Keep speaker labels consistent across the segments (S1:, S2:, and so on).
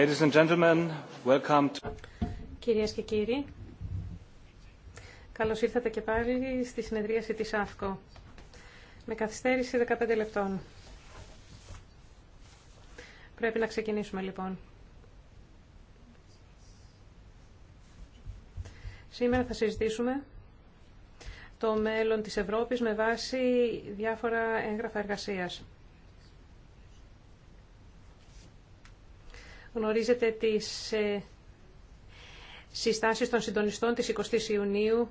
S1: Ladies
S2: Κυρίες και κύριοι, καλώς ήρθατε και πάλι στη συνεδρίαση της ΑΦΚΟ. Με καθυστέρηση 15 λεπτών. Πρέπει να ξεκινήσουμε λοιπόν. Σήμερα θα συζητήσουμε το μέλλον της Ευρώπης με βάση διάφορα έγγραφα εργασίας. Γνωρίζετε τις ε, συστάσεις των συντονιστών της 20ης Ιουνίου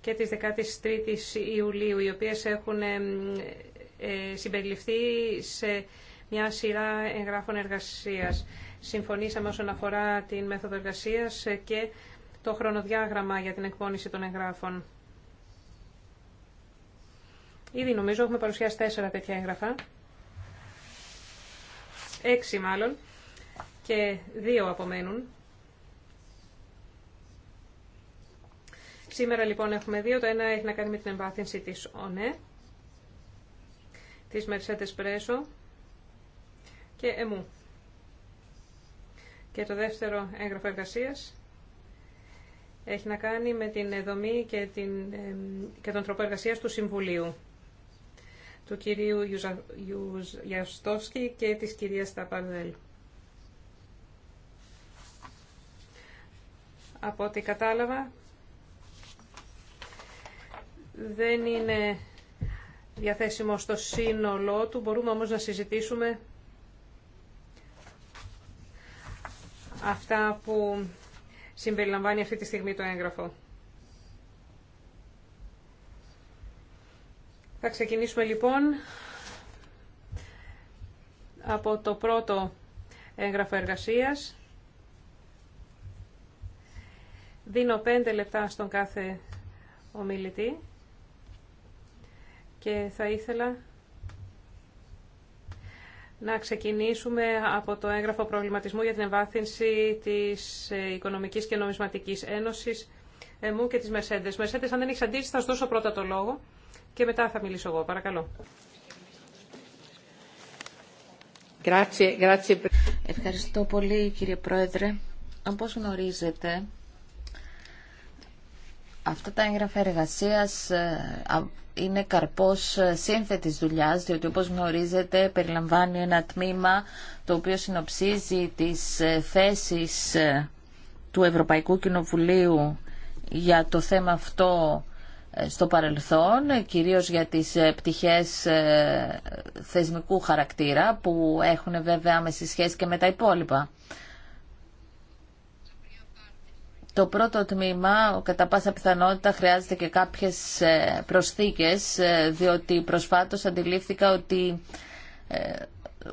S2: και της 13ης Ιουλίου, οι οποίες έχουν ε, ε, συμπεριληφθεί σε μια σειρά εγγράφων εργασίας. Συμφωνήσαμε όσον αφορά την μέθοδο εργασίας και το χρονοδιάγραμμα για την εκπόνηση των εγγράφων. Ήδη νομίζω έχουμε παρουσιάσει τέσσερα τέτοια έγγραφα. Έξι μάλλον, και δύο απομένουν. Σήμερα λοιπόν έχουμε δύο. Το ένα έχει να κάνει με την εμβάθυνση της ΟΝΕ, της Mercedes Πρέσο και ΕΜΟΥ. Και το δεύτερο έγγραφο εργασίας έχει να κάνει με την δομή και, την, και τον τρόπο εργασίας του Συμβουλίου του κυρίου Γιαστόφσκη και της κυρίας Ταπανέλ. Από ό,τι κατάλαβα, δεν είναι διαθέσιμο στο σύνολό του. Μπορούμε όμως να συζητήσουμε αυτά που συμπεριλαμβάνει αυτή τη στιγμή το έγγραφο. Θα ξεκινήσουμε λοιπόν από το πρώτο έγγραφο εργασίας. Δίνω πέντε λεπτά στον κάθε ομιλητή και θα ήθελα να ξεκινήσουμε από το έγγραφο προβληματισμού για την εμβάθυνση της ε, Οικονομικής και Νομισματικής Ένωσης εμού και της Μερσέντες. Μερσέντες, αν δεν έχει αντίρρηση, θα σου δώσω πρώτα το λόγο και μετά θα μιλήσω εγώ. Παρακαλώ.
S3: Ευχαριστώ πολύ κύριε Πρόεδρε. Όπως γνωρίζετε, αυτά τα έγγραφα εργασίας ε, είναι καρπός ε, σύνθετης δουλειάς, διότι όπως γνωρίζετε περιλαμβάνει ένα τμήμα το οποίο συνοψίζει τις ε, θέσεις του Ευρωπαϊκού Κοινοβουλίου για το θέμα αυτό στο παρελθόν, κυρίως για τις ε, πτυχές ε, θεσμικού χαρακτήρα που έχουν βέβαια άμεση σχέση και με τα υπόλοιπα. Το πρώτο τμήμα, κατά πάσα πιθανότητα, χρειάζεται και κάποιες ε, προσθήκες, διότι προσφάτως αντιλήφθηκα ότι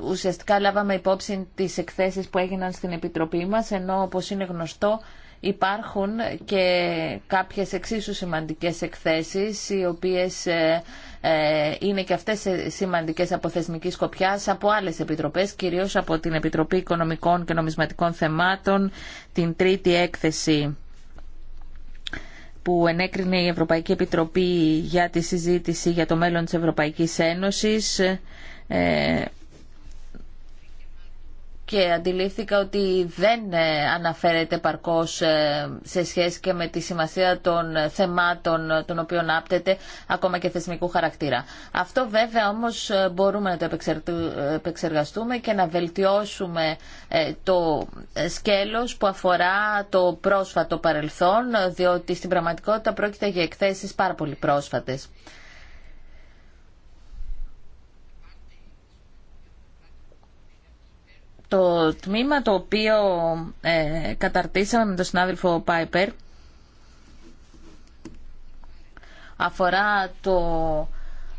S3: ουσιαστικά λάβαμε υπόψη τις εκθέσεις που έγιναν στην Επιτροπή μας, ενώ όπως είναι γνωστό Υπάρχουν και κάποιες εξίσου σημαντικές εκθέσεις οι οποίες ε, ε, είναι και αυτές σημαντικές από θεσμική σκοπιά από άλλες επιτροπές, κυρίως από την Επιτροπή Οικονομικών και Νομισματικών Θεμάτων, την τρίτη έκθεση που ενέκρινε η Ευρωπαϊκή Επιτροπή για τη συζήτηση για το μέλλον της Ευρωπαϊκής Ένωσης ε, και αντιλήφθηκα ότι δεν ε, αναφέρεται παρκώς ε, σε σχέση και με τη σημασία των θεμάτων ε, των οποίων άπτεται ακόμα και θεσμικού χαρακτήρα. Αυτό βέβαια όμως μπορούμε να το επεξεργαστούμε και να βελτιώσουμε το σκέλος που αφορά το πρόσφατο παρελθόν διότι στην πραγματικότητα πρόκειται για εκθέσεις πάρα πολύ πρόσφατες. Το τμήμα το οποίο ε, καταρτήσαμε με τον συνάδελφο Πάιπερ αφορά το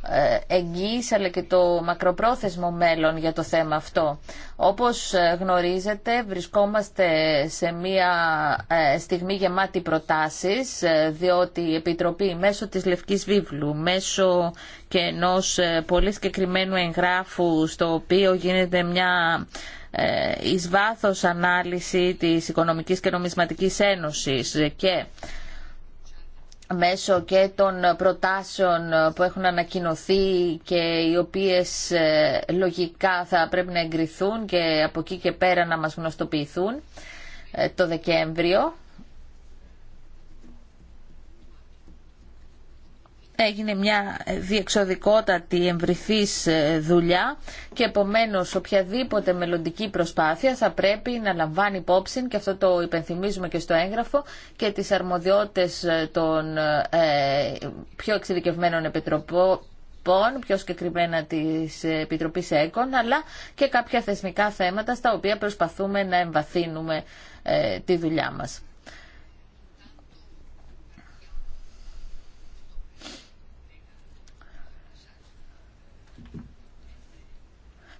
S3: ε, εγγύης αλλά και το μακροπρόθεσμο μέλλον για το θέμα αυτό. Όπως ε, γνωρίζετε βρισκόμαστε σε μια ε, στιγμή γεμάτη προτάσεις διότι η Επιτροπή μέσω της Λευκής Βίβλου, μέσω και ενός πολύ συγκεκριμένου εγγράφου στο οποίο γίνεται μια ε, εις βάθος ανάλυση της Οικονομικής και Νομισματικής Ένωσης και μέσω και των προτάσεων που έχουν ανακοινωθεί και οι οποίες ε, λογικά θα πρέπει να εγκριθούν και από εκεί και πέρα να μας γνωστοποιηθούν ε, το Δεκέμβριο έγινε μια διεξοδικότατη εμβριθής ε, δουλειά και επομένως οποιαδήποτε μελλοντική προσπάθεια θα πρέπει να λαμβάνει υπόψη και αυτό το υπενθυμίζουμε και στο έγγραφο και τις αρμοδιότητες ε, των ε, πιο εξειδικευμένων επιτροπών πιο συγκεκριμένα της Επιτροπής ΕΚΟΝ, αλλά και κάποια θεσμικά θέματα στα οποία προσπαθούμε να εμβαθύνουμε τη δουλειά μας.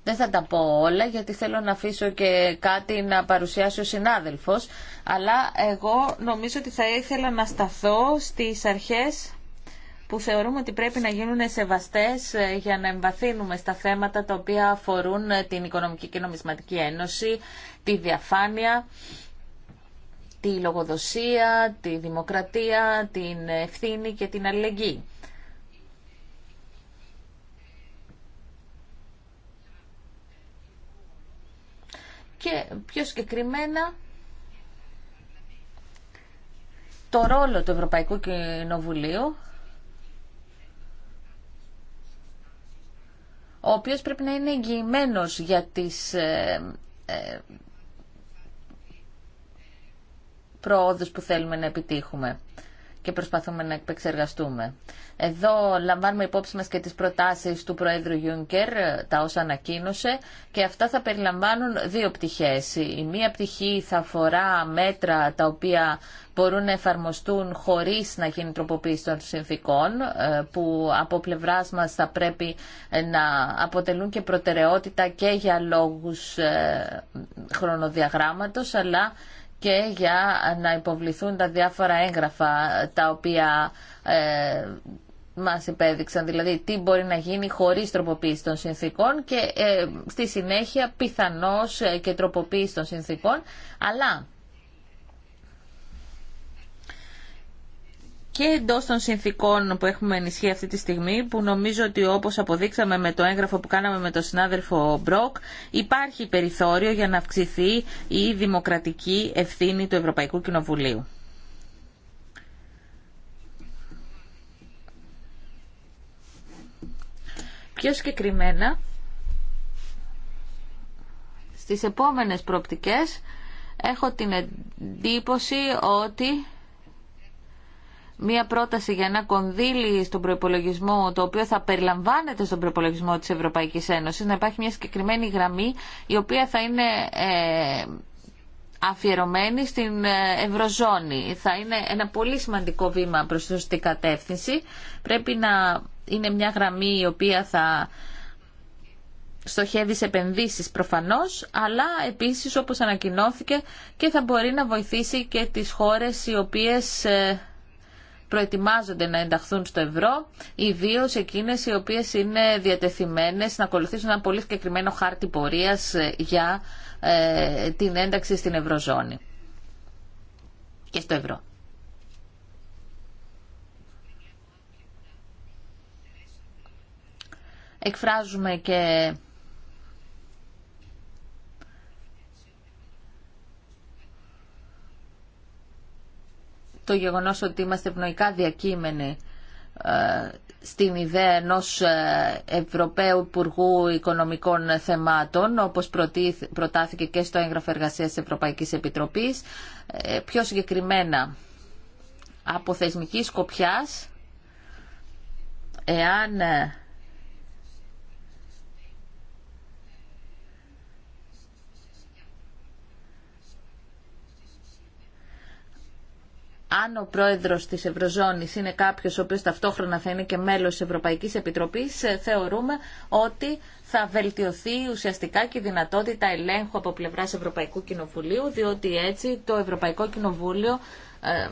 S3: Δεν θα τα πω όλα γιατί θέλω να αφήσω και κάτι να παρουσιάσει ο συνάδελφος, αλλά εγώ νομίζω ότι θα ήθελα να σταθώ στις αρχές που θεωρούμε ότι πρέπει να γίνουν σεβαστές ε, για να εμβαθύνουμε στα θέματα τα οποία αφορούν ε, την Οικονομική και Νομισματική Ένωση, τη διαφάνεια, τη λογοδοσία, τη δημοκρατία, την ευθύνη και την αλληλεγγύη. και πιο συγκεκριμένα το ρόλο του Ευρωπαϊκού Κοινοβουλίου ο οποίος πρέπει να είναι εγγυημένος για τις ε, ε προόδους που θέλουμε να επιτύχουμε και προσπαθούμε να επεξεργαστούμε. Εδώ λαμβάνουμε υπόψη μας και τις προτάσεις του Προέδρου Γιούνκερ, τα όσα ανακοίνωσε και αυτά θα περιλαμβάνουν δύο πτυχές. Η μία πτυχή θα αφορά μέτρα τα οποία μπορούν να εφαρμοστούν χωρίς να γίνει τροποποίηση των συνθήκων ε, που από πλευρά μας θα πρέπει ε, να αποτελούν και προτεραιότητα και για λόγους ε, χρονοδιαγράμματος αλλά και για να υποβληθούν τα διάφορα έγγραφα τα οποία ε, μας υπέδειξαν, δηλαδή τι μπορεί να γίνει χωρίς τροποποίηση των συνθήκων και ε, στη συνέχεια πιθανώς ε, και τροποποίηση των συνθήκων, αλλά και εντό των συνθήκων που έχουμε ενισχύει αυτή τη στιγμή, που νομίζω ότι όπω αποδείξαμε με το έγγραφο που κάναμε με τον συνάδελφο Μπροκ, υπάρχει περιθώριο για να αυξηθεί η δημοκρατική ευθύνη του Ευρωπαϊκού Κοινοβουλίου. Πιο συγκεκριμένα, στις επόμενες προοπτικές έχω την εντύπωση ότι μία πρόταση για ένα κονδύλι στον προπολογισμό, το οποίο θα περιλαμβάνεται στον προπολογισμό της Ευρωπαϊκής Ένωσης, να υπάρχει μια συγκεκριμένη γραμμή η οποία θα είναι ε, αφιερωμένη στην ε, Ευρωζώνη. Θα είναι ένα πολύ σημαντικό βήμα προς τη σωστή κατεύθυνση. Πρέπει να είναι μια γραμμή η οποία θα στοχεύει σε επενδύσεις προφανώς, αλλά επίσης όπως ανακοινώθηκε και θα μπορεί να βοηθήσει και τις χώρες οι οποίες ε, προετοιμάζονται να ενταχθούν στο ευρώ, ιδίω εκείνε οι οποίε είναι διατεθειμένε να ακολουθήσουν ένα πολύ συγκεκριμένο χάρτη πορεία ε, για ε, την ένταξη στην ευρωζώνη και στο ευρώ. Εκφράζουμε και το γεγονός ότι είμαστε ευνοϊκά διακείμενοι ε, στην ιδέα ενός ε, Ευρωπαίου Υπουργού Οικονομικών Θεμάτων, όπως προτάθηκε και στο έγγραφο εργασίας της Ευρωπαϊκής Επιτροπής. Ε, πιο συγκεκριμένα, από θεσμική σκοπιάς, εάν αν ο πρόεδρος της Ευρωζώνης είναι κάποιο ο οποίο ταυτόχρονα θα είναι και μέλος της Ευρωπαϊκής Επιτροπής, ε, θεωρούμε ότι θα βελτιωθεί ουσιαστικά και η δυνατότητα ελέγχου από πλευράς Ευρωπαϊκού Κοινοβουλίου, διότι έτσι το Ευρωπαϊκό Κοινοβούλιο ε,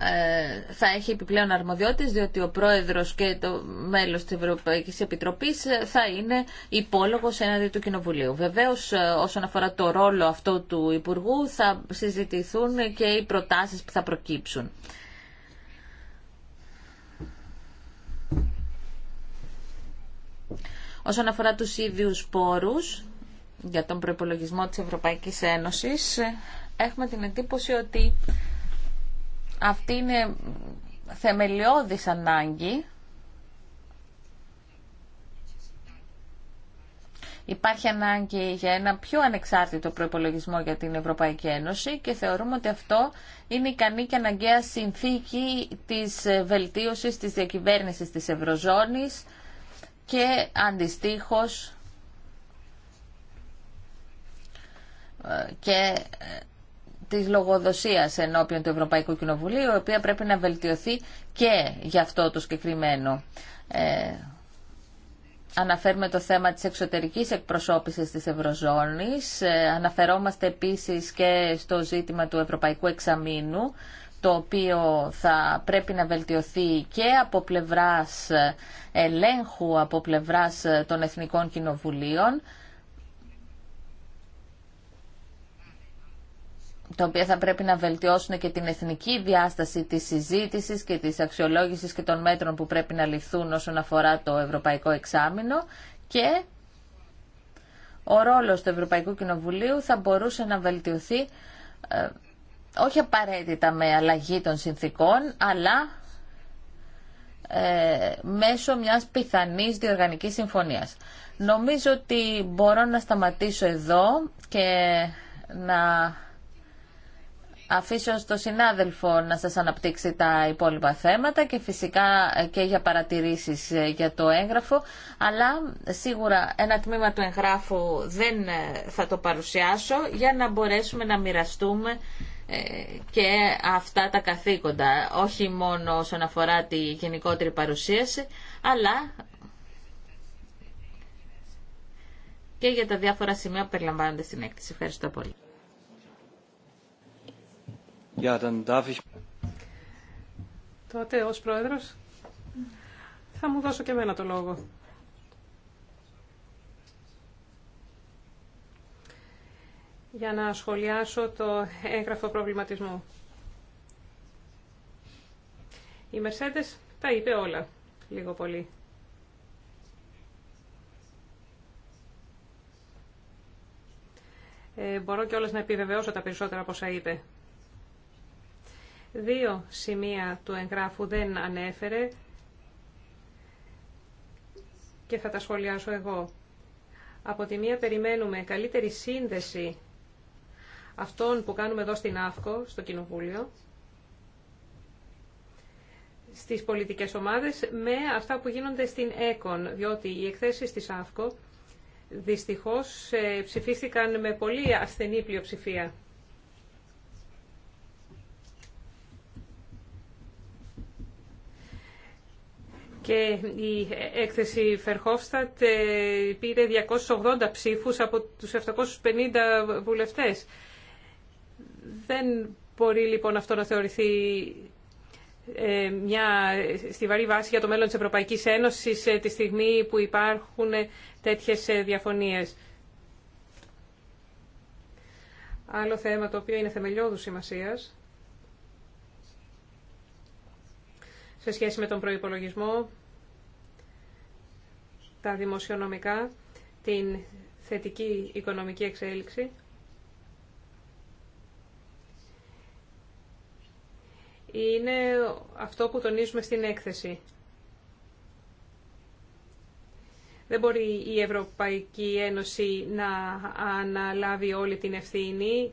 S3: Ε, θα έχει επιπλέον αρμοδιότητες διότι ο πρόεδρος και το μέλος της Ευρωπαϊκής Επιτροπής ε, θα είναι υπόλογος έναντι του Κοινοβουλίου. Βεβαίως ε, όσον αφορά το ρόλο αυτό του Υπουργού θα συζητηθούν και οι προτάσεις που θα προκύψουν. Όσον αφορά τους ίδιους πόρους για τον προϋπολογισμό της Ευρωπαϊκής Ένωσης έχουμε την εντύπωση ότι αυτή είναι θεμελιώδης ανάγκη. Υπάρχει ανάγκη για ένα πιο ανεξάρτητο προϋπολογισμό για την Ευρωπαϊκή Ένωση και θεωρούμε ότι αυτό είναι ικανή και αναγκαία συνθήκη της βελτίωσης της διακυβέρνησης της Ευρωζώνης και αντιστοίχως ε, και ε, της λογοδοσίας ενώπιον του Ευρωπαϊκού Κοινοβουλίου, η οποία πρέπει να βελτιωθεί και για αυτό το συγκεκριμένο. Ε, αναφέρουμε το θέμα της εξωτερικής εκπροσώπησης της Ευρωζώνης. Ε, αναφερόμαστε επίσης και στο ζήτημα του Ευρωπαϊκού Εξαμήνου, το οποίο θα πρέπει να βελτιωθεί και από πλευράς ελέγχου, από πλευράς των Εθνικών Κοινοβουλίων. τα οποία θα πρέπει να βελτιώσουν και την εθνική διάσταση της συζήτησης και της αξιολόγησης και των μέτρων που πρέπει να ληφθούν όσον αφορά το Ευρωπαϊκό Εξάμεινο και ο ρόλος του Ευρωπαϊκού Κοινοβουλίου θα μπορούσε να βελτιωθεί ε, όχι απαραίτητα με αλλαγή των συνθήκων, αλλά ε, μέσω μιας πιθανής διοργανικής συμφωνίας. Νομίζω ότι μπορώ να σταματήσω εδώ και να αφήσω στο συνάδελφο να σας αναπτύξει τα υπόλοιπα θέματα και φυσικά ε, και για παρατηρήσεις ε, για το έγγραφο, αλλά σίγουρα ένα τμήμα του εγγράφου δεν ε, θα το παρουσιάσω για να μπορέσουμε να μοιραστούμε και αυτά τα καθήκοντα, όχι μόνο όσον αφορά τη γενικότερη παρουσίαση, αλλά και για τα διάφορα σημεία που περιλαμβάνονται στην έκθεση. Ευχαριστώ πολύ.
S2: Τότε πρόεδρος θα μου δώσω και εμένα το λόγο. για να σχολιάσω το έγγραφο προβληματισμού. Η Μερσέντες τα είπε όλα, λίγο πολύ. Ε, μπορώ όλες να επιβεβαιώσω τα περισσότερα από όσα είπε. Δύο σημεία του εγγράφου δεν ανέφερε και θα τα σχολιάσω εγώ. Από τη μία περιμένουμε καλύτερη σύνδεση αυτών που κάνουμε εδώ στην ΑΦΚΟ, στο Κοινοβούλιο, στις πολιτικές ομάδες, με αυτά που γίνονται στην ΕΚΟΝ, διότι οι εκθέσεις της ΑΦΚΟ δυστυχώς ε, ψηφίστηκαν με πολύ ασθενή πλειοψηφία. και η έκθεση Φερχόφστατ πήρε 280 ψήφους από τους 750 βουλευτές. Δεν μπορεί λοιπόν αυτό να θεωρηθεί ε, μια στιβαρή βάση για το μέλλον της Ευρωπαϊκής Ένωσης ε, τη στιγμή που υπάρχουν ε, τέτοιες διαφωνίες. Άλλο θέμα το οποίο είναι θεμελιώδου σημασίας σε σχέση με τον προϋπολογισμό τα δημοσιονομικά, την θετική οικονομική εξέλιξη. Είναι αυτό που τονίζουμε στην έκθεση. Δεν μπορεί η Ευρωπαϊκή Ένωση να αναλάβει όλη την ευθύνη.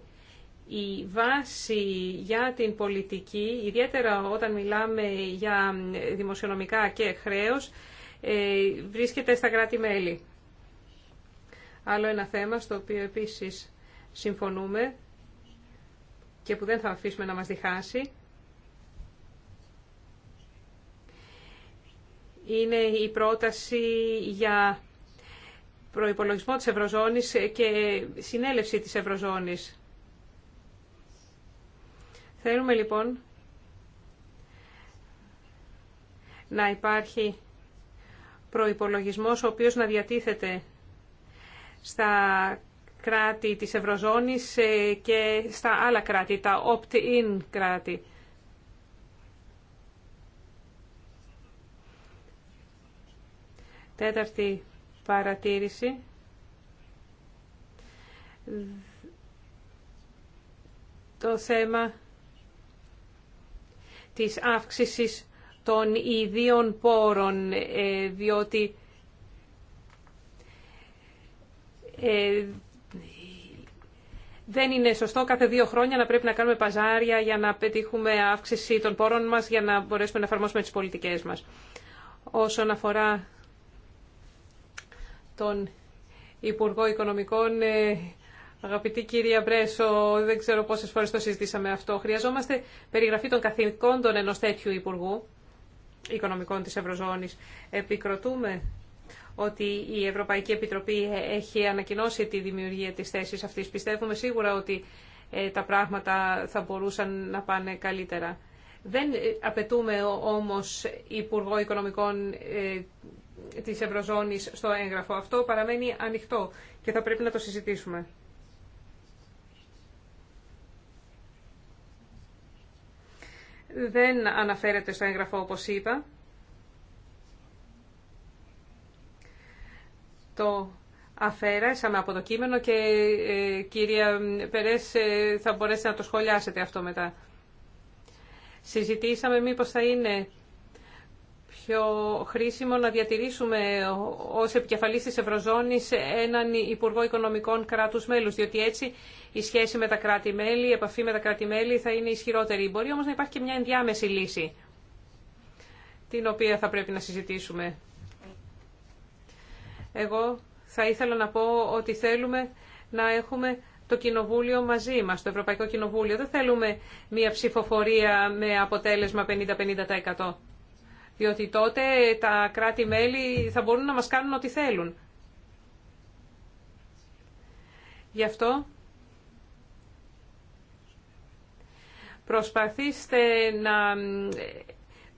S2: Η βάση για την πολιτική, ιδιαίτερα όταν μιλάμε για δημοσιονομικά και χρέος, ε, βρίσκεται στα κράτη-μέλη. Άλλο ένα θέμα στο οποίο επίσης συμφωνούμε και που δεν θα αφήσουμε να μας διχάσει είναι η πρόταση για προϋπολογισμό της Ευρωζώνης και συνέλευση της Ευρωζώνης. Θέλουμε λοιπόν να υπάρχει προϋπολογισμός ο οποίος να διατίθεται στα κράτη της Ευρωζώνης ε, και στα άλλα κράτη, τα opt-in κράτη. Τέταρτη παρατήρηση. Το θέμα της αύξησης των ιδίων πόρων, ε, διότι ε, δεν είναι σωστό κάθε δύο χρόνια να πρέπει να κάνουμε παζάρια για να πετύχουμε αύξηση των πόρων μας, για να μπορέσουμε να εφαρμόσουμε τις πολιτικές μας. Όσον αφορά τον Υπουργό Οικονομικών, ε, αγαπητή κυρία Μπρέσο, δεν ξέρω πόσες φορές το συζητήσαμε αυτό. Χρειαζόμαστε περιγραφή των καθηκόντων ενός τέτοιου Υπουργού οικονομικών της Ευρωζώνης. Επικροτούμε ότι η Ευρωπαϊκή Επιτροπή έχει ανακοινώσει τη δημιουργία της θέσης αυτής. Πιστεύουμε σίγουρα ότι ε, τα πράγματα θα μπορούσαν να πάνε καλύτερα. Δεν ε, απαιτούμε όμως Υπουργό Οικονομικών ε, της Ευρωζώνης στο έγγραφο. Αυτό παραμένει ανοιχτό και θα πρέπει να το συζητήσουμε. δεν αναφέρεται στο έγγραφο όπως είπα. Το αφαίρεσαμε από το κείμενο και ε, κυρία Περές ε, θα μπορέσετε να το σχολιάσετε αυτό μετά. Συζητήσαμε μήπως θα είναι πιο χρήσιμο να διατηρήσουμε ως επικεφαλής της Ευρωζώνης έναν Υπουργό Οικονομικών κράτους μέλους, διότι έτσι η σχέση με τα κράτη-μέλη, η επαφή με τα κράτη-μέλη θα είναι ισχυρότερη. Μπορεί όμως να υπάρχει και μια ενδιάμεση λύση, την οποία θα πρέπει να συζητήσουμε. Εγώ θα ήθελα να πω ότι θέλουμε να έχουμε το Κοινοβούλιο μαζί μας, το Ευρωπαϊκό Κοινοβούλιο. Δεν θέλουμε μια ψηφοφορία με αποτέλεσμα 50-50% διότι τότε τα κράτη-μέλη θα μπορούν να μας κάνουν ό,τι θέλουν. Γι' αυτό προσπαθήστε να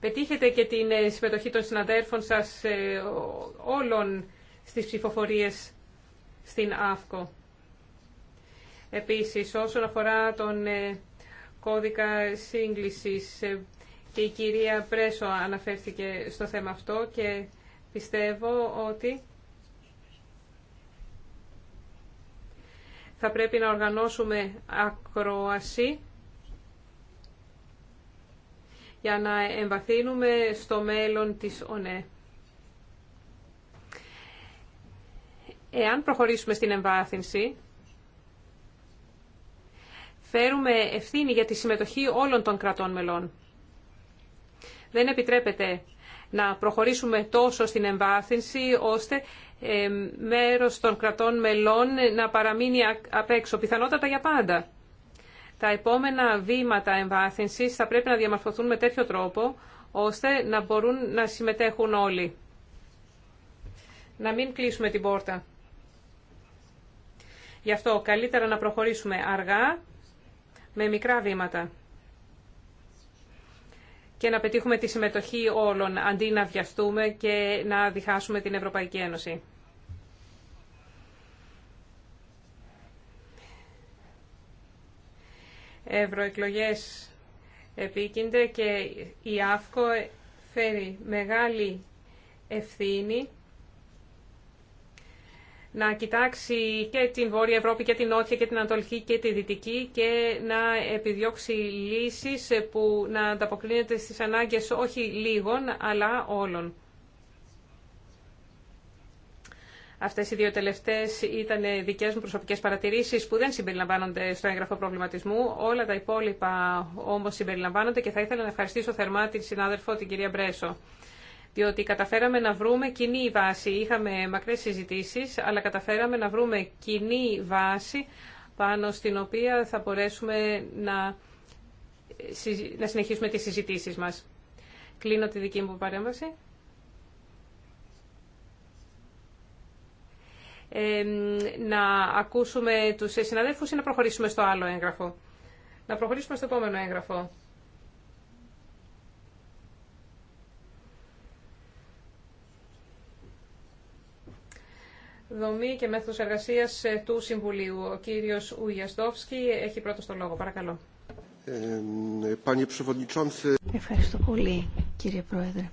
S2: πετύχετε και την ε, συμμετοχή των συναδέρφων σας ε, όλων στις ψηφοφορίες στην ΑΦΚΟ. Επίσης, όσον αφορά τον ε, κώδικα σύγκλησης, η κυρία Πρέσο αναφέρθηκε στο θέμα αυτό και πιστεύω ότι θα πρέπει να οργανώσουμε ακρόαση για να εμβαθύνουμε στο μέλλον της ΟΝΕ. Εάν προχωρήσουμε στην εμβάθυνση, φέρουμε ευθύνη για τη συμμετοχή όλων των κρατών μελών δεν επιτρέπεται να προχωρήσουμε τόσο στην εμβάθυνση ώστε ε, μέρος των κρατών μελών να παραμείνει απ' έξω, πιθανότατα για πάντα. Τα επόμενα βήματα εμβάθυνσης θα πρέπει να διαμορφωθούν με τέτοιο τρόπο ώστε να μπορούν να συμμετέχουν όλοι. Να μην κλείσουμε την πόρτα. Γι' αυτό καλύτερα να προχωρήσουμε αργά με μικρά βήματα και να πετύχουμε τη συμμετοχή όλων, αντί να βιαστούμε και να διχάσουμε την Ευρωπαϊκή Ένωση. Ευρωεκλογές επίκυνται και η ΑΦΚΟ φέρει μεγάλη ευθύνη να κοιτάξει και την Βόρεια Ευρώπη και την Νότια και την Ανατολική και τη Δυτική και να επιδιώξει λύσεις που να ανταποκρίνεται στις ανάγκες όχι λίγων αλλά όλων. Αυτές οι δύο τελευταίες ήταν δικές μου προσωπικές παρατηρήσεις που δεν συμπεριλαμβάνονται στο έγγραφο προβληματισμού. Όλα τα υπόλοιπα όμως συμπεριλαμβάνονται και θα ήθελα να ευχαριστήσω θερμά την συνάδελφο την κυρία Μπρέσο διότι καταφέραμε να βρούμε κοινή βάση. Είχαμε μακρές συζητήσεις, αλλά καταφέραμε να βρούμε κοινή βάση πάνω στην οποία θα μπορέσουμε να, να συνεχίσουμε τις συζητήσεις μας. Κλείνω τη δική μου παρέμβαση. να ακούσουμε τους συναδέλφους ή να προχωρήσουμε στο άλλο έγγραφο. Να προχωρήσουμε στο επόμενο έγγραφο. δομή και μέθοδο εργασία ε, του Συμβουλίου. Ο κύριο Ουγιαστόφσκι έχει πρώτο το λόγο. Παρακαλώ.
S1: Ε, Ευχαριστώ πολύ,
S4: κύριε Πρόεδρε.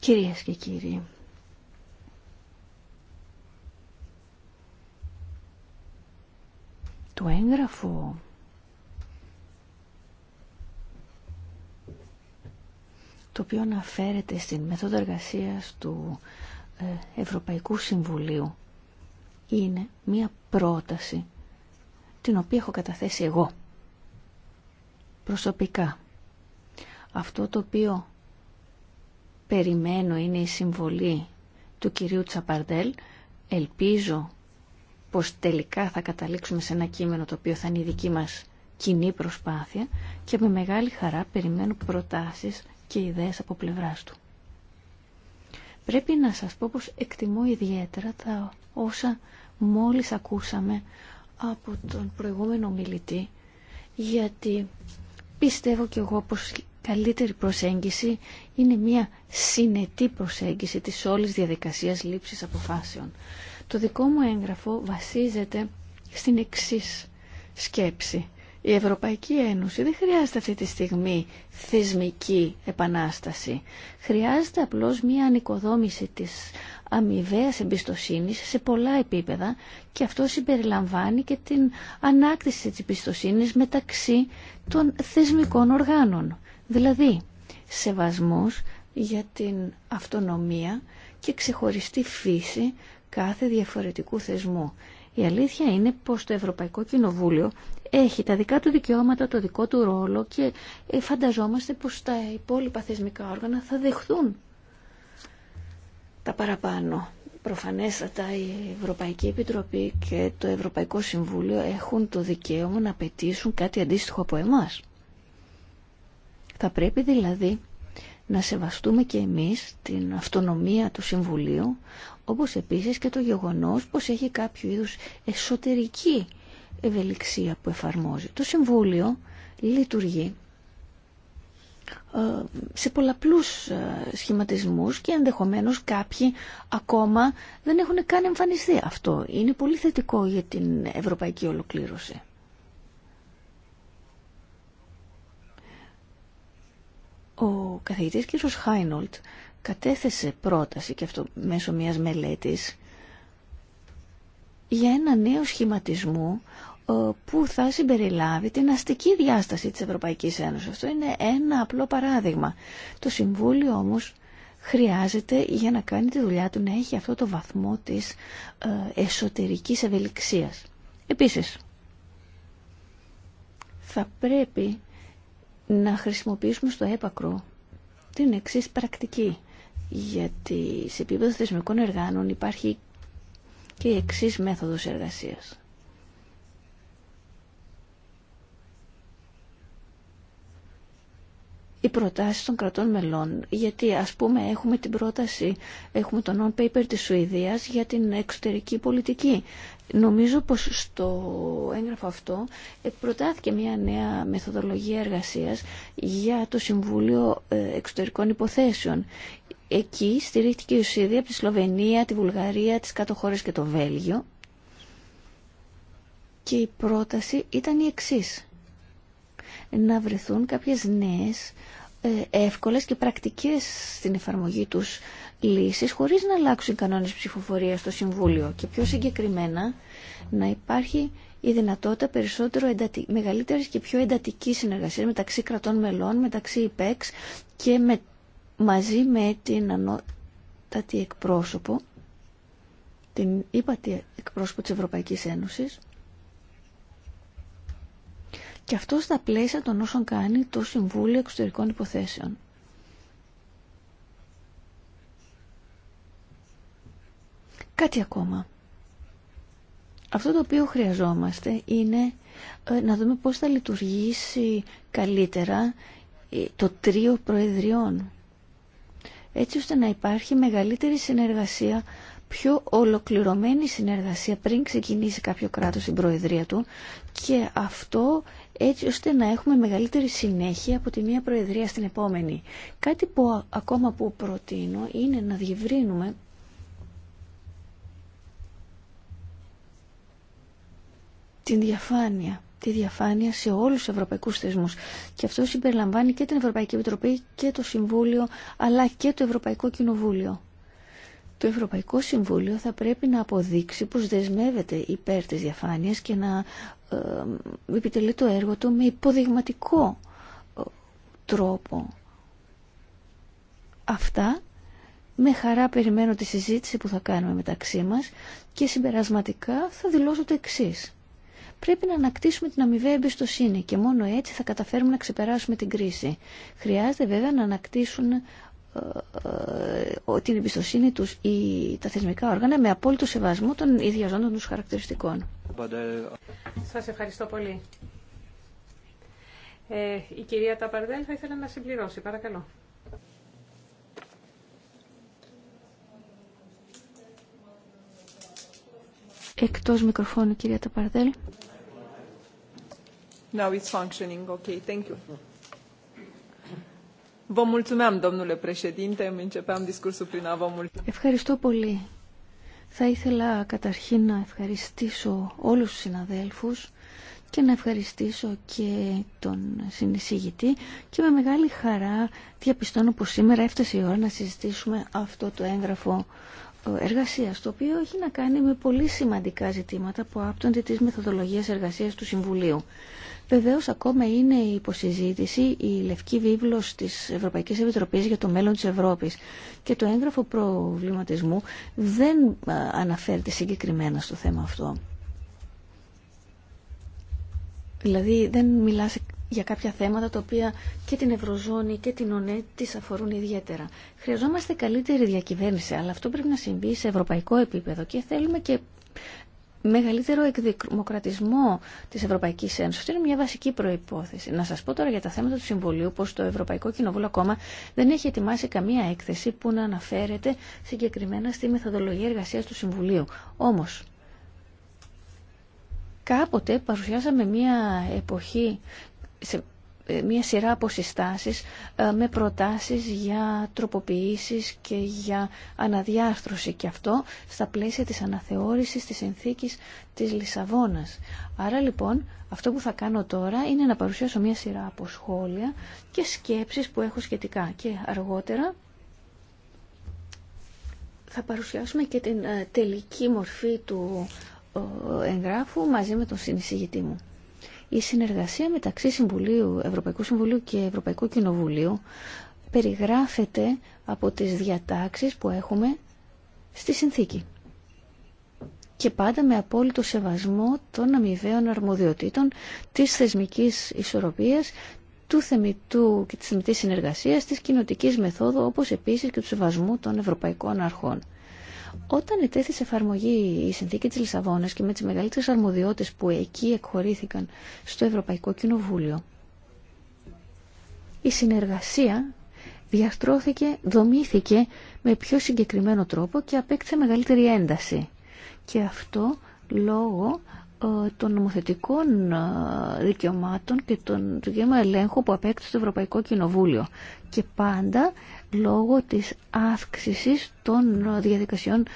S4: Κυρίες και κύριοι, το έγγραφο το οποίο αναφέρεται στην μέθοδο εργασίας του ε, Ευρωπαϊκού Συμβουλίου είναι μία πρόταση την οποία έχω καταθέσει εγώ προσωπικά. Αυτό το οποίο περιμένω είναι η συμβολή του κυρίου Τσαπαρντέλ. Ελπίζω πως τελικά θα καταλήξουμε σε ένα κείμενο το οποίο θα είναι η δική μας κοινή προσπάθεια και με μεγάλη χαρά περιμένω προτάσεις και ιδέες από πλευράς του. Πρέπει να σας πω πως εκτιμώ ιδιαίτερα τα όσα μόλις ακούσαμε από τον προηγούμενο μιλητή, γιατί πιστεύω κι εγώ πως καλύτερη προσέγγιση είναι μια συνετή προσέγγιση της όλης διαδικασίας λήψης αποφάσεων. Το δικό μου έγγραφο βασίζεται στην εξής σκέψη. Η Ευρωπαϊκή Ένωση δεν χρειάζεται αυτή τη στιγμή θεσμική επανάσταση. Χρειάζεται απλώς μία ανοικοδόμηση της αμοιβαία εμπιστοσύνης σε πολλά επίπεδα και αυτό συμπεριλαμβάνει και την ανάκτηση της εμπιστοσύνη μεταξύ των θεσμικών οργάνων. Δηλαδή, σεβασμός για την αυτονομία και ξεχωριστή φύση κάθε διαφορετικού θεσμού. Η αλήθεια είναι πως το Ευρωπαϊκό Κοινοβούλιο έχει τα δικά του δικαιώματα, το δικό του ρόλο και ε, φανταζόμαστε πως τα υπόλοιπα θεσμικά όργανα θα δεχθούν τα παραπάνω. Προφανέστατα η Ευρωπαϊκή Επιτροπή και το Ευρωπαϊκό Συμβούλιο έχουν το δικαίωμα να απαιτήσουν κάτι αντίστοιχο από εμάς. Θα πρέπει δηλαδή να σεβαστούμε και εμείς την αυτονομία του Συμβουλίου, όπως επίσης και το γεγονός πως έχει κάποιο είδους εσωτερική ευελιξία που εφαρμόζει. Το Συμβούλιο λειτουργεί ε, σε πολλαπλούς ε, σχηματισμούς και ενδεχομένως κάποιοι ακόμα δεν έχουν καν εμφανιστεί. Αυτό είναι πολύ θετικό για την ευρωπαϊκή ολοκλήρωση. Ο καθηγητής κ. Χάινολτ κατέθεσε πρόταση και αυτό μέσω μιας μελέτης για ένα νέο σχηματισμό ε, που θα συμπεριλάβει την αστική διάσταση της Ευρωπαϊκής Ένωσης. Αυτό είναι ένα απλό παράδειγμα. Το Συμβούλιο όμως χρειάζεται για να κάνει τη δουλειά του να έχει αυτό το βαθμό της ε, εσωτερικής ευελιξίας. Επίσης, θα πρέπει να χρησιμοποιήσουμε στο έπακρο την εξής πρακτική. Γιατί σε επίπεδο θεσμικών εργάνων υπάρχει και η εξής μέθοδος εργασίας. οι προτάσεις των κρατών μελών. Γιατί ας πούμε έχουμε την πρόταση, έχουμε το non-paper της Σουηδίας για την εξωτερική πολιτική. Νομίζω πως στο έγγραφο αυτό προτάθηκε μια νέα μεθοδολογία εργασίας για το Συμβούλιο ε, Εξωτερικών Υποθέσεων. Εκεί στηρίχτηκε η Σουηδία από τη Σλοβενία, τη Βουλγαρία, τις κάτω χώρες και το Βέλγιο. Και η πρόταση ήταν η εξής να βρεθούν κάποιες νέες ε, εύκολες και πρακτικές στην εφαρμογή τους λύσεις χωρίς να αλλάξουν οι κανόνες ψηφοφορίας στο Συμβούλιο και πιο συγκεκριμένα να υπάρχει η δυνατότητα περισσότερο μεγαλύτερη μεγαλύτερης και πιο εντατική συνεργασία μεταξύ κρατών μελών, μεταξύ ΙΠΕΞ και με... μαζί με την ανώτατη εκπρόσωπο την ύπατη εκπρόσωπο της Ευρωπαϊκής Ένωσης και αυτό στα πλαίσια των όσων κάνει το Συμβούλιο Εξωτερικών Υποθέσεων. Κάτι ακόμα. Αυτό το οποίο χρειαζόμαστε είναι ε, να δούμε πώς θα λειτουργήσει καλύτερα ε, το τρίο προεδριών. Έτσι ώστε να υπάρχει μεγαλύτερη συνεργασία, πιο ολοκληρωμένη συνεργασία πριν ξεκινήσει κάποιο κράτος στην προεδρία του και αυτό έτσι ώστε να έχουμε μεγαλύτερη συνέχεια από τη μία προεδρία στην επόμενη. Κάτι που ακόμα που προτείνω είναι να διευρύνουμε την διαφάνεια τη διαφάνεια σε όλους τους ευρωπαϊκούς θεσμούς. Και αυτό συμπεριλαμβάνει και την Ευρωπαϊκή Επιτροπή και το Συμβούλιο, αλλά και το Ευρωπαϊκό Κοινοβούλιο. Το Ευρωπαϊκό Συμβούλιο θα πρέπει να αποδείξει πως δεσμεύεται υπέρ της διαφάνειας και να ε, επιτελεί το έργο του με υποδειγματικό ε, τρόπο. Αυτά με χαρά περιμένω τη συζήτηση που θα κάνουμε μεταξύ μας και συμπερασματικά θα δηλώσω το εξή. Πρέπει να ανακτήσουμε την αμοιβαία εμπιστοσύνη και μόνο έτσι θα καταφέρουμε να ξεπεράσουμε την κρίση. Χρειάζεται βέβαια να ανακτήσουν ε, ε, την εμπιστοσύνη τους ή τα θεσμικά όργανα με απόλυτο σεβασμό των ιδιαζόντων τους χαρακτηριστικών.
S2: Σας ευχαριστώ πολύ. Ε, η κυρία Ταπαρδέλ θα ήθελα να συμπληρώσει. Παρακαλώ.
S4: Εκτός μικροφώνου, κυρία Ταπαρδέλ.
S2: Now it's functioning. Okay, thank you.
S4: Ευχαριστώ πολύ. Θα ήθελα καταρχήν να ευχαριστήσω όλους τους συναδέλφους και να ευχαριστήσω και τον συνεισηγητή και με μεγάλη χαρά διαπιστώνω πως σήμερα έφτασε η ώρα να συζητήσουμε αυτό το έγγραφο ε, το οποίο έχει να κάνει με πολύ σημαντικά ζητήματα που άπτονται της μεθοδολογίας εργασίας του Συμβουλίου. Βεβαίως ακόμα είναι η υποσυζήτηση η Λευκή Βίβλος της Ευρωπαϊκής Επιτροπής για το μέλλον της Ευρώπης και το έγγραφο προβληματισμού δεν ε, αναφέρεται συγκεκριμένα στο θέμα αυτό. Δηλαδή δεν μιλάς για κάποια θέματα τα οποία και την Ευρωζώνη και την ΟΝΕ τη αφορούν ιδιαίτερα. Χρειαζόμαστε καλύτερη διακυβέρνηση, αλλά αυτό πρέπει να συμβεί σε ευρωπαϊκό επίπεδο και θέλουμε και μεγαλύτερο εκδημοκρατισμό της Ευρωπαϊκής Ένωσης. Αυτή είναι μια βασική προϋπόθεση. Να σας πω τώρα για τα θέματα του Συμβουλίου πως το Ευρωπαϊκό Κοινοβούλιο ακόμα δεν έχει ετοιμάσει καμία έκθεση που να αναφέρεται συγκεκριμένα στη μεθοδολογία εργασία του Συμβουλίου. Όμως, κάποτε παρουσιάσαμε μια εποχή σε ε, μία σειρά από συστάσεις ε, με προτάσεις για τροποποιήσεις και για αναδιάρθρωση και αυτό στα πλαίσια της αναθεώρησης της συνθήκης της Λισαβόνας. Άρα λοιπόν αυτό που θα κάνω τώρα είναι να παρουσιάσω μία σειρά από σχόλια και σκέψεις που έχω σχετικά και αργότερα θα παρουσιάσουμε και την ε, τελική μορφή του εγγράφου μαζί με τον συνεισηγητή μου. Η συνεργασία μεταξύ Συμβουλίου, Ευρωπαϊκού Συμβουλίου και Ευρωπαϊκού Κοινοβουλίου περιγράφεται από τις διατάξεις που έχουμε στη συνθήκη και πάντα με απόλυτο σεβασμό των αμοιβαίων αρμοδιοτήτων, της θεσμικής ισορροπίας, του θεμητού και της θεμητής συνεργασίας, της κοινοτικής μεθόδου, όπως επίσης και του σεβασμού των ευρωπαϊκών αρχών. Όταν ετέθη σε εφαρμογή η συνθήκη της Λισαβόνα και με τις μεγαλύτερες αρμοδιότητε που εκεί εκχωρήθηκαν στο Ευρωπαϊκό Κοινοβούλιο, η συνεργασία διαστρώθηκε, δομήθηκε με πιο συγκεκριμένο τρόπο και απέκτησε μεγαλύτερη ένταση. Και αυτό λόγω ε, των νομοθετικών ε, δικαιωμάτων και των δικαιωμάτων ελέγχου που απέκτησε το Ευρωπαϊκό Κοινοβούλιο. Και πάντα λόγω της αύξησης των διαδικασιών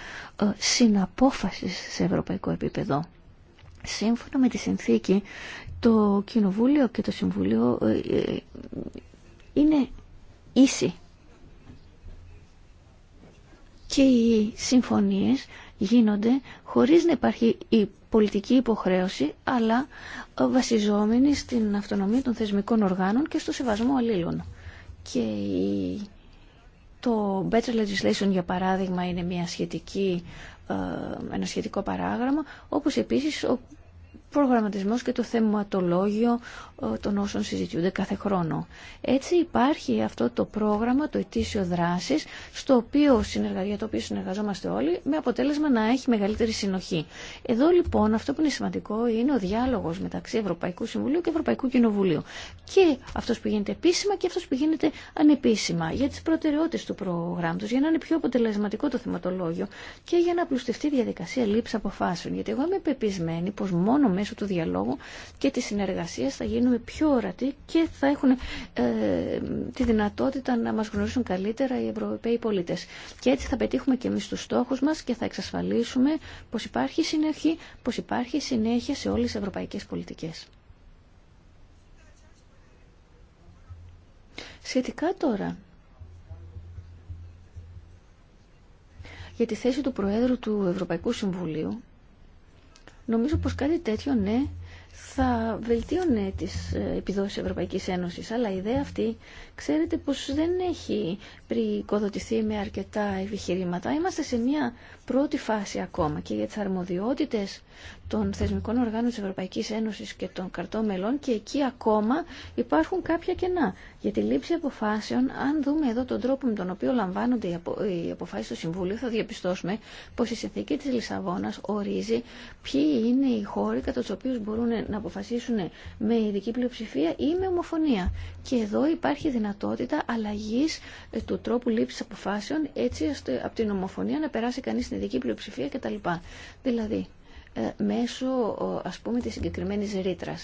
S4: ε, συναπόφασης σε ευρωπαϊκό επίπεδο. Σύμφωνα με τη συνθήκη, το Κοινοβούλιο και το Συμβούλιο ε, ε, είναι ίσοι και οι συμφωνίες γίνονται χωρίς να υπάρχει η πολιτική υποχρέωση αλλά βασιζόμενη στην αυτονομία των θεσμικών οργάνων και στο σεβασμό αλλήλων. Και η το Better Legislation, για παράδειγμα, είναι μια σχετική, ε, ένα σχετικό παράγραμμα, όπως επίσης προγραμματισμός και το θεματολόγιο ε, των όσων συζητιούνται κάθε χρόνο. Έτσι υπάρχει αυτό το πρόγραμμα, το ετήσιο δράσης, στο οποίο για το οποίο συνεργαζόμαστε όλοι, με αποτέλεσμα να έχει μεγαλύτερη συνοχή. Εδώ λοιπόν αυτό που είναι σημαντικό είναι ο διάλογος μεταξύ Ευρωπαϊκού Συμβουλίου και Ευρωπαϊκού Κοινοβουλίου. Και αυτός που γίνεται επίσημα και αυτός που γίνεται ανεπίσημα για τις προτεραιότητες του προγράμματος, για να είναι πιο αποτελεσματικό το θεματολόγιο και για να απλουστευτεί η διαδικασία λήψη αποφάσεων. Γιατί εγώ είμαι πεπισμένη πως μόνο με μέσω του διαλόγου και τη συνεργασίας θα γίνουμε πιο ορατοί και θα έχουν ε, τη δυνατότητα να μας γνωρίσουν καλύτερα οι Ευρωπαίοι πολίτες. Και έτσι θα πετύχουμε και εμείς τους στόχους μας και θα εξασφαλίσουμε πως υπάρχει συνεχή, πως υπάρχει συνέχεια σε όλες τις ευρωπαϊκές πολιτικές. Σχετικά τώρα για τη θέση του Προέδρου του Ευρωπαϊκού Συμβουλίου Νομίζω πως κάτι τέτοιο, ναι, θα βελτίωνε τις ε, επιδόσεις Ευρωπαϊκής Ένωσης. Αλλά η ιδέα αυτή, ξέρετε πως δεν έχει πρικοδοτηθεί με αρκετά επιχειρήματα. Είμαστε σε μια πρώτη φάση ακόμα και για τις αρμοδιότητες των θεσμικών οργάνων της Ευρωπαϊκής Ένωσης και των καρτών μελών και εκεί ακόμα υπάρχουν κάποια κενά. Για τη λήψη αποφάσεων, αν δούμε εδώ τον τρόπο με τον οποίο λαμβάνονται οι, απο... αποφάσει στο Συμβούλιο, θα διαπιστώσουμε πω η συνθήκη τη Λισαβόνα ορίζει ποιοι είναι οι χώροι κατά του οποίου μπορούν να αποφασίσουν με ειδική πλειοψηφία ή με ομοφωνία. Και εδώ υπάρχει δυνατότητα αλλαγή ε, του τρόπου λήψη αποφάσεων, έτσι ώστε από την ομοφωνία να περάσει κανεί στην ειδική πλειοψηφία κτλ. Δηλαδή, ε, μέσω ας πούμε της συγκεκριμένης ρήτρα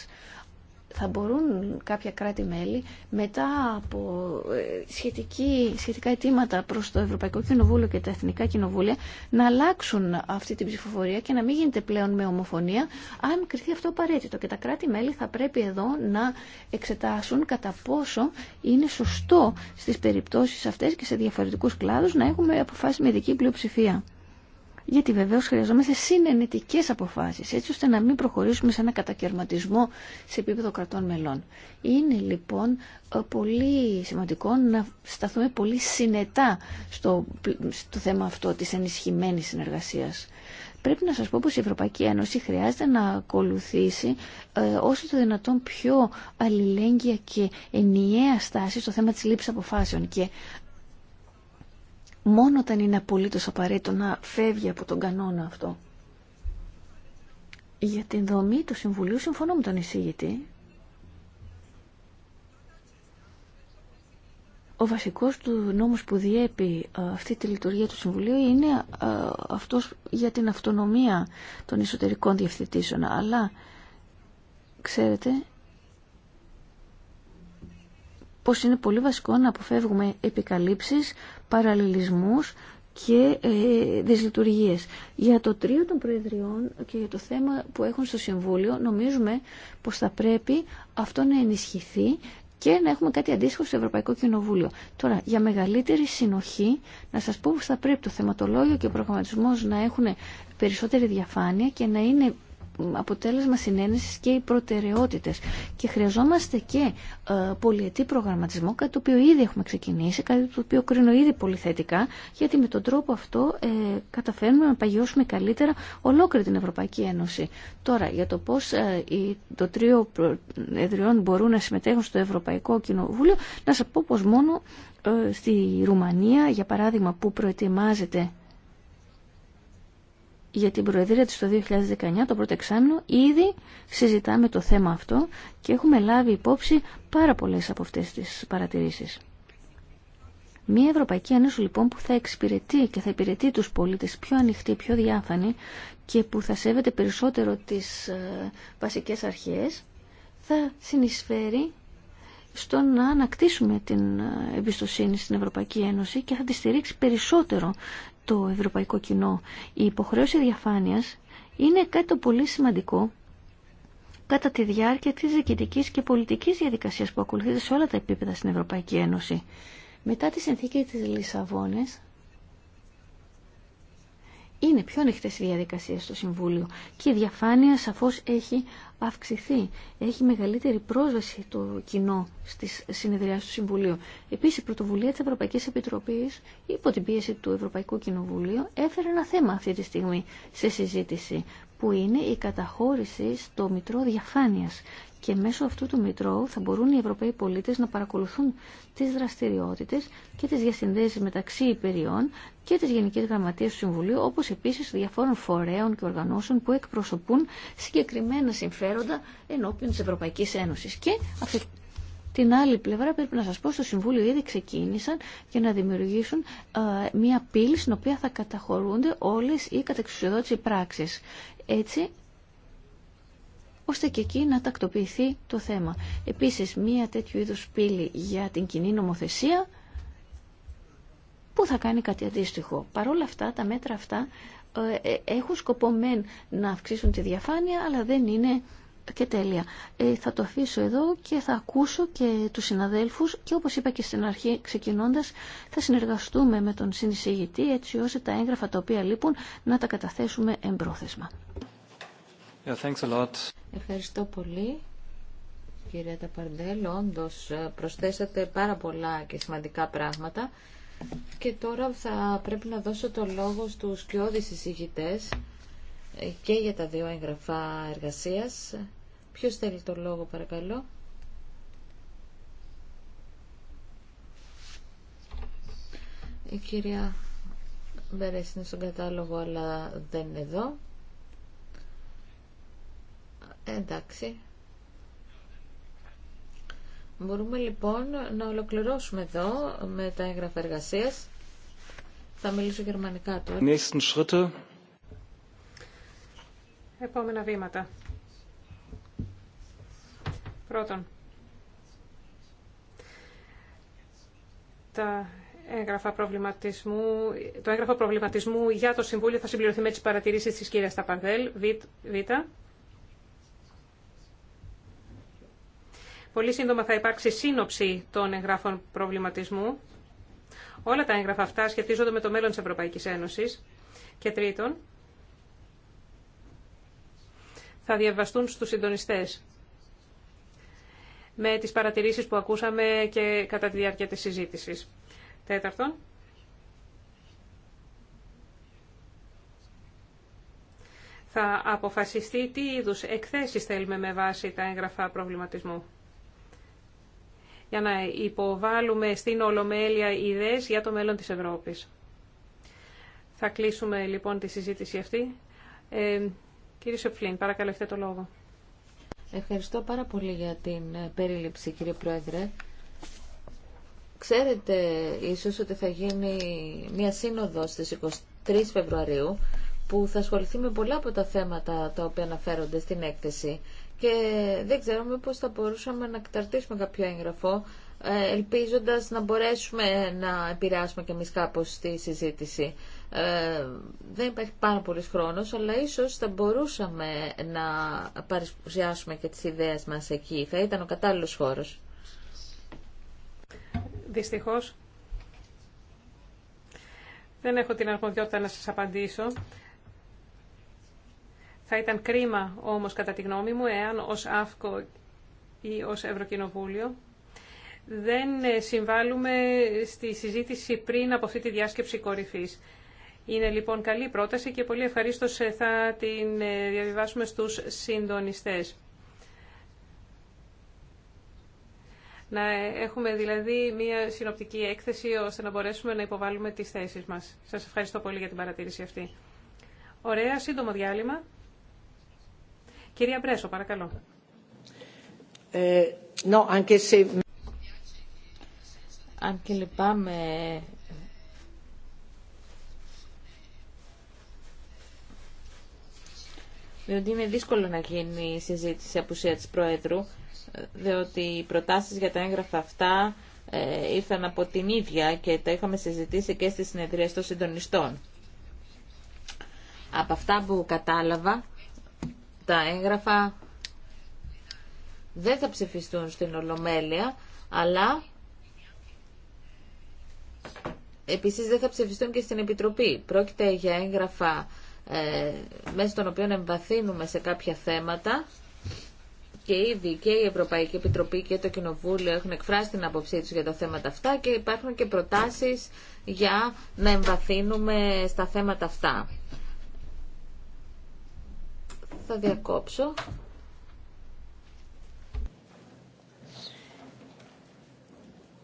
S4: θα μπορούν κάποια κράτη-μέλη μετά από ε, σχετική, σχετικά αιτήματα προς το Ευρωπαϊκό Κοινοβούλιο και τα Εθνικά Κοινοβούλια να αλλάξουν αυτή την ψηφοφορία και να μην γίνεται πλέον με ομοφωνία αν κριθεί αυτό απαραίτητο. Και τα κράτη-μέλη θα πρέπει εδώ να εξετάσουν κατά πόσο είναι σωστό στις περιπτώσεις αυτές και σε διαφορετικούς κλάδους να έχουμε αποφάσει με ειδική πλειοψηφία γιατί βεβαίως χρειαζόμαστε συνενετικές αποφάσεις, έτσι ώστε να μην προχωρήσουμε σε ένα κατακαιρματισμό σε επίπεδο κρατών μελών. Είναι λοιπόν ε, πολύ σημαντικό να σταθούμε πολύ συνετά στο, θέμα αυτό της ενισχυμένης συνεργασίας. Πρέπει να σας πω πως η Ευρωπαϊκή Ένωση χρειάζεται να ακολουθήσει ε, όσο το δυνατόν πιο αλληλέγγυα και ενιαία στάση στο θέμα της λήψης αποφάσεων και μόνο όταν είναι απολύτως απαραίτητο να φεύγει από τον κανόνα αυτό. Για την δομή του Συμβουλίου συμφωνώ με τον εισηγητή. Ο βασικός του νόμος που διέπει ε, αυτή τη λειτουργία του Συμβουλίου είναι ε, αυτός για την αυτονομία των εσωτερικών διευθυντήσεων. Αλλά, ξέρετε, πως είναι πολύ βασικό να αποφεύγουμε επικαλύψεις παραλληλισμούς και ε, δυσλειτουργίες. Για το τρίο των Προεδριών και για το θέμα που έχουν στο Συμβούλιο νομίζουμε πως θα πρέπει αυτό να ενισχυθεί και να έχουμε κάτι αντίστοιχο στο Ευρωπαϊκό Κοινοβούλιο. Τώρα, για μεγαλύτερη συνοχή, να σας πω πως θα πρέπει το θεματολόγιο και ο προγραμματισμός να έχουν περισσότερη διαφάνεια και να είναι αποτέλεσμα συνένεσης και οι προτεραιότητες. Και χρειαζόμαστε και ε, πολιετή προγραμματισμό, κάτι το οποίο ήδη έχουμε ξεκινήσει, κάτι το οποίο κρίνω ήδη πολύ θετικά, γιατί με τον τρόπο αυτό ε, καταφέρνουμε να παγιώσουμε καλύτερα ολόκληρη την Ευρωπαϊκή Ένωση. Τώρα, για το πώς ε, το τρίο εδριών μπορούν να συμμετέχουν στο Ευρωπαϊκό Κοινοβούλιο, να σας πω πως μόνο στη Ρουμανία, για παράδειγμα, που προετοιμάζεται για την Προεδρία της το 2019, το πρώτο εξάμεινο, ήδη συζητάμε το θέμα αυτό και έχουμε λάβει υπόψη πάρα πολλές από αυτές τις παρατηρήσεις. Μια Ευρωπαϊκή Ένωση λοιπόν που θα εξυπηρετεί και θα υπηρετεί τους πολίτες πιο ανοιχτή, πιο διάφανη και που θα σέβεται περισσότερο τις ε, βασικές αρχές θα συνεισφέρει στο να ανακτήσουμε την ε, εμπιστοσύνη στην Ευρωπαϊκή Ένωση και θα τη στηρίξει περισσότερο το ευρωπαϊκό κοινό. Η υποχρέωση διαφάνειας είναι κάτι το πολύ σημαντικό κατά τη διάρκεια της διοικητικής και πολιτικής διαδικασίας που ακολουθείται σε όλα τα επίπεδα στην Ευρωπαϊκή Ένωση. Μετά τη συνθήκη της Λισαβόνης, είναι πιο ανοιχτέ οι διαδικασίες στο Συμβούλιο και η διαφάνεια σαφώς έχει αυξηθεί. Έχει μεγαλύτερη πρόσβαση το κοινό στις συνεδριάσεις του Συμβουλίου. Επίσης, η πρωτοβουλία της Ευρωπαϊκής Επιτροπής υπό την πίεση του Ευρωπαϊκού Κοινοβουλίου έφερε ένα θέμα αυτή τη στιγμή σε συζήτηση που είναι η καταχώρηση στο Μητρό διαφάνεια και μέσω αυτού του Μητρώου θα μπορούν οι Ευρωπαίοι πολίτες να παρακολουθούν τις δραστηριότητες και τις διασυνδέσεις μεταξύ υπηρεών και της Γενικής Γραμματείας του Συμβουλίου, όπως επίσης διαφόρων φορέων και οργανώσεων που εκπροσωπούν συγκεκριμένα συμφέροντα ενώπιον της Ευρωπαϊκής Ένωσης. Και αυτή την άλλη πλευρά πρέπει να σας πω στο Συμβούλιο ήδη ξεκίνησαν για να δημιουργήσουν μια πύλη στην οποία θα καταχωρούνται όλες οι κατεξουσιοδότηση πράξεις. Έτσι ώστε και εκεί να τακτοποιηθεί το θέμα. Επίσης, μία τέτοιου είδους πύλη για την κοινή νομοθεσία που θα κάνει κάτι αντίστοιχο. Παρ' όλα αυτά, τα μέτρα αυτά ε, ε, έχουν σκοπό μεν να αυξήσουν τη διαφάνεια, αλλά δεν είναι και τέλεια. Ε, θα το αφήσω εδώ και θα ακούσω και τους συναδέλφους και όπως είπα και στην αρχή ξεκινώντας θα συνεργαστούμε με τον συνεισηγητή έτσι ώστε τα έγγραφα τα οποία λείπουν να τα καταθέσουμε εμπρόθεσμα. Ευχαριστώ πολύ. Κυρία Ταπαρντέλ, όντω
S3: ε, προσθέσατε πάρα πολλά και σημαντικά πράγματα. Και τώρα θα πρέπει να δώσω το λόγο στους κοιόδης εισηγητές ε, και για τα δύο εγγραφά εργασίας. Ποιος θέλει το λόγο παρακαλώ. Η κυρία Μπερές είναι στον κατάλογο αλλά δεν είναι εδώ. Εντάξει. Μπορούμε λοιπόν να ολοκληρώσουμε εδώ με τα έγγραφα εργασία.
S2: Θα μιλήσω γερμανικά
S1: τώρα.
S2: Επόμενα βήματα. Πρώτον, τα έγγραφα προβληματισμού, το έγγραφο προβληματισμού για το Συμβούλιο θα συμπληρωθεί με τις παρατηρήσεις της κυρία Σταπαρδέλ. Β, Πολύ σύντομα θα υπάρξει σύνοψη των εγγράφων προβληματισμού. Όλα τα έγγραφα αυτά σχετίζονται με το μέλλον της Ευρωπαϊκής Ένωσης. Και τρίτον, θα διαβαστούν στους συντονιστές με τις παρατηρήσεις που ακούσαμε και κατά τη διάρκεια της συζήτησης. Τέταρτον, θα αποφασιστεί τι είδους εκθέσεις θέλουμε με βάση τα έγγραφα προβληματισμού για να υποβάλουμε στην Ολομέλεια ιδέες για το μέλλον της Ευρώπης. Θα κλείσουμε λοιπόν τη συζήτηση αυτή. Ε, κύριε Σεπφλίν, παρακαλώ, το λόγο.
S3: Ευχαριστώ πάρα πολύ για την ε, περίληψη, κύριε Πρόεδρε. Ξέρετε ίσως ότι θα γίνει μια σύνοδο στις 23 Φεβρουαρίου που θα ασχοληθεί με πολλά από τα θέματα τα οποία αναφέρονται στην έκθεση και δεν ξέρουμε πώς θα μπορούσαμε να καταρτήσουμε κάποιο έγγραφο ε, ελπίζοντας να μπορέσουμε να επηρεάσουμε και εμείς κάπως τη συζήτηση. Ε, δεν υπάρχει πάρα πολύ χρόνος, αλλά ίσως θα μπορούσαμε να παρουσιάσουμε και τις ιδέες μας εκεί. Θα ήταν ο κατάλληλος χώρος.
S2: Δυστυχώς, δεν έχω την αρμοδιότητα να σας απαντήσω, θα ήταν κρίμα όμως κατά τη γνώμη μου εάν ως ΑΦΚΟ ή ως Ευρωκοινοβούλιο δεν ε, συμβάλλουμε στη συζήτηση πριν από αυτή τη διάσκεψη κορυφής. Είναι λοιπόν καλή πρόταση και πολύ ευχαρίστως ε, θα την ε, διαβιβάσουμε στους συντονιστές. Να έχουμε δηλαδή μία συνοπτική έκθεση ώστε να μπορέσουμε να υποβάλουμε τις θέσεις μας. Σας ευχαριστώ πολύ για την παρατήρηση αυτή. Ωραία, σύντομο διάλειμμα. Κυρία Μπρέσο, παρακαλώ.
S4: Ε, αν
S3: Αν και λυπάμαι διότι είναι δύσκολο να γίνει η συζήτηση σε απουσία της Πρόεδρου, διότι οι προτάσεις για τα έγγραφα αυτά ε, ήρθαν από την ίδια και τα είχαμε συζητήσει και στις συνεδρίες των συντονιστών. Από αυτά που κατάλαβα, τα έγγραφα δεν θα ψηφιστούν στην Ολομέλεια, αλλά επίσης δεν θα ψηφιστούν και στην Επιτροπή. Πρόκειται για έγγραφα ε, μέσα των οποίων εμβαθύνουμε σε κάποια θέματα και ήδη και η Ευρωπαϊκή Επιτροπή και το Κοινοβούλιο έχουν εκφράσει την άποψή τους για τα θέματα αυτά και υπάρχουν και προτάσεις για να εμβαθύνουμε στα θέματα αυτά θα διακόψω.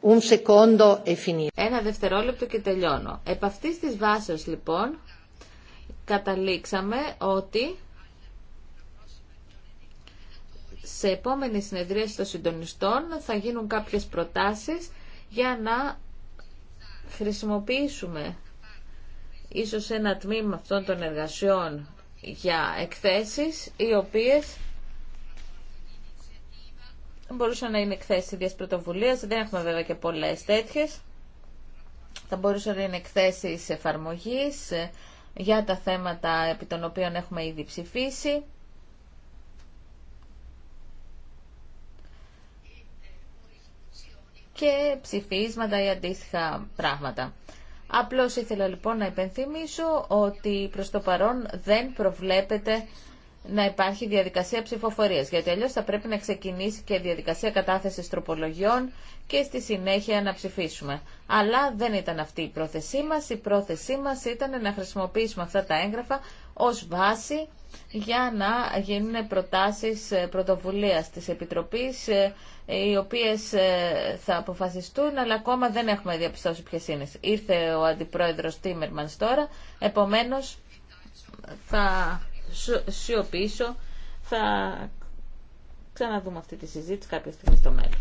S3: E ένα δευτερόλεπτο και τελειώνω. Επ' αυτή της βάση, λοιπόν καταλήξαμε ότι σε επόμενη συνεδρίαση των συντονιστών θα γίνουν κάποιες προτάσεις για να χρησιμοποιήσουμε ίσως ένα τμήμα αυτών των εργασιών για εκθέσεις οι οποίες μπορούσαν να είναι εκθέσεις ίδιας πρωτοβουλίας, δεν έχουμε βέβαια και πολλές τέτοιες. Θα μπορούσαν να είναι εκθέσεις εφαρμογής για τα θέματα επί των οποίων έχουμε ήδη ψηφίσει. και ψηφίσματα ή αντίστοιχα πράγματα. Απλώς ήθελα λοιπόν να υπενθυμίσω ότι προς το παρόν δεν προβλέπεται να υπάρχει διαδικασία ψηφοφορίας, γιατί αλλιώς θα πρέπει να ξεκινήσει και διαδικασία κατάθεσης τροπολογιών και στη συνέχεια να ψηφίσουμε. Αλλά δεν ήταν αυτή η πρόθεσή μας. Η πρόθεσή μας ήταν να χρησιμοποιήσουμε αυτά τα έγγραφα ως βάση για να γίνουν προτάσεις ε, πρωτοβουλίας της Επιτροπής ε, οι οποίες ε, θα αποφασιστούν αλλά ακόμα δεν έχουμε διαπιστώσει ποιες είναι. Ήρθε ο Αντιπρόεδρος Τίμερμανς τώρα, επομένως θα σιωπήσω, θα ξαναδούμε αυτή τη συζήτηση κάποια στιγμή στο μέλλον.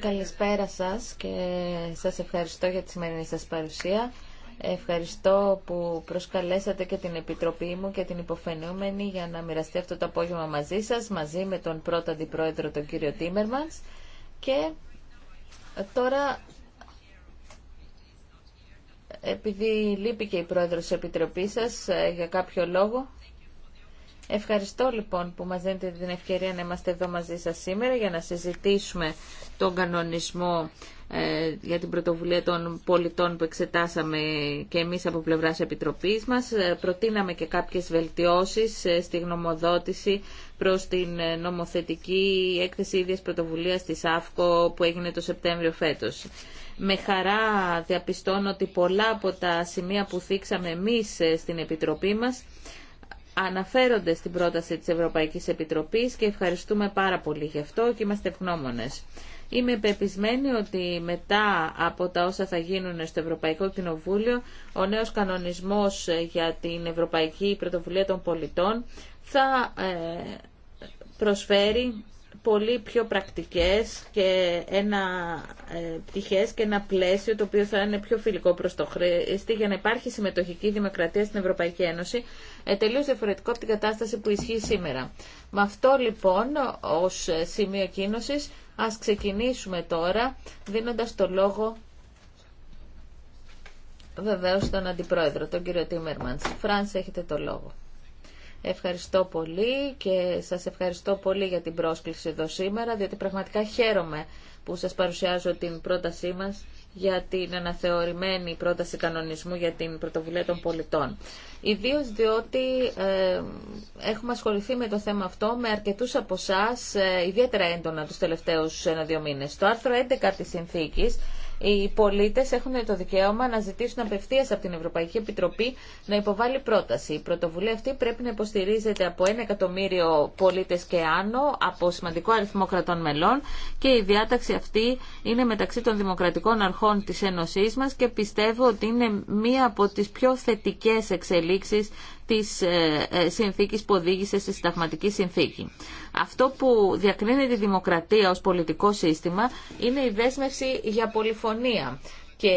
S3: Καλησπέρα σας και σας ευχαριστώ για τη σημερινή σας παρουσία. Ευχαριστώ που προσκαλέσατε και την Επιτροπή μου και την υποφαινούμενη για να μοιραστεί αυτό το απόγευμα μαζί σας, μαζί με τον πρώτο αντιπρόεδρο, τον κύριο Τίμερμανς. Και τώρα, επειδή λείπει και η πρόεδρος της Επιτροπής σας ε, για κάποιο λόγο, Ευχαριστώ λοιπόν που μας δίνετε την ευκαιρία να είμαστε εδώ μαζί σας σήμερα για να συζητήσουμε τον κανονισμό ε, για την πρωτοβουλία των πολιτών που εξετάσαμε και εμείς από πλευράς Επιτροπής μας. Ε, προτείναμε και κάποιες βελτιώσεις ε, στη γνωμοδότηση προς την νομοθετική έκθεση ίδιας πρωτοβουλίας της ΑΦΚΟ που έγινε το Σεπτέμβριο φέτος. Με χαρά διαπιστώνω ότι πολλά από τα σημεία που θίξαμε εμείς στην Επιτροπή μας αναφέρονται στην πρόταση της Ευρωπαϊκής Επιτροπής και ευχαριστούμε πάρα πολύ γι' αυτό και είμαστε ευγνώμονες. Είμαι πεπισμένη ότι μετά από τα όσα θα γίνουν στο Ευρωπαϊκό Κοινοβούλιο, ο νέος κανονισμός για την Ευρωπαϊκή Πρωτοβουλία των Πολιτών θα ε, προσφέρει πολύ πιο πρακτικές και ένα ε, πτυχές και ένα πλαίσιο το οποίο θα είναι πιο φιλικό προς το χρήστη για να υπάρχει συμμετοχική δημοκρατία στην Ευρωπαϊκή Ένωση ε, τελείως διαφορετικό από την κατάσταση που ισχύει σήμερα. Με αυτό λοιπόν ως σημείο κίνησης ας ξεκινήσουμε τώρα δίνοντας το λόγο βεβαίως στον Αντιπρόεδρο, τον κύριο Τίμερμαντς. Φράνς έχετε το λόγο. Ευχαριστώ πολύ και σας ευχαριστώ πολύ για την πρόσκληση εδώ σήμερα, διότι πραγματικά χαίρομαι που σας παρουσιάζω την πρότασή μας για την αναθεωρημένη πρόταση κανονισμού για την πρωτοβουλία των πολιτών. Ιδίως διότι ε, έχουμε ασχοληθεί με το θέμα αυτό με αρκετούς από εσά ε, ιδιαίτερα έντονα τους τελευταίους ένα-δύο μήνες. Το άρθρο 11 της συνθήκης οι πολίτες έχουν το δικαίωμα να ζητήσουν απευθεία από την Ευρωπαϊκή Επιτροπή να υποβάλει πρόταση. Η πρωτοβουλία αυτή πρέπει να υποστηρίζεται από ένα εκατομμύριο πολίτες και άνω, από σημαντικό αριθμό κρατών μελών και η διάταξη αυτή είναι μεταξύ των δημοκρατικών αρχών της Ένωσή μα και πιστεύω ότι είναι μία από τι πιο θετικέ εξελίξει της ε, ε, συνθήκης που οδήγησε στη συνταγματική συνθήκη. Αυτό που διακρίνει τη δημοκρατία ως πολιτικό σύστημα είναι η δέσμευση για πολυφωνία και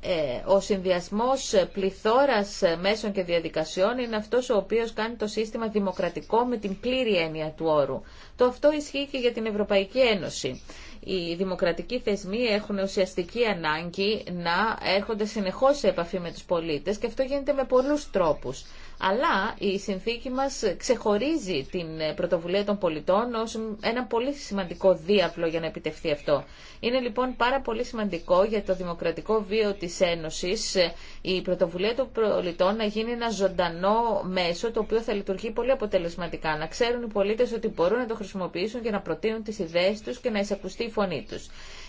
S3: ε, ο συνδυασμός πληθώρας μέσων και διαδικασιών είναι αυτός ο οποίος κάνει το σύστημα δημοκρατικό με την πλήρη έννοια του όρου. Το αυτό ισχύει και για την Ευρωπαϊκή Ένωση. Οι δημοκρατικοί θεσμοί έχουν ουσιαστική ανάγκη να έρχονται συνεχώς σε επαφή με τους πολίτες και αυτό γίνεται με πολλούς τρόπους. Αλλά η συνθήκη μας ξεχωρίζει την πρωτοβουλία των πολιτών ω ένα πολύ σημαντικό δίαπλο για να επιτευχθεί αυτό. Είναι λοιπόν πάρα πολύ σημαντικό για το δημοκρατικό βίο της Ένωσης ε, η πρωτοβουλία των πολιτών να γίνει ένα ζωντανό μέσο το οποίο θα λειτουργεί πολύ αποτελεσματικά. Να ξέρουν οι πολίτε ότι μπορούν να το χρησιμοποιήσουν για να προτείνουν τι ιδέες του και να εισακουστεί η φωνή του.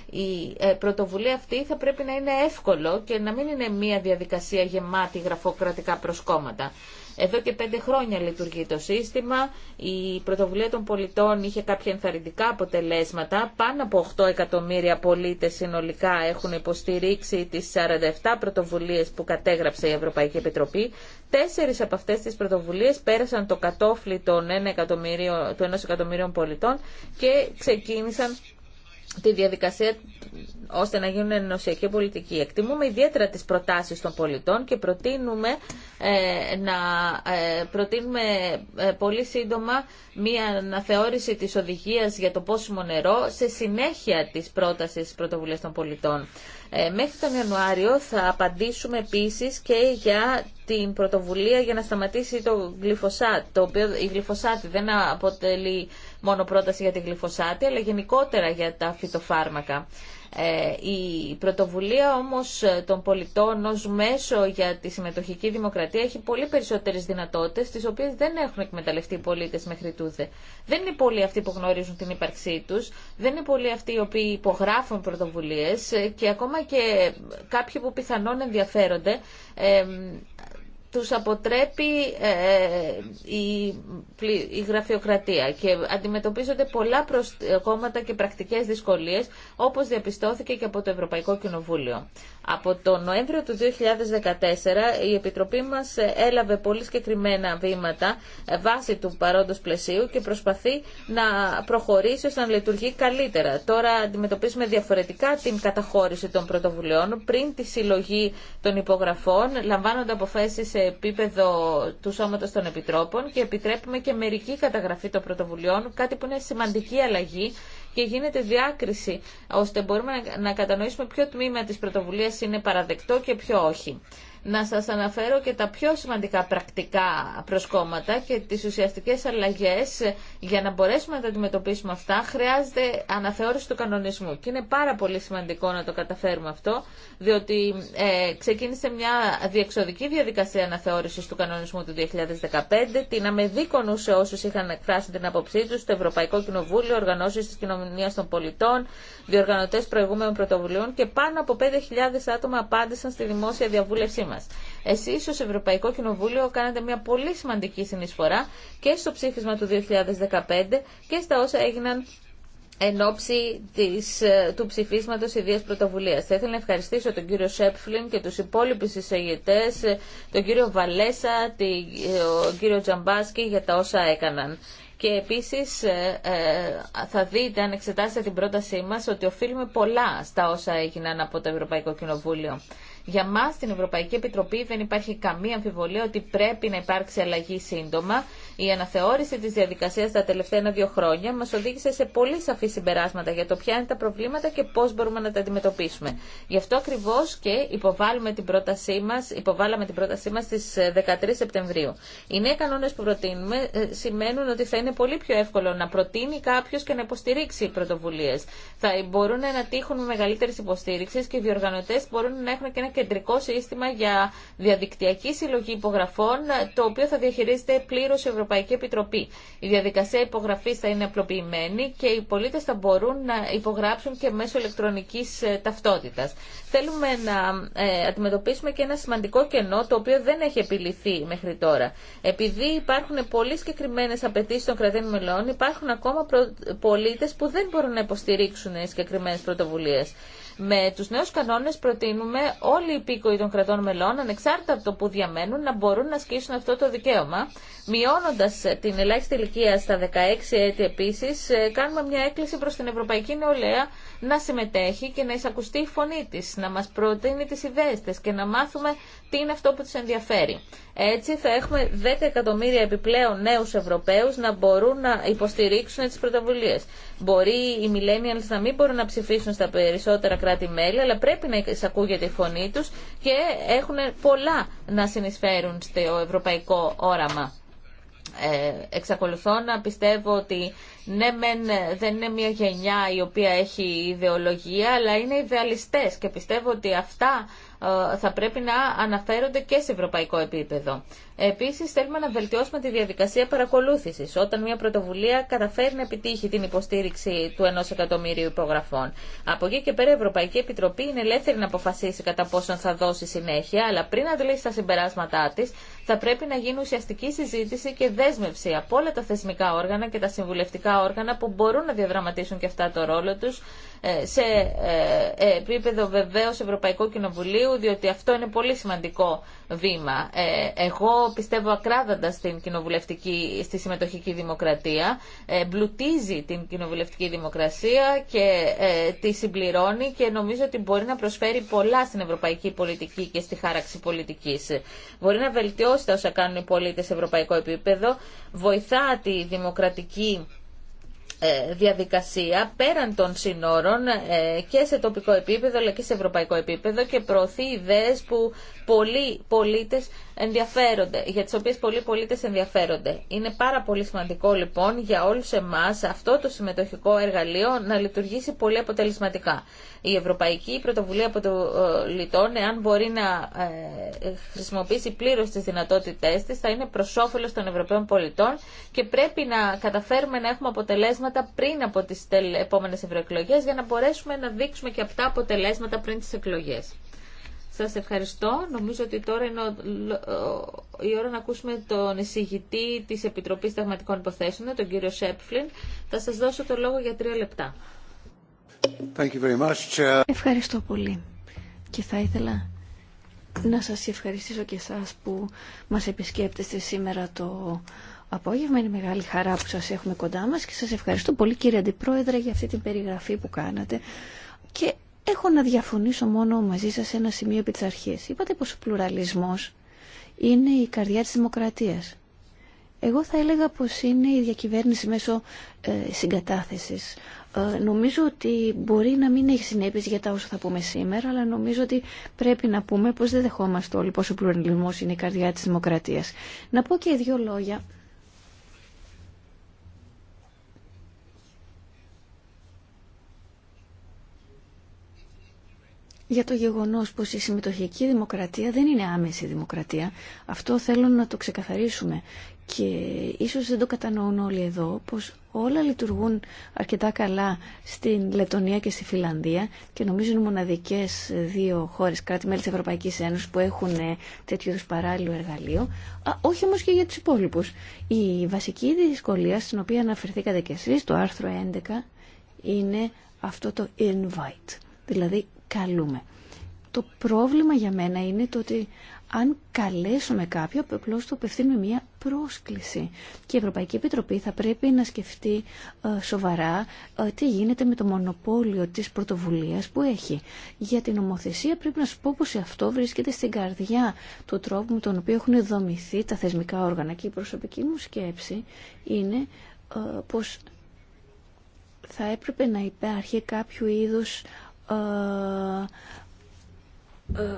S3: Η ε, πρωτοβουλία αυτή θα πρέπει να είναι εύκολο και να μην είναι μια διαδικασία γεμάτη γραφοκρατικά προσκόμματα. Εδώ και πέντε χρόνια λειτουργεί το σύστημα. Η πρωτοβουλία των πολιτών είχε κάποια ενθαρρυντικά αποτελέσματα. Πάνω από 8 εκατομμύρια πολίτες συνολικά έχουν υποστηρίξει τις 47 πρωτοβουλίες που κατέγραψε η Ευρωπαϊκή Επιτροπή. Τέσσερις από αυτές τις πρωτοβουλίες πέρασαν το κατόφλι των 1 εκατομμύριων πολιτών και ξεκίνησαν τη διαδικασία ώστε να γίνουν ενωσιακοί πολιτική. Εκτιμούμε ιδιαίτερα τις προτάσεις των πολιτών και προτείνουμε ε, να ε, προτείνουμε ε, πολύ σύντομα μία αναθεώρηση της οδηγίας για το πόσιμο νερό σε συνέχεια της πρότασης πρωτοβουλίας των πολιτών. Ε, μέχρι τον Ιανουάριο θα απαντήσουμε επίσης και για την πρωτοβουλία για να σταματήσει το γλυφοσάτ, το οποίο η γλυφοσάτη δεν αποτελεί μόνο πρόταση για τη γλυφοσάτη, αλλά γενικότερα για τα φυτοφάρμακα. Ε, η πρωτοβουλία όμως των πολιτών ως μέσο για τη συμμετοχική δημοκρατία έχει πολύ περισσότερες δυνατότητες τις οποίες δεν έχουν εκμεταλλευτεί οι πολίτες μέχρι τούδε. Δεν είναι πολλοί αυτοί που γνωρίζουν την ύπαρξή τους, δεν είναι πολλοί αυτοί οι οποίοι υπογράφουν πρωτοβουλίες ε, και ακόμα και κάποιοι που πιθανόν ενδιαφέρονται ε, τους αποτρέπει ε, η, η γραφειοκρατία και αντιμετωπίζονται πολλά προσκόμματα και πρακτικές δυσκολίες όπως διαπιστώθηκε και από το Ευρωπαϊκό Κοινοβούλιο. Από τον Νοέμβριο του 2014 η Επιτροπή μας έλαβε πολύ συγκεκριμένα βήματα βάσει του παρόντος πλαισίου και προσπαθεί να προχωρήσει ώστε να λειτουργεί καλύτερα. Τώρα αντιμετωπίζουμε διαφορετικά την καταχώρηση των πρωτοβουλειών πριν τη συλλογή των υπογραφών, λαμβάνονται αποφάσεις σε επίπεδο του Σώματος των Επιτρόπων και επιτρέπουμε και μερική καταγραφή των πρωτοβουλειών, κάτι που είναι σημαντική αλλαγή και γίνεται διάκριση ώστε μπορούμε να κατανοήσουμε ποιο τμήμα της πρωτοβουλίας είναι παραδεκτό και ποιο όχι να σας αναφέρω και τα πιο σημαντικά πρακτικά προσκόμματα και τις ουσιαστικές αλλαγές για να μπορέσουμε να τα αντιμετωπίσουμε αυτά χρειάζεται αναθεώρηση του κανονισμού και είναι πάρα πολύ σημαντικό να το καταφέρουμε αυτό διότι ε, ξεκίνησε μια διεξοδική διαδικασία αναθεώρησης του κανονισμού του 2015 την αμεδίκονουσε όσους είχαν εκφράσει την άποψή τους στο Ευρωπαϊκό Κοινοβούλιο, οργανώσεις της κοινωνίας των πολιτών, διοργανωτές προηγούμενων πρωτοβουλίων και πάνω από 5.000 άτομα απάντησαν στη δημόσια διαβούλευσή μα. Εσείς ως Ευρωπαϊκό Κοινοβούλιο κάνατε μια πολύ σημαντική συνεισφορά και στο ψήφισμα του 2015 και στα όσα έγιναν εν ώψη ε, του ψηφίσματος ιδίας πρωτοβουλίας. Θα ήθελα να ευχαριστήσω τον κύριο Σέπφλιν και τους υπόλοιπους εισηγητές τον κύριο Βαλέσα, τον ε, κύριο Τζαμπάσκι για τα όσα έκαναν. Και επίσης ε, θα δείτε αν εξετάσετε την πρότασή μας ότι οφείλουμε πολλά στα όσα έγιναν από το Ευρωπαϊκό Κοινοβούλιο. Για μα, στην Ευρωπαϊκή Επιτροπή, δεν υπάρχει καμία αμφιβολία ότι πρέπει να υπάρξει αλλαγή σύντομα. Η αναθεώρηση τη διαδικασία τα τελευταία ένα-δύο χρόνια μα οδήγησε σε πολύ σαφή συμπεράσματα για το ποια είναι τα προβλήματα και πώ μπορούμε να τα αντιμετωπίσουμε. Γι' αυτό ακριβώ και υποβάλλουμε την πρότασή μας, υποβάλαμε την πρότασή μα στι 13 Σεπτεμβρίου. Οι νέοι κανόνε που προτείνουμε ε, σημαίνουν ότι θα είναι πολύ πιο εύκολο να προτείνει κάποιο και να υποστηρίξει πρωτοβουλίε. Θα μπορούν να τύχουν μεγαλύτερη υποστήριξη και οι διοργανωτέ μπορούν να έχουν και ένα κεντρικό σύστημα για διαδικτυακή συλλογή υπογραφών, το οποίο θα διαχειρίζεται πλήρω η Ευρωπαϊκή Επιτροπή. Η διαδικασία υπογραφή θα είναι απλοποιημένη και οι πολίτε θα μπορούν να υπογράψουν και μέσω ηλεκτρονική ε, ταυτότητα. Θέλουμε να ε, αντιμετωπίσουμε και ένα σημαντικό κενό, το οποίο δεν έχει επιληθεί μέχρι τώρα. Επειδή υπάρχουν πολύ συγκεκριμένε απαιτήσει των κρατών μελών, υπάρχουν ακόμα πολίτε που δεν μπορούν να υποστηρίξουν συγκεκριμένε πρωτοβουλίε. Με τους νέους κανόνες προτείνουμε όλοι οι υπήκοοι των κρατών μελών, ανεξάρτητα από το που διαμένουν, να μπορούν να ασκήσουν αυτό το δικαίωμα. Μειώνοντας ε, την ελάχιστη ηλικία στα 16 έτη επίσης, ε, κάνουμε μια έκκληση προς την Ευρωπαϊκή Νεολαία να συμμετέχει και να εισακουστεί η φωνή της, να μας προτείνει τις ιδέες της και να μάθουμε τι είναι αυτό που του ενδιαφέρει. Έτσι θα έχουμε 10 εκατομμύρια επιπλέον νέους Ευρωπαίους να μπορούν να υποστηρίξουν τις πρωτοβουλίες. Μπορεί οι millennials να μην μπορούν να ψηφίσουν στα περισσότερα κράτη-μέλη, αλλά πρέπει να εισακούγεται η φωνή τους και έχουν πολλά να συνεισφέρουν στο ευρωπαϊκό όραμα. Ε, εξακολουθώ να πιστεύω ότι ναι δεν είναι μια γενιά η οποία έχει ιδεολογία αλλά είναι ιδεαλιστές και πιστεύω ότι αυτά ε, θα πρέπει να αναφέρονται και σε ευρωπαϊκό επίπεδο. Επίση, θέλουμε να βελτιώσουμε τη διαδικασία παρακολούθηση. όταν μια πρωτοβουλία καταφέρει να επιτύχει την υποστήριξη του ενό εκατομμύριου υπογραφών. Από εκεί και πέρα η Ευρωπαϊκή Επιτροπή είναι ελεύθερη να αποφασίσει κατά πόσον θα δώσει συνέχεια, αλλά πριν αντλήσει τα συμπεράσματά τη, θα πρέπει να γίνει ουσιαστική συζήτηση και δέσμευση από όλα τα θεσμικά όργανα και τα συμβουλευτικά όργανα που μπορούν να διαδραματίσουν και αυτά το ρόλο του. Ε, σε ε, ε, επίπεδο βεβαίως Ευρωπαϊκού Κοινοβουλίου, διότι αυτό είναι πολύ σημαντικό βήμα. Εγώ πιστεύω ακράδαντα στην κοινοβουλευτική, στη συμμετοχική δημοκρατία, μπλουτίζει την κοινοβουλευτική δημοκρασία και τη συμπληρώνει και νομίζω ότι μπορεί να προσφέρει πολλά στην ευρωπαϊκή πολιτική και στη χάραξη πολιτική. Μπορεί να βελτιώσει τα όσα κάνουν οι πολίτε σε ευρωπαϊκό επίπεδο, βοηθά τη δημοκρατική ε, διαδικασία πέραν των συνόρων ε, και σε τοπικό επίπεδο αλλά και σε ευρωπαϊκό επίπεδο και προωθεί ιδέες που πολλοί πολίτες ενδιαφέρονται, για τις οποίες πολλοί πολίτες ενδιαφέρονται. Είναι πάρα πολύ σημαντικό λοιπόν για όλους εμάς αυτό το συμμετοχικό εργαλείο να λειτουργήσει πολύ αποτελεσματικά. Η Ευρωπαϊκή Πρωτοβουλία Αποτολιτών, ε, εάν μπορεί να ε, χρησιμοποιήσει πλήρως τις δυνατότητές της, θα είναι προς όφελος των Ευρωπαίων πολιτών και πρέπει να καταφέρουμε να έχουμε αποτελέσματα πριν από τις επόμενες ευρωεκλογές για να μπορέσουμε να δείξουμε και αυτά αποτελέσματα πριν τις εκλογές. Σας ευχαριστώ. Νομίζω ότι τώρα είναι η ώρα να ακούσουμε τον εισηγητή της Επιτροπής Σταγματικών Υποθέσεων, τον κύριο Σέπφλιν. Θα σας δώσω το λόγο για τρία
S4: λεπτά.
S1: Thank you very much.
S4: Ευχαριστώ πολύ. Και θα ήθελα να σας ευχαριστήσω και εσάς που μας επισκέπτεστε σήμερα το απόγευμα. Είναι μεγάλη χαρά που σας έχουμε κοντά μας και σας ευχαριστώ πολύ κύριε Αντιπρόεδρε για αυτή την περιγραφή που κάνατε και Έχω να διαφωνήσω μόνο μαζί σας σε ένα σημείο επί της αρχής. Είπατε πως ο πλουραλισμός είναι η καρδιά της δημοκρατίας. Εγώ θα έλεγα πως είναι η διακυβέρνηση μέσω ε, συγκατάθεσης. Ε, νομίζω ότι μπορεί να μην έχει συνέπειες για τα όσα θα πούμε σήμερα, αλλά νομίζω ότι πρέπει να πούμε πως δεν δεχόμαστε όλοι πως ο πλουραλισμός είναι η καρδιά της δημοκρατίας. Να πω και δύο λόγια για το γεγονός πως η συμμετοχική δημοκρατία δεν είναι άμεση δημοκρατία. Αυτό θέλω να το ξεκαθαρίσουμε. Και ίσως δεν το κατανοούν όλοι εδώ πως όλα λειτουργούν αρκετά καλά στην Λετωνία και στη Φιλανδία και νομίζω είναι μοναδικές δύο χώρες κράτη-μέλη της Ευρωπαϊκής Ένωσης που έχουν ε, τέτοιου είδους παράλληλο εργαλείο, Α, όχι όμως και για τους υπόλοιπους. Η βασική δυσκολία στην οποία αναφερθήκατε και εσείς, το άρθρο 11, είναι αυτό το invite. Δηλαδή καλούμε. Το πρόβλημα για μένα είναι το ότι αν καλέσουμε κάποιο, απλώ του απευθύνουμε μία πρόσκληση. Και η Ευρωπαϊκή Επιτροπή θα πρέπει να σκεφτεί ε, σοβαρά ε, τι γίνεται με το μονοπόλιο της πρωτοβουλίας που έχει. Για την ομοθεσία πρέπει να σου πω πως αυτό βρίσκεται στην καρδιά του τρόπου με τον οποίο έχουν δομηθεί τα θεσμικά όργανα. Και η προσωπική μου σκέψη είναι ε, πως θα έπρεπε να υπάρχει κάποιο είδους ε, ε,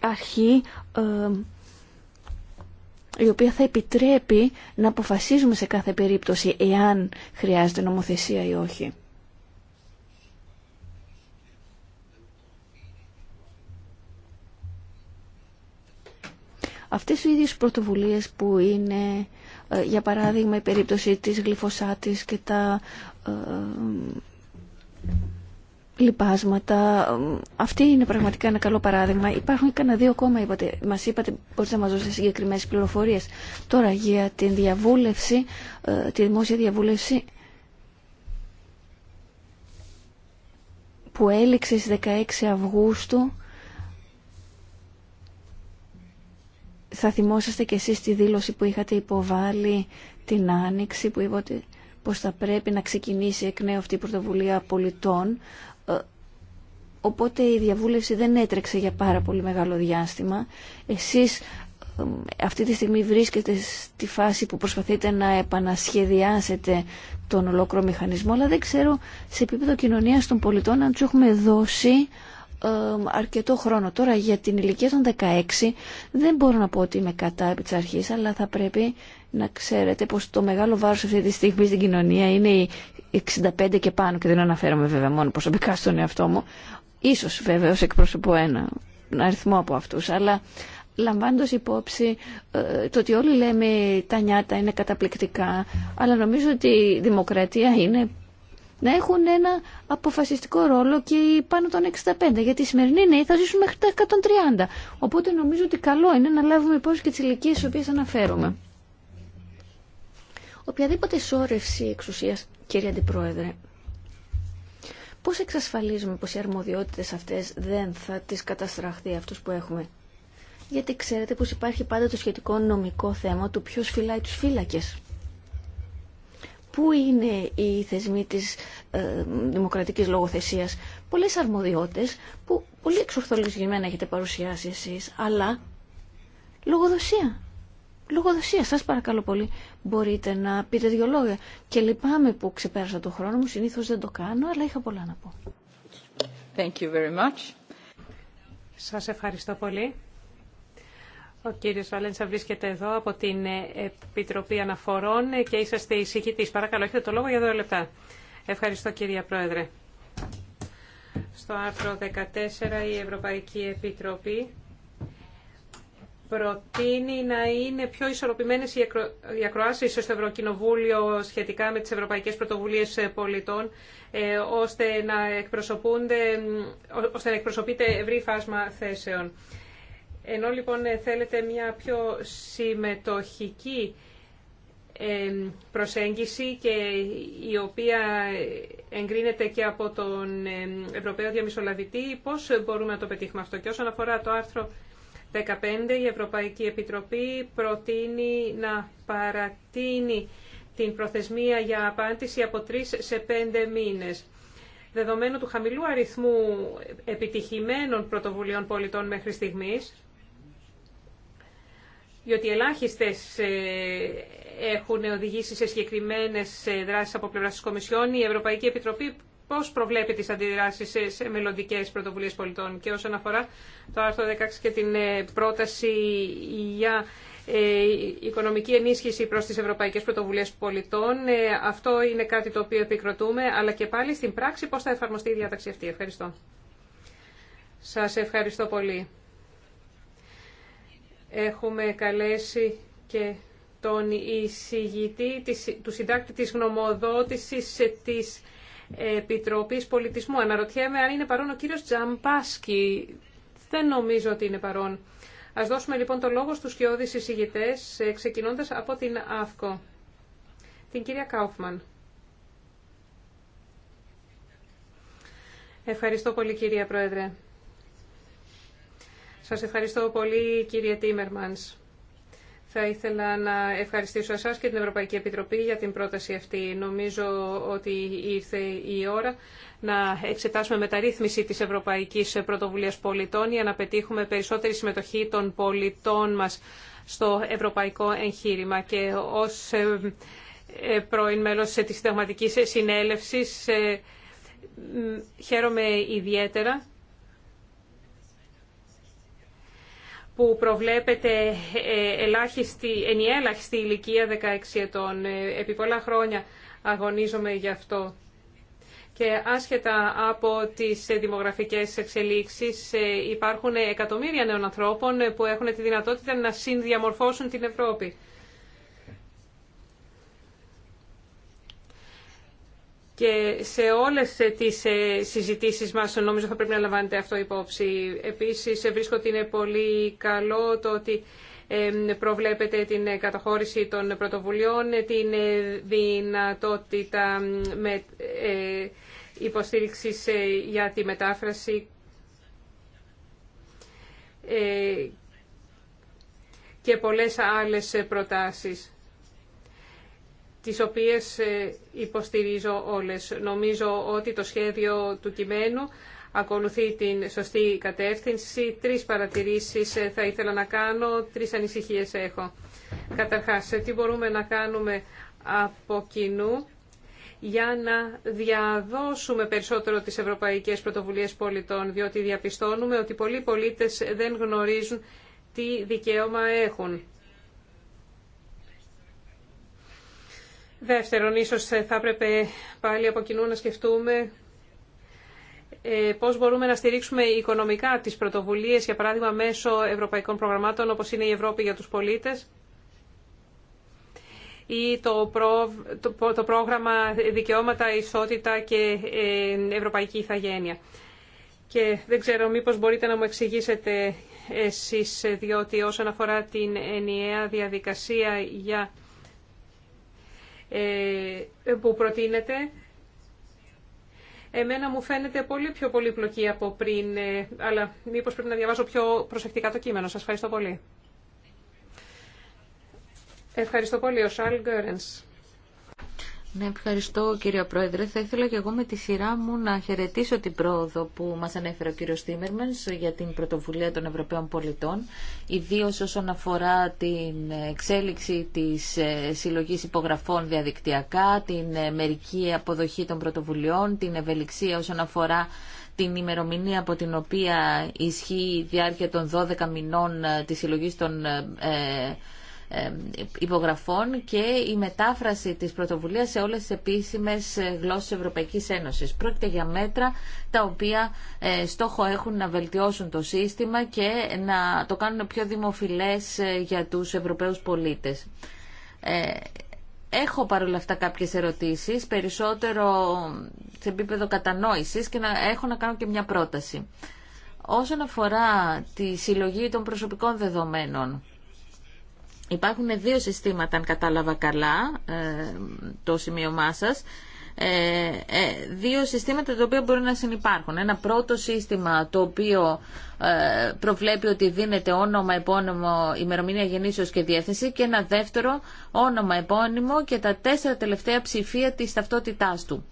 S4: αρχή ε, η οποία θα επιτρέπει να αποφασίζουμε σε κάθε περίπτωση εάν χρειάζεται νομοθεσία ή όχι. Αυτές οι ίδιες πρωτοβουλίες που είναι, για παράδειγμα, η περίπτωση της γλυφωσάτης και τα Λυπάσματα. Αυτή είναι πραγματικά ένα καλό παράδειγμα. Υπάρχουν κανένα δύο ακόμα, είπατε, μας είπατε, μπορείτε θα μας δώσετε συγκεκριμένε πληροφορίες. Τώρα για την διαβούλευση, ε, τη δημόσια διαβούλευση που έληξε στις 16 Αυγούστου. Θα θυμόσαστε κι εσείς τη δήλωση που είχατε υποβάλει την Άνοιξη που είπατε πως θα πρέπει να ξεκινήσει εκ νέου αυτή η πρωτοβουλία πολιτών ε, οπότε η διαβούλευση δεν έτρεξε για πάρα πολύ μεγάλο διάστημα. Εσείς ε, αυτή τη στιγμή βρίσκεται στη φάση που προσπαθείτε να επανασχεδιάσετε τον ολόκληρο μηχανισμό, αλλά δεν ξέρω σε επίπεδο κοινωνίας των πολιτών αν του έχουμε δώσει ε, αρκετό χρόνο. Τώρα για την ηλικία των 16 δεν μπορώ να πω ότι είμαι κατά επί της αρχής, αλλά θα πρέπει να ξέρετε πως το μεγάλο βάρος αυτή τη στιγμή στην κοινωνία είναι η 65 και πάνω και δεν αναφέρομαι βέβαια μόνο προσωπικά στον εαυτό μου ίσως βέβαια ως εκπροσωπώ ένα αριθμό από αυτούς αλλά λαμβάνοντας υπόψη ε, το ότι όλοι λέμε τα νιάτα είναι καταπληκτικά αλλά νομίζω ότι η δημοκρατία είναι να έχουν ένα αποφασιστικό ρόλο και πάνω των 65. Γιατί οι σημερινοί νέοι θα ζήσουν μέχρι τα 130. Οπότε νομίζω ότι καλό είναι να λάβουμε υπόψη και τι ηλικίε στις οποίε αναφέρομαι οποιαδήποτε σώρευση εξουσίας, κύριε Αντιπρόεδρε, πώς εξασφαλίζουμε πως οι αρμοδιότητες αυτές δεν θα τις καταστραχθεί αυτούς που έχουμε. Γιατί ξέρετε πως υπάρχει πάντα το σχετικό νομικό θέμα του ποιος φυλάει τους φύλακες. Πού είναι οι θεσμοί της ε, δημοκρατικής λογοθεσίας. Πολλές αρμοδιότητες που πολύ εξορθολογισμένα έχετε παρουσιάσει εσείς, αλλά λογοδοσία λογοδοσία. Σας παρακαλώ πολύ μπορείτε να πείτε δύο λόγια. Και λυπάμαι που ξεπέρασα τον χρόνο μου, συνήθως δεν το κάνω, αλλά είχα πολλά να πω.
S2: Thank you very much. Σας ευχαριστώ πολύ. Ο κύριος Βαλέντσα βρίσκεται εδώ από την Επιτροπή Αναφορών και είσαστε εισηγητής. Παρακαλώ, έχετε το λόγο για δύο λεπτά. Ευχαριστώ κυρία Πρόεδρε. Στο άρθρο 14 η Ευρωπαϊκή Επιτροπή προτείνει να είναι πιο ισορροπημένες οι, ακρο... ακροάσεις στο Ευρωκοινοβούλιο σχετικά με τις Ευρωπαϊκές Πρωτοβουλίες ε, Πολιτών, ε, ώστε, να εκπροσωπούνται, ώστε να εκπροσωπείται ευρύ φάσμα θέσεων. Ενώ λοιπόν ε, θέλετε μια πιο συμμετοχική προσέγγιση και η οποία εγκρίνεται και από τον Ευρωπαίο Διαμισολαβητή, πώς μπορούμε να το πετύχουμε αυτό. Και όσον αφορά το άρθρο 15 η Ευρωπαϊκή Επιτροπή προτείνει να παρατείνει την προθεσμία για απάντηση από 3 σε πέντε μήνες. Δεδομένου του χαμηλού αριθμού επιτυχημένων πρωτοβουλειών πολιτών μέχρι στιγμής, διότι ελάχιστες ε, έχουν οδηγήσει σε συγκεκριμένες ε, δράσεις από πλευράς της Κομισιόν, η Ευρωπαϊκή Επιτροπή πώς προβλέπει τις αντιδράσεις σε, σε μελλοντικές πρωτοβουλίες πολιτών. Και όσον αφορά το άρθρο 16 και την ε, πρόταση για ε, οικονομική ενίσχυση προς τις ευρωπαϊκές πρωτοβουλίες πολιτών, ε, αυτό είναι κάτι το οποίο επικροτούμε, αλλά και πάλι στην πράξη πώς θα εφαρμοστεί η διάταξη αυτή. Ευχαριστώ. Σας ευχαριστώ πολύ. Έχουμε καλέσει και τον εισηγητή, του συντάκτη της γνωμοδότησης της Επιτροπής Πολιτισμού. Αναρωτιέμαι αν είναι παρόν ο κύριος Τζαμπάσκι. Δεν νομίζω ότι είναι παρόν. Ας δώσουμε λοιπόν το λόγο στους κοιόδης εισηγητές, ε, ξεκινώντας από την ΑΦΚΟ. Την κυρία Κάουφμαν. Ευχαριστώ πολύ κυρία Πρόεδρε. Σας ευχαριστώ πολύ κύριε Τίμερμανς. Θα ήθελα να ευχαριστήσω εσάς και την Ευρωπαϊκή Επιτροπή για την πρόταση αυτή. Νομίζω ότι ήρθε η ώρα να εξετάσουμε μεταρρύθμιση της Ευρωπαϊκής Πρωτοβουλίας Πολιτών για να πετύχουμε περισσότερη συμμετοχή των πολιτών μας στο ευρωπαϊκό εγχείρημα. Και ως ε, ε, πρώην μέλος της Συνταγματικής Συνέλευσης ε, χαίρομαι ιδιαίτερα που προβλέπεται ε, ελάχιστη, ενιαία ελάχιστη ηλικία 16 ετών. Ε, επί πολλά χρόνια αγωνίζομαι γι' αυτό. Και άσχετα από τις ε, δημογραφικές εξελίξεις υπάρχουν εκατομμύρια νέων ανθρώπων που έχουν τη δυνατότητα να συνδιαμορφώσουν την Ευρώπη. Και σε όλες ε, τις ε, συζητήσεις μας νομίζω θα πρέπει να λαμβάνετε αυτό υπόψη. Επίσης ε, βρίσκω ότι είναι πολύ καλό το ότι προβλέπετε την καταχώρηση των πρωτοβουλειών, την δυνατότητα με, υποστήριξης για τη μετάφραση και πολλές άλλες προτάσεις τις οποίες ε, υποστηρίζω όλες. Νομίζω ότι το σχέδιο του κειμένου ακολουθεί την σωστή κατεύθυνση. Τρεις παρατηρήσεις ε, θα ήθελα να κάνω, τρεις ανησυχίες έχω. Καταρχάς, ε, τι μπορούμε να κάνουμε από κοινού για να διαδώσουμε περισσότερο τις ευρωπαϊκές πρωτοβουλίες πολιτών, διότι διαπιστώνουμε ότι πολλοί πολίτες δεν γνωρίζουν τι δικαίωμα έχουν. Δεύτερον, ίσως θα έπρεπε πάλι από κοινού να σκεφτούμε ε, πώς μπορούμε να στηρίξουμε οικονομικά τις πρωτοβουλίες, για παράδειγμα μέσω ευρωπαϊκών προγραμμάτων όπως είναι η Ευρώπη για τους πολίτες ή το, πρόγραμμα Δικαιώματα, Ισότητα και ε, Ευρωπαϊκή Ιθαγένεια. Και δεν ξέρω μήπως μπορείτε να μου εξηγήσετε εσείς, διότι όσον αφορά την ενιαία διαδικασία για ε, που προτείνεται εμένα μου φαίνεται πολύ πιο πολύπλοκη από πριν, ε, αλλά μήπως πρέπει να διαβάζω πιο προσεκτικά το κείμενο. Σας ευχαριστώ πολύ. Ευχαριστώ πολύ, ο Σαλ Γκέρενς.
S3: Ναι, ευχαριστώ κύριε Πρόεδρε. Θα ήθελα και εγώ με τη σειρά μου να χαιρετήσω την πρόοδο που μας ανέφερε ο κύριος Τίμερμενς για την πρωτοβουλία των Ευρωπαίων πολιτών, ιδίω όσον αφορά την εξέλιξη της ε, συλλογής υπογραφών διαδικτυακά, την ε, μερική αποδοχή των πρωτοβουλειών, την ευελιξία όσον αφορά την ημερομηνία από την οποία ισχύει η διάρκεια των 12 μηνών ε, της συλλογής των υπογραφών και η μετάφραση της πρωτοβουλίας σε όλες τις επίσημες ε, γλώσσες Ευρωπαϊκής Ένωσης. Πρόκειται για μέτρα τα οποία ε, στόχο έχουν να βελτιώσουν το σύστημα και να το κάνουν πιο δημοφιλές ε, για τους Ευρωπαίους πολίτες. Έχω παρόλα αυτά κάποιες ερωτήσεις, περισσότερο σε επίπεδο κατανόησης και να έχω να κάνω και μια πρόταση. Όσον αφορά τη συλλογή των προσωπικών δεδομένων, Υπάρχουν δύο συστήματα, αν κατάλαβα καλά ε, το σημείωμά ε, ε, Δύο συστήματα τα οποία μπορεί να συνεπάρχουν. Ένα πρώτο σύστημα το οποίο ε, προβλέπει ότι δίνεται όνομα, επώνυμο, ημερομηνία γεννήσεως και διεύθυνση και ένα δεύτερο όνομα, επώνυμο και τα τέσσερα τελευταία ψηφία της ταυτότητάς του.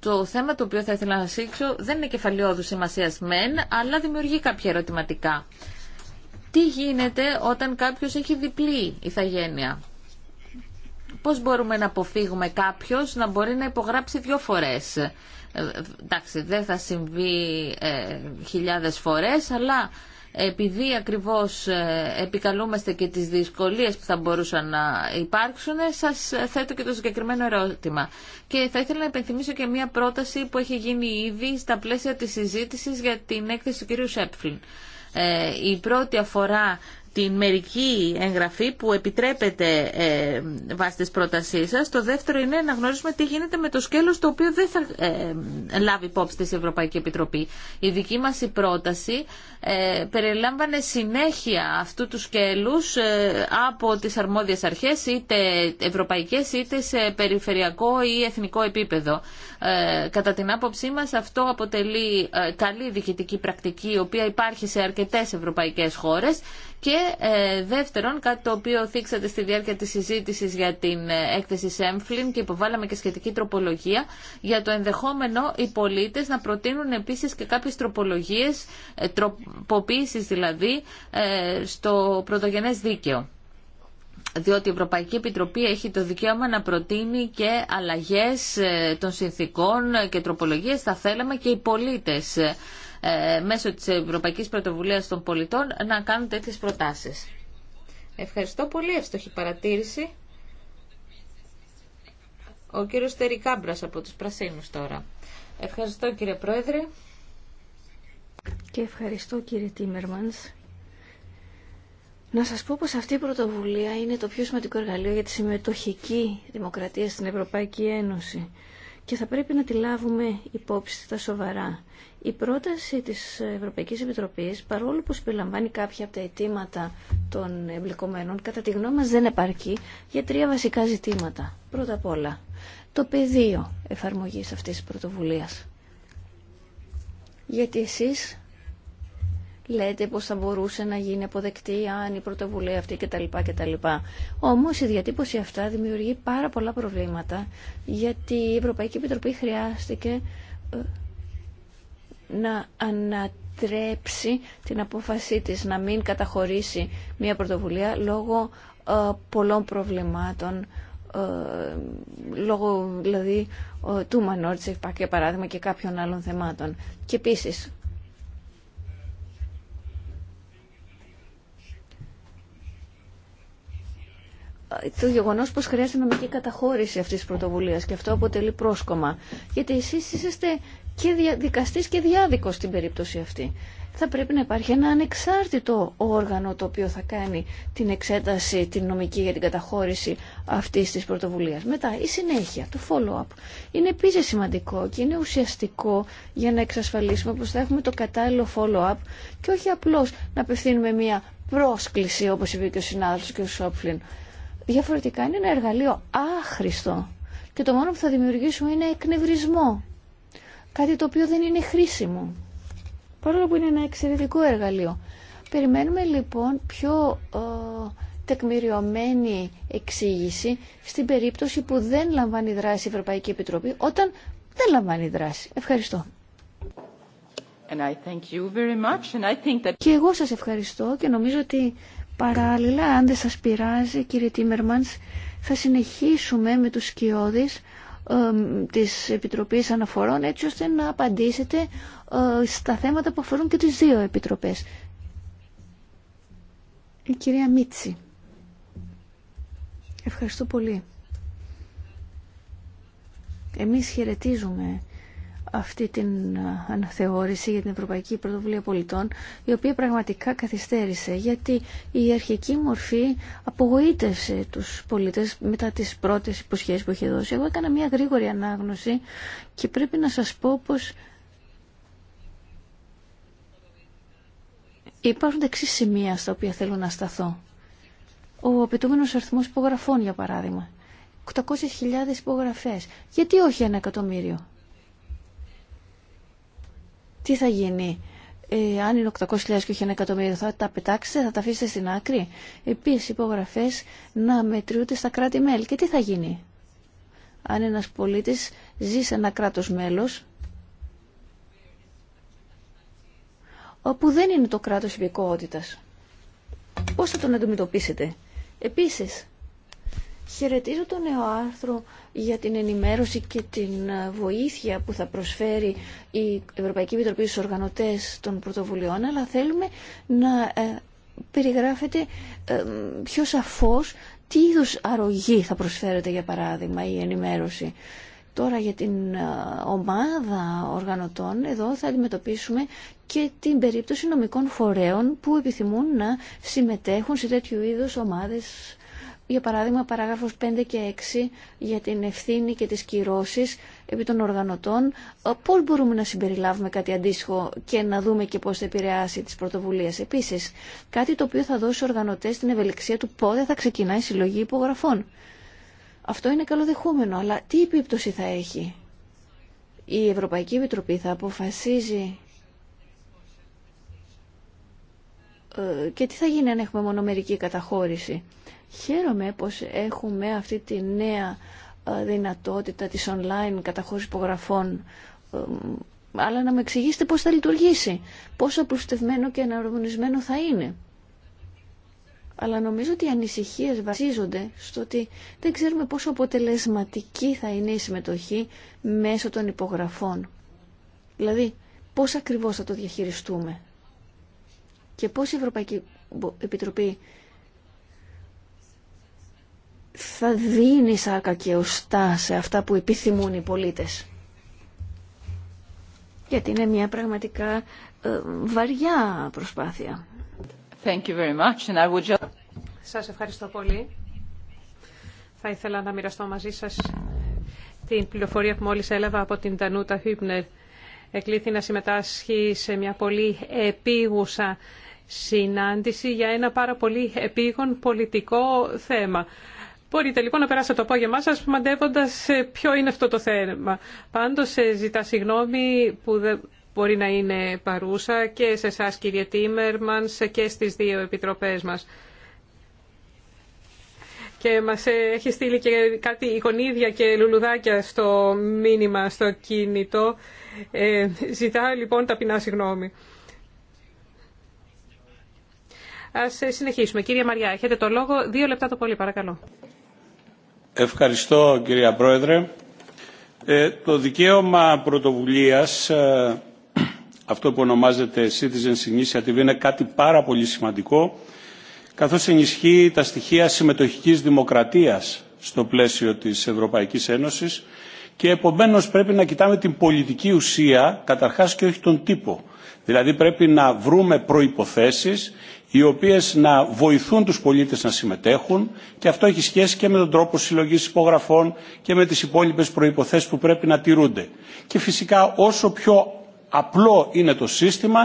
S3: Το θέμα το οποίο θα ήθελα να σήξω δεν είναι κεφαλαιόδου σημασία μεν, αλλά δημιουργεί κάποια ερωτηματικά τι γίνεται όταν κάποιος έχει διπλή ηθαγένεια. Πώς μπορούμε να αποφύγουμε κάποιος να μπορεί να υπογράψει δύο φορές. Ε, εντάξει, δεν θα συμβεί ε, χιλιάδες φορές, αλλά επειδή ακριβώς ε, επικαλούμαστε και τις δυσκολίες που θα μπορούσαν να υπάρξουν, σας θέτω και το συγκεκριμένο ερώτημα. Και θα ήθελα να υπενθυμίσω και μία πρόταση που έχει γίνει ήδη στα πλαίσια της συζήτησης για την έκθεση του κυρίου Σέπφλιν. Ε, η πρώτη αφορά την μερική εγγραφή που επιτρέπεται ε, βάσει της πρότασής σας. Το δεύτερο είναι να γνωρίσουμε τι γίνεται με το σκέλος το οποίο δεν θα ε, λάβει υπόψη της Ευρωπαϊκή Επιτροπή. Η δική μας η πρόταση ε, περιλάμβανε συνέχεια αυτού του σκέλους από τις αρμόδιες αρχές είτε ευρωπαϊκές είτε σε περιφερειακό ή εθνικό επίπεδο. Ε, κατά την άποψή μας αυτό αποτελεί ε, καλή διοικητική πρακτική η οποία υπάρχει σε αρκετές ευρωπαϊκές χώρες και ε, δεύτερον κάτι το οποίο θίξατε στη διάρκεια της συζήτησης για την έκθεση Σέμφλιν και υποβάλαμε και σχετική τροπολογία για το ενδεχόμενο οι πολίτες να προτείνουν επίσης και κάποιες τροπολογίες, τροποποίησεις δηλαδή, στο πρωτογενές δίκαιο διότι η Ευρωπαϊκή Επιτροπή έχει το δικαίωμα να προτείνει και αλλαγές ε, των συνθήκων και τροπολογίες. Θα θέλαμε και οι πολίτες ε, μέσω της Ευρωπαϊκής Πρωτοβουλίας των Πολιτών να κάνουν τέτοιες προτάσεις. Ευχαριστώ πολύ. Εύστοχη παρατήρηση. Ο κύριος Τερικάμπρας από τους Πρασίνους τώρα. Ευχαριστώ κύριε Πρόεδρε.
S4: Και ευχαριστώ κύριε Τίμερμανς να σας πω πως αυτή η πρωτοβουλία είναι το πιο σημαντικό εργαλείο για τη συμμετοχική δημοκρατία στην Ευρωπαϊκή Ένωση και θα πρέπει να τη λάβουμε υπόψη τα σοβαρά. Η πρόταση της Ευρωπαϊκής Επιτροπής, παρόλο που συμπεριλαμβάνει κάποια από τα αιτήματα των εμπλεκομένων, κατά τη γνώμη μας δεν επαρκεί για τρία βασικά ζητήματα. Πρώτα απ' όλα, το πεδίο εφαρμογής αυτής της πρωτοβουλίας. Γιατί εσείς λέτε πως θα μπορούσε να γίνει αποδεκτή αν η πρωτοβουλία αυτή κτλ. κτλ. Όμως η διατύπωση αυτά δημιουργεί πάρα πολλά προβλήματα γιατί η Ευρωπαϊκή Επιτροπή χρειάστηκε ε, να ανατρέψει την απόφασή της να μην καταχωρήσει μια πρωτοβουλία λόγω ε, πολλών προβλημάτων ε, λόγω δηλαδή του Μανόρτσεφ, για παράδειγμα, και κάποιων άλλων θεμάτων. Και επίσης, το γεγονός πως χρειάζεται νομική καταχώρηση αυτής της πρωτοβουλίας και αυτό αποτελεί πρόσκομα. Γιατί εσείς είσαστε και δικαστής και διάδικος στην περίπτωση αυτή. Θα πρέπει να υπάρχει ένα ανεξάρτητο όργανο το οποίο θα κάνει την εξέταση, την νομική για την καταχώρηση αυτής της πρωτοβουλίας. Μετά η συνέχεια, το follow-up. Είναι επίσης σημαντικό και είναι ουσιαστικό για να εξασφαλίσουμε πως θα έχουμε το κατάλληλο follow-up και όχι απλώς να απευθύνουμε μια πρόσκληση όπως είπε και ο συνάδελφος και ο Σόπφλιν. Διαφορετικά είναι ένα εργαλείο άχρηστο και το μόνο που θα δημιουργήσουμε είναι εκνευρισμό. Κάτι το οποίο δεν είναι χρήσιμο. Παρόλο που είναι ένα εξαιρετικό εργαλείο. Περιμένουμε λοιπόν πιο ε, τεκμηριωμένη εξήγηση στην περίπτωση που δεν λαμβάνει δράση η Ευρωπαϊκή Επιτροπή όταν δεν λαμβάνει δράση. Ευχαριστώ. Και εγώ σας ευχαριστώ και νομίζω ότι Παράλληλα, αν δεν σας πειράζει κύριε Τίμερμανς, θα συνεχίσουμε με τους σκιώδεις της Επιτροπής Αναφορών έτσι ώστε να απαντήσετε ε, στα θέματα που αφορούν και τις δύο επιτροπές. Η κυρία Μίτση. Ευχαριστώ πολύ. Εμείς χαιρετίζουμε αυτή την ε, αναθεώρηση για την Ευρωπαϊκή Πρωτοβουλία Πολιτών, η οποία πραγματικά καθυστέρησε, γιατί η αρχική μορφή απογοήτευσε τους πολίτες μετά τις πρώτες υποσχέσεις που είχε δώσει. Εγώ έκανα μια γρήγορη ανάγνωση και πρέπει να σας πω πως υπάρχουν εξή σημεία στα οποία θέλω να σταθώ. Ο απαιτούμενος αριθμός υπογραφών, για παράδειγμα. 800.000 υπογραφές. Γιατί όχι ένα εκατομμύριο τι θα γίνει. Ε, αν είναι 800.000 και όχι ένα εκατομμύριο, θα τα πετάξετε, θα τα αφήσετε στην άκρη. Επίση, υπογραφέ να μετριούνται στα κράτη-μέλη. Και τι θα γίνει. Αν ένα πολίτη ζει σε ένα κράτο μέλο, όπου δεν είναι το κράτο υπηκότητα, Πώς θα τον αντιμετωπίσετε. Επίση. Χαιρετίζω το νέο άρθρο για την ενημέρωση και την ε, βοήθεια που θα προσφέρει η Ευρωπαϊκή Επιτροπή στους οργανωτές των πρωτοβουλειών, αλλά θέλουμε να ε, περιγράφεται ε, πιο σαφώς τι είδους αρρωγή θα προσφέρεται, για παράδειγμα, η ενημέρωση. Τώρα για την ομάδα οργανωτών, εδώ θα αντιμετωπίσουμε και την περίπτωση νομικών φορέων που επιθυμούν να συμμετέχουν σε τέτοιου είδους ομάδες για παράδειγμα παράγραφος 5 και 6 για την ευθύνη και τις κυρώσεις επί των οργανωτών, ε, πώς μπορούμε να συμπεριλάβουμε κάτι αντίστοιχο και να δούμε και πώς θα επηρεάσει τις πρωτοβουλίες. Επίσης, κάτι το οποίο θα δώσει οργανωτές την ευελιξία του πότε θα ξεκινάει η συλλογή υπογραφών. Αυτό είναι καλοδεχούμενο, αλλά τι επίπτωση θα έχει. Η Ευρωπαϊκή Επιτροπή θα αποφασίζει ε, και τι θα γίνει αν έχουμε μονομερική καταχώρηση. Χαίρομαι πως έχουμε αυτή τη νέα ε, δυνατότητα της online καταχώρησης υπογραφών ε, αλλά να με εξηγήσετε πώς θα λειτουργήσει, πόσο απλουστευμένο και αναρμονισμένο θα είναι. Αλλά νομίζω ότι οι ανησυχίες βασίζονται στο ότι δεν ξέρουμε πόσο αποτελεσματική θα είναι η συμμετοχή μέσω των υπογραφών. Δηλαδή, πώς ακριβώς θα το διαχειριστούμε και πώς η Ευρωπαϊκή Επιτροπή θα δίνει σάκα και οστά σε αυτά που επιθυμούν οι πολίτες. Γιατί είναι μια πραγματικά ε, βαριά προσπάθεια. Thank you very much and I would...
S2: Σας ευχαριστώ πολύ. Θα ήθελα να μοιραστώ μαζί σας την πληροφορία που μόλις έλαβα από την Τανούτα Χίπνερ. Εκλήθη να συμμετάσχει σε μια πολύ επίγουσα συνάντηση για ένα πάρα πολύ επίγον πολιτικό θέμα. Μπορείτε λοιπόν να περάσετε το απόγευμά σας μαντεύοντας ε, ποιο είναι αυτό το θέμα. Πάντω ε, ζητά συγγνώμη που δεν μπορεί να είναι παρούσα και σε εσά κύριε Τίμερμαν και στις δύο επιτροπές μας. Και μας ε, έχει στείλει και κάτι εικονίδια και λουλουδάκια στο μήνυμα, στο κινητό. Ε, ζητά λοιπόν ταπεινά συγγνώμη. Ας συνεχίσουμε. Κύριε Μαριά, έχετε το λόγο. Δύο λεπτά το πολύ, παρακαλώ.
S1: Ευχαριστώ κυρία Πρόεδρε. Ε, το δικαίωμα πρωτοβουλίας, ε, αυτό που ονομάζεται Citizens Initiative, είναι κάτι πάρα πολύ σημαντικό, καθώς ενισχύει τα στοιχεία συμμετοχικής δημοκρατίας στο πλαίσιο της Ευρωπαϊκής Ένωσης και επομένως πρέπει να κοιτάμε την πολιτική ουσία καταρχάς και όχι τον τύπο. Δηλαδή πρέπει να βρούμε προϋποθέσεις οι οποίες να βοηθούν τους πολίτες να συμμετέχουν και αυτό έχει σχέση και με τον τρόπο συλλογής υπογραφών και με τις υπόλοιπες προϋποθέσεις που πρέπει να τηρούνται. Και φυσικά όσο πιο απλό είναι το σύστημα,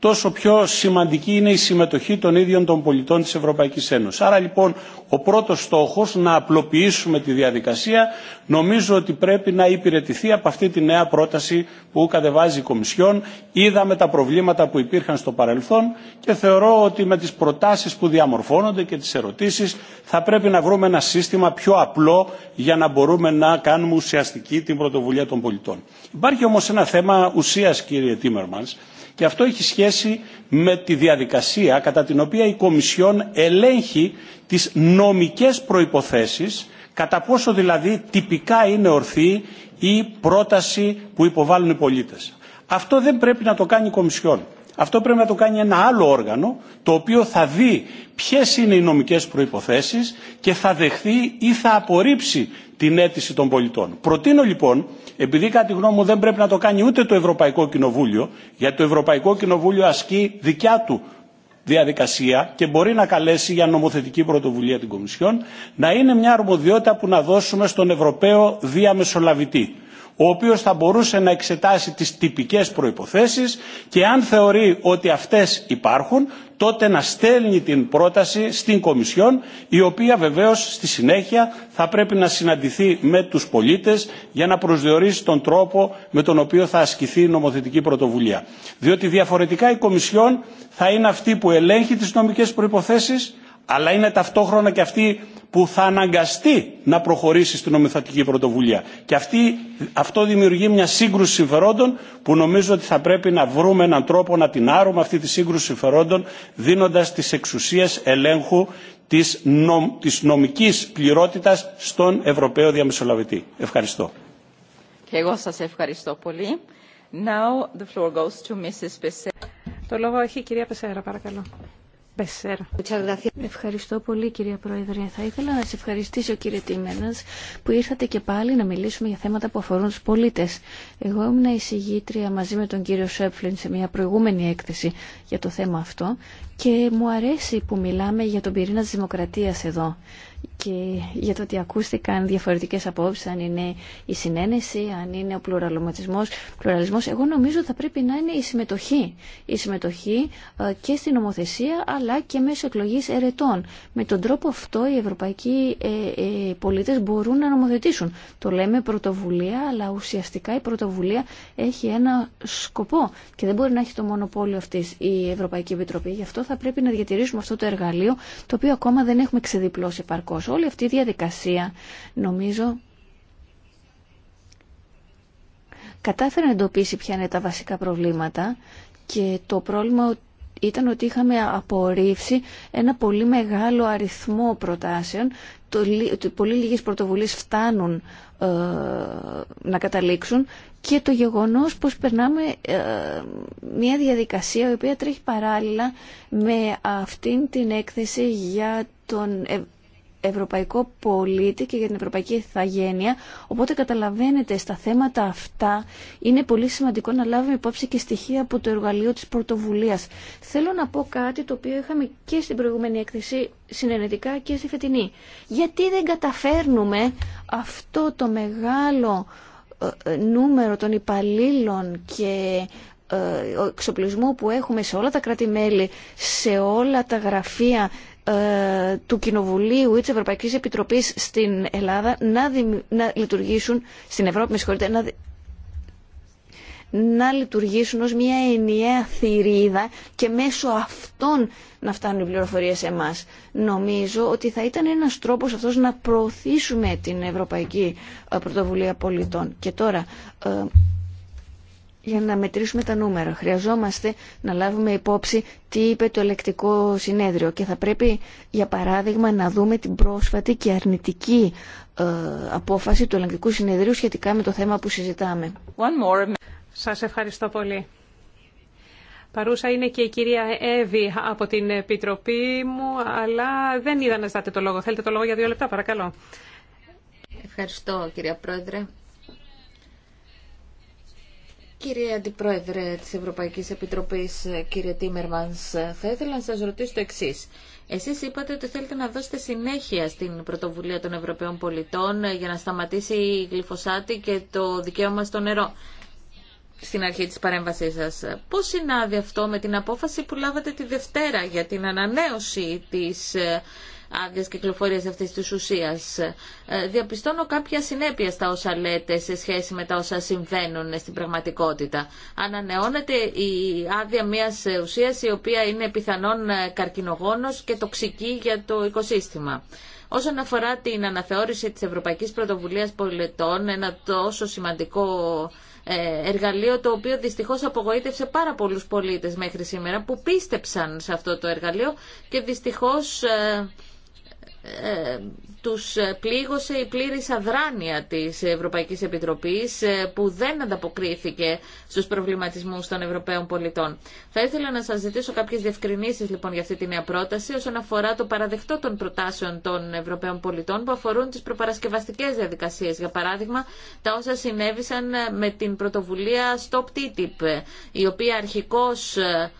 S1: τόσο πιο σημαντική είναι η συμμετοχή των ίδιων των πολιτών της Ευρωπαϊκής Ένωσης. Άρα λοιπόν ο πρώτος στόχος να απλοποιήσουμε τη διαδικασία νομίζω ότι πρέπει να υπηρετηθεί από αυτή τη νέα πρόταση που κατεβάζει η Κομισιόν. Είδαμε τα προβλήματα που υπήρχαν στο παρελθόν και θεωρώ ότι με τις προτάσεις που διαμορφώνονται και τις ερωτήσεις θα πρέπει να βρούμε ένα σύστημα πιο απλό για να μπορούμε να κάνουμε ουσιαστική την πρωτοβουλία των πολιτών. Υπάρχει όμως ένα θέμα ουσίας κύριε Τίμερμανς και αυτό έχει σχέση με τη διαδικασία κατά την οποία η Κομισιόν ελέγχει τις νομικές προϋποθέσεις, κατά πόσο δηλαδή τυπικά είναι ορθή η πρόταση που υποβάλλουν οι πολίτες. Αυτό δεν πρέπει να το κάνει η Κομισιόν. Αυτό πρέπει να το κάνει ένα άλλο όργανο το οποίο θα δει ποιες είναι οι νομικές προϋποθέσεις και θα δεχθεί ή θα απορρίψει την αίτηση των πολιτών. Προτείνω λοιπόν, επειδή κατά τη γνώμη μου δεν πρέπει να το κάνει ούτε το Ευρωπαϊκό Κοινοβούλιο, γιατί το Ευρωπαϊκό Κοινοβούλιο ασκεί δικιά του διαδικασία και μπορεί να καλέσει για νομοθετική πρωτοβουλία την Κομισιόν, να είναι μια αρμοδιότητα που να δώσουμε στον Ευρωπαίο διαμεσολαβητή ο οποίος θα μπορούσε να εξετάσει τις τυπικές προϋποθέσεις και αν θεωρεί ότι αυτές υπάρχουν, τότε να στέλνει την πρόταση στην Κομισιόν, η οποία βεβαίως στη συνέχεια θα πρέπει να συναντηθεί με τους πολίτες για να προσδιορίσει τον τρόπο με τον οποίο θα ασκηθεί η νομοθετική πρωτοβουλία. Διότι διαφορετικά η Κομισιόν θα είναι αυτή που ελέγχει τις νομικές προϋποθέσεις, αλλά είναι ταυτόχρονα και αυτή που θα αναγκαστεί να προχωρήσει στην νομοθετική πρωτοβουλία. Και αυτή, αυτό δημιουργεί μια σύγκρουση συμφερόντων που νομίζω ότι θα πρέπει να βρούμε έναν τρόπο να την άρουμε αυτή τη σύγκρουση συμφερόντων δίνοντας τις εξουσίες ελέγχου της, νομ, της νομικής πληρότητας στον Ευρωπαίο Διαμεσολαβητή. Ευχαριστώ.
S4: Και εγώ σας ευχαριστώ πολύ. Now the floor goes to Mrs. Το λόγο έχει η κυρία Πεσέρα, παρακαλώ. Ευχαριστώ πολύ κυρία Πρόεδρε. Θα ήθελα να σε ευχαριστήσω κύριε Τίμενας που ήρθατε και πάλι να μιλήσουμε για θέματα που αφορούν τους πολίτες. Εγώ ήμουν εισηγήτρια μαζί με τον κύριο Σέπφλιν σε μια προηγούμενη έκθεση για το θέμα αυτό και μου αρέσει που μιλάμε για τον πυρήνα της δημοκρατίας εδώ και για το ότι ακούστηκαν διαφορετικές απόψεις, αν είναι η συνένεση, αν είναι ο πλουραλωματισμός, πλουραλισμός. Εγώ νομίζω θα πρέπει να είναι η συμμετοχή. Η συμμετοχή ε, και στην νομοθεσία αλλά και μέσω εκλογή ερετών. Με τον τρόπο αυτό οι ευρωπαϊκοί ε, ε, πολίτες μπορούν να νομοθετήσουν. Το λέμε πρωτοβουλία, αλλά ουσιαστικά η πρωτοβουλία έχει ένα σκοπό και δεν μπορεί να έχει το μονοπόλιο αυτής η Ευρωπαϊκή Επιτροπή. Γι' αυτό θα πρέπει να διατηρήσουμε αυτό το εργαλείο, το οποίο ακόμα δεν έχουμε ξεδιπλώσει επαρκώς Όλη αυτή η διαδικασία νομίζω κατάφερε να εντοπίσει ποια είναι τα βασικά προβλήματα και το πρόβλημα ήταν ότι είχαμε απορρίψει ένα πολύ μεγάλο αριθμό προτάσεων. Το, πολύ λίγες πρωτοβουλίες φτάνουν ε, να καταλήξουν και το γεγονός πως περνάμε ε, μια διαδικασία η οποία τρέχει παράλληλα με αυτήν την έκθεση για τον ευρωπαϊκό πολίτη και για την ευρωπαϊκή ηθαγένεια. Οπότε καταλαβαίνετε στα θέματα αυτά είναι πολύ σημαντικό να λάβουμε υπόψη και στοιχεία από το εργαλείο της πρωτοβουλίας. Θέλω να πω κάτι το οποίο είχαμε και στην προηγούμενη έκθεση συνενετικά και στη φετινή. Γιατί δεν καταφέρνουμε αυτό το μεγάλο ε, ε, νούμερο των υπαλλήλων και ε, εξοπλισμού που έχουμε σε όλα τα κράτη-μέλη, σε όλα τα γραφεία ε, του Κοινοβουλίου ή της Ευρωπαϊκής Επιτροπής στην Ελλάδα να, λειτουργήσουν, στην Ευρώπη με συγχωρείτε, να, να λειτουργήσουν ως μια ενιαία θηρίδα και μέσω αυτών να φτάνουν οι πληροφορίες σε εμάς. Νομίζω ότι θα ήταν ένας τρόπος αυτός να προωθήσουμε την Ευρωπαϊκή ε, Πρωτοβουλία Πολιτών. Και τώρα ε, για να μετρήσουμε τα νούμερα. Χρειαζόμαστε να λάβουμε υπόψη τι είπε το ελεκτικό συνέδριο και θα πρέπει για παράδειγμα να δούμε την πρόσφατη και αρνητική ε, απόφαση του ελεκτικού συνέδριου σχετικά με το θέμα που συζητάμε.
S2: One more. Σας ευχαριστώ πολύ. Παρούσα είναι και η κυρία Εύη από την Επιτροπή μου, αλλά δεν είδα να ζητάτε το λόγο. Θέλετε το λόγο για δύο λεπτά, παρακαλώ.
S3: Ευχαριστώ
S2: κυρία Πρόεδρε.
S3: Κύριε Αντιπρόεδρε της Ευρωπαϊκής Επιτροπής, κύριε Τίμερμανς, θα ήθελα να σας ρωτήσω το εξής. Εσείς είπατε ότι θέλετε να δώσετε συνέχεια στην πρωτοβουλία των Ευρωπαίων πολιτών για να σταματήσει η γλυφοσάτη και το δικαίωμα στο νερό στην αρχή της παρέμβασής σας. Πώς συνάδει αυτό με την απόφαση που λάβατε τη Δευτέρα για την ανανέωση της ε, άδειες κυκλοφορίας αυτή τη ουσίας. Ε, διαπιστώνω κάποια συνέπεια στα όσα λέτε σε σχέση με τα όσα συμβαίνουν στην πραγματικότητα. Ανανεώνεται η άδεια μιας ουσίας η οποία είναι πιθανόν ε, καρκινογόνος και τοξική για το οικοσύστημα. Όσον αφορά την αναθεώρηση της Ευρωπαϊκής Πρωτοβουλίας Πολιτών, ένα τόσο σημαντικό ε, εργαλείο το οποίο δυστυχώς απογοήτευσε πάρα πολλούς πολίτες μέχρι σήμερα που πίστεψαν σε αυτό το εργαλείο και δυστυχώς τους πλήγωσε η πλήρης αδράνεια της Ευρωπαϊκής Επιτροπής ε, που δεν ανταποκρίθηκε στους προβληματισμούς των Ευρωπαίων πολιτών. Θα ήθελα να σας ζητήσω κάποιες διευκρινήσεις λοιπόν για αυτή τη νέα πρόταση όσον αφορά το παραδεχτό των προτάσεων των Ευρωπαίων πολιτών που αφορούν τις προπαρασκευαστικές διαδικασίες. Για παράδειγμα, τα όσα συνέβησαν με την πρωτοβουλία Stop TTIP, η οποία αρχικώς ε,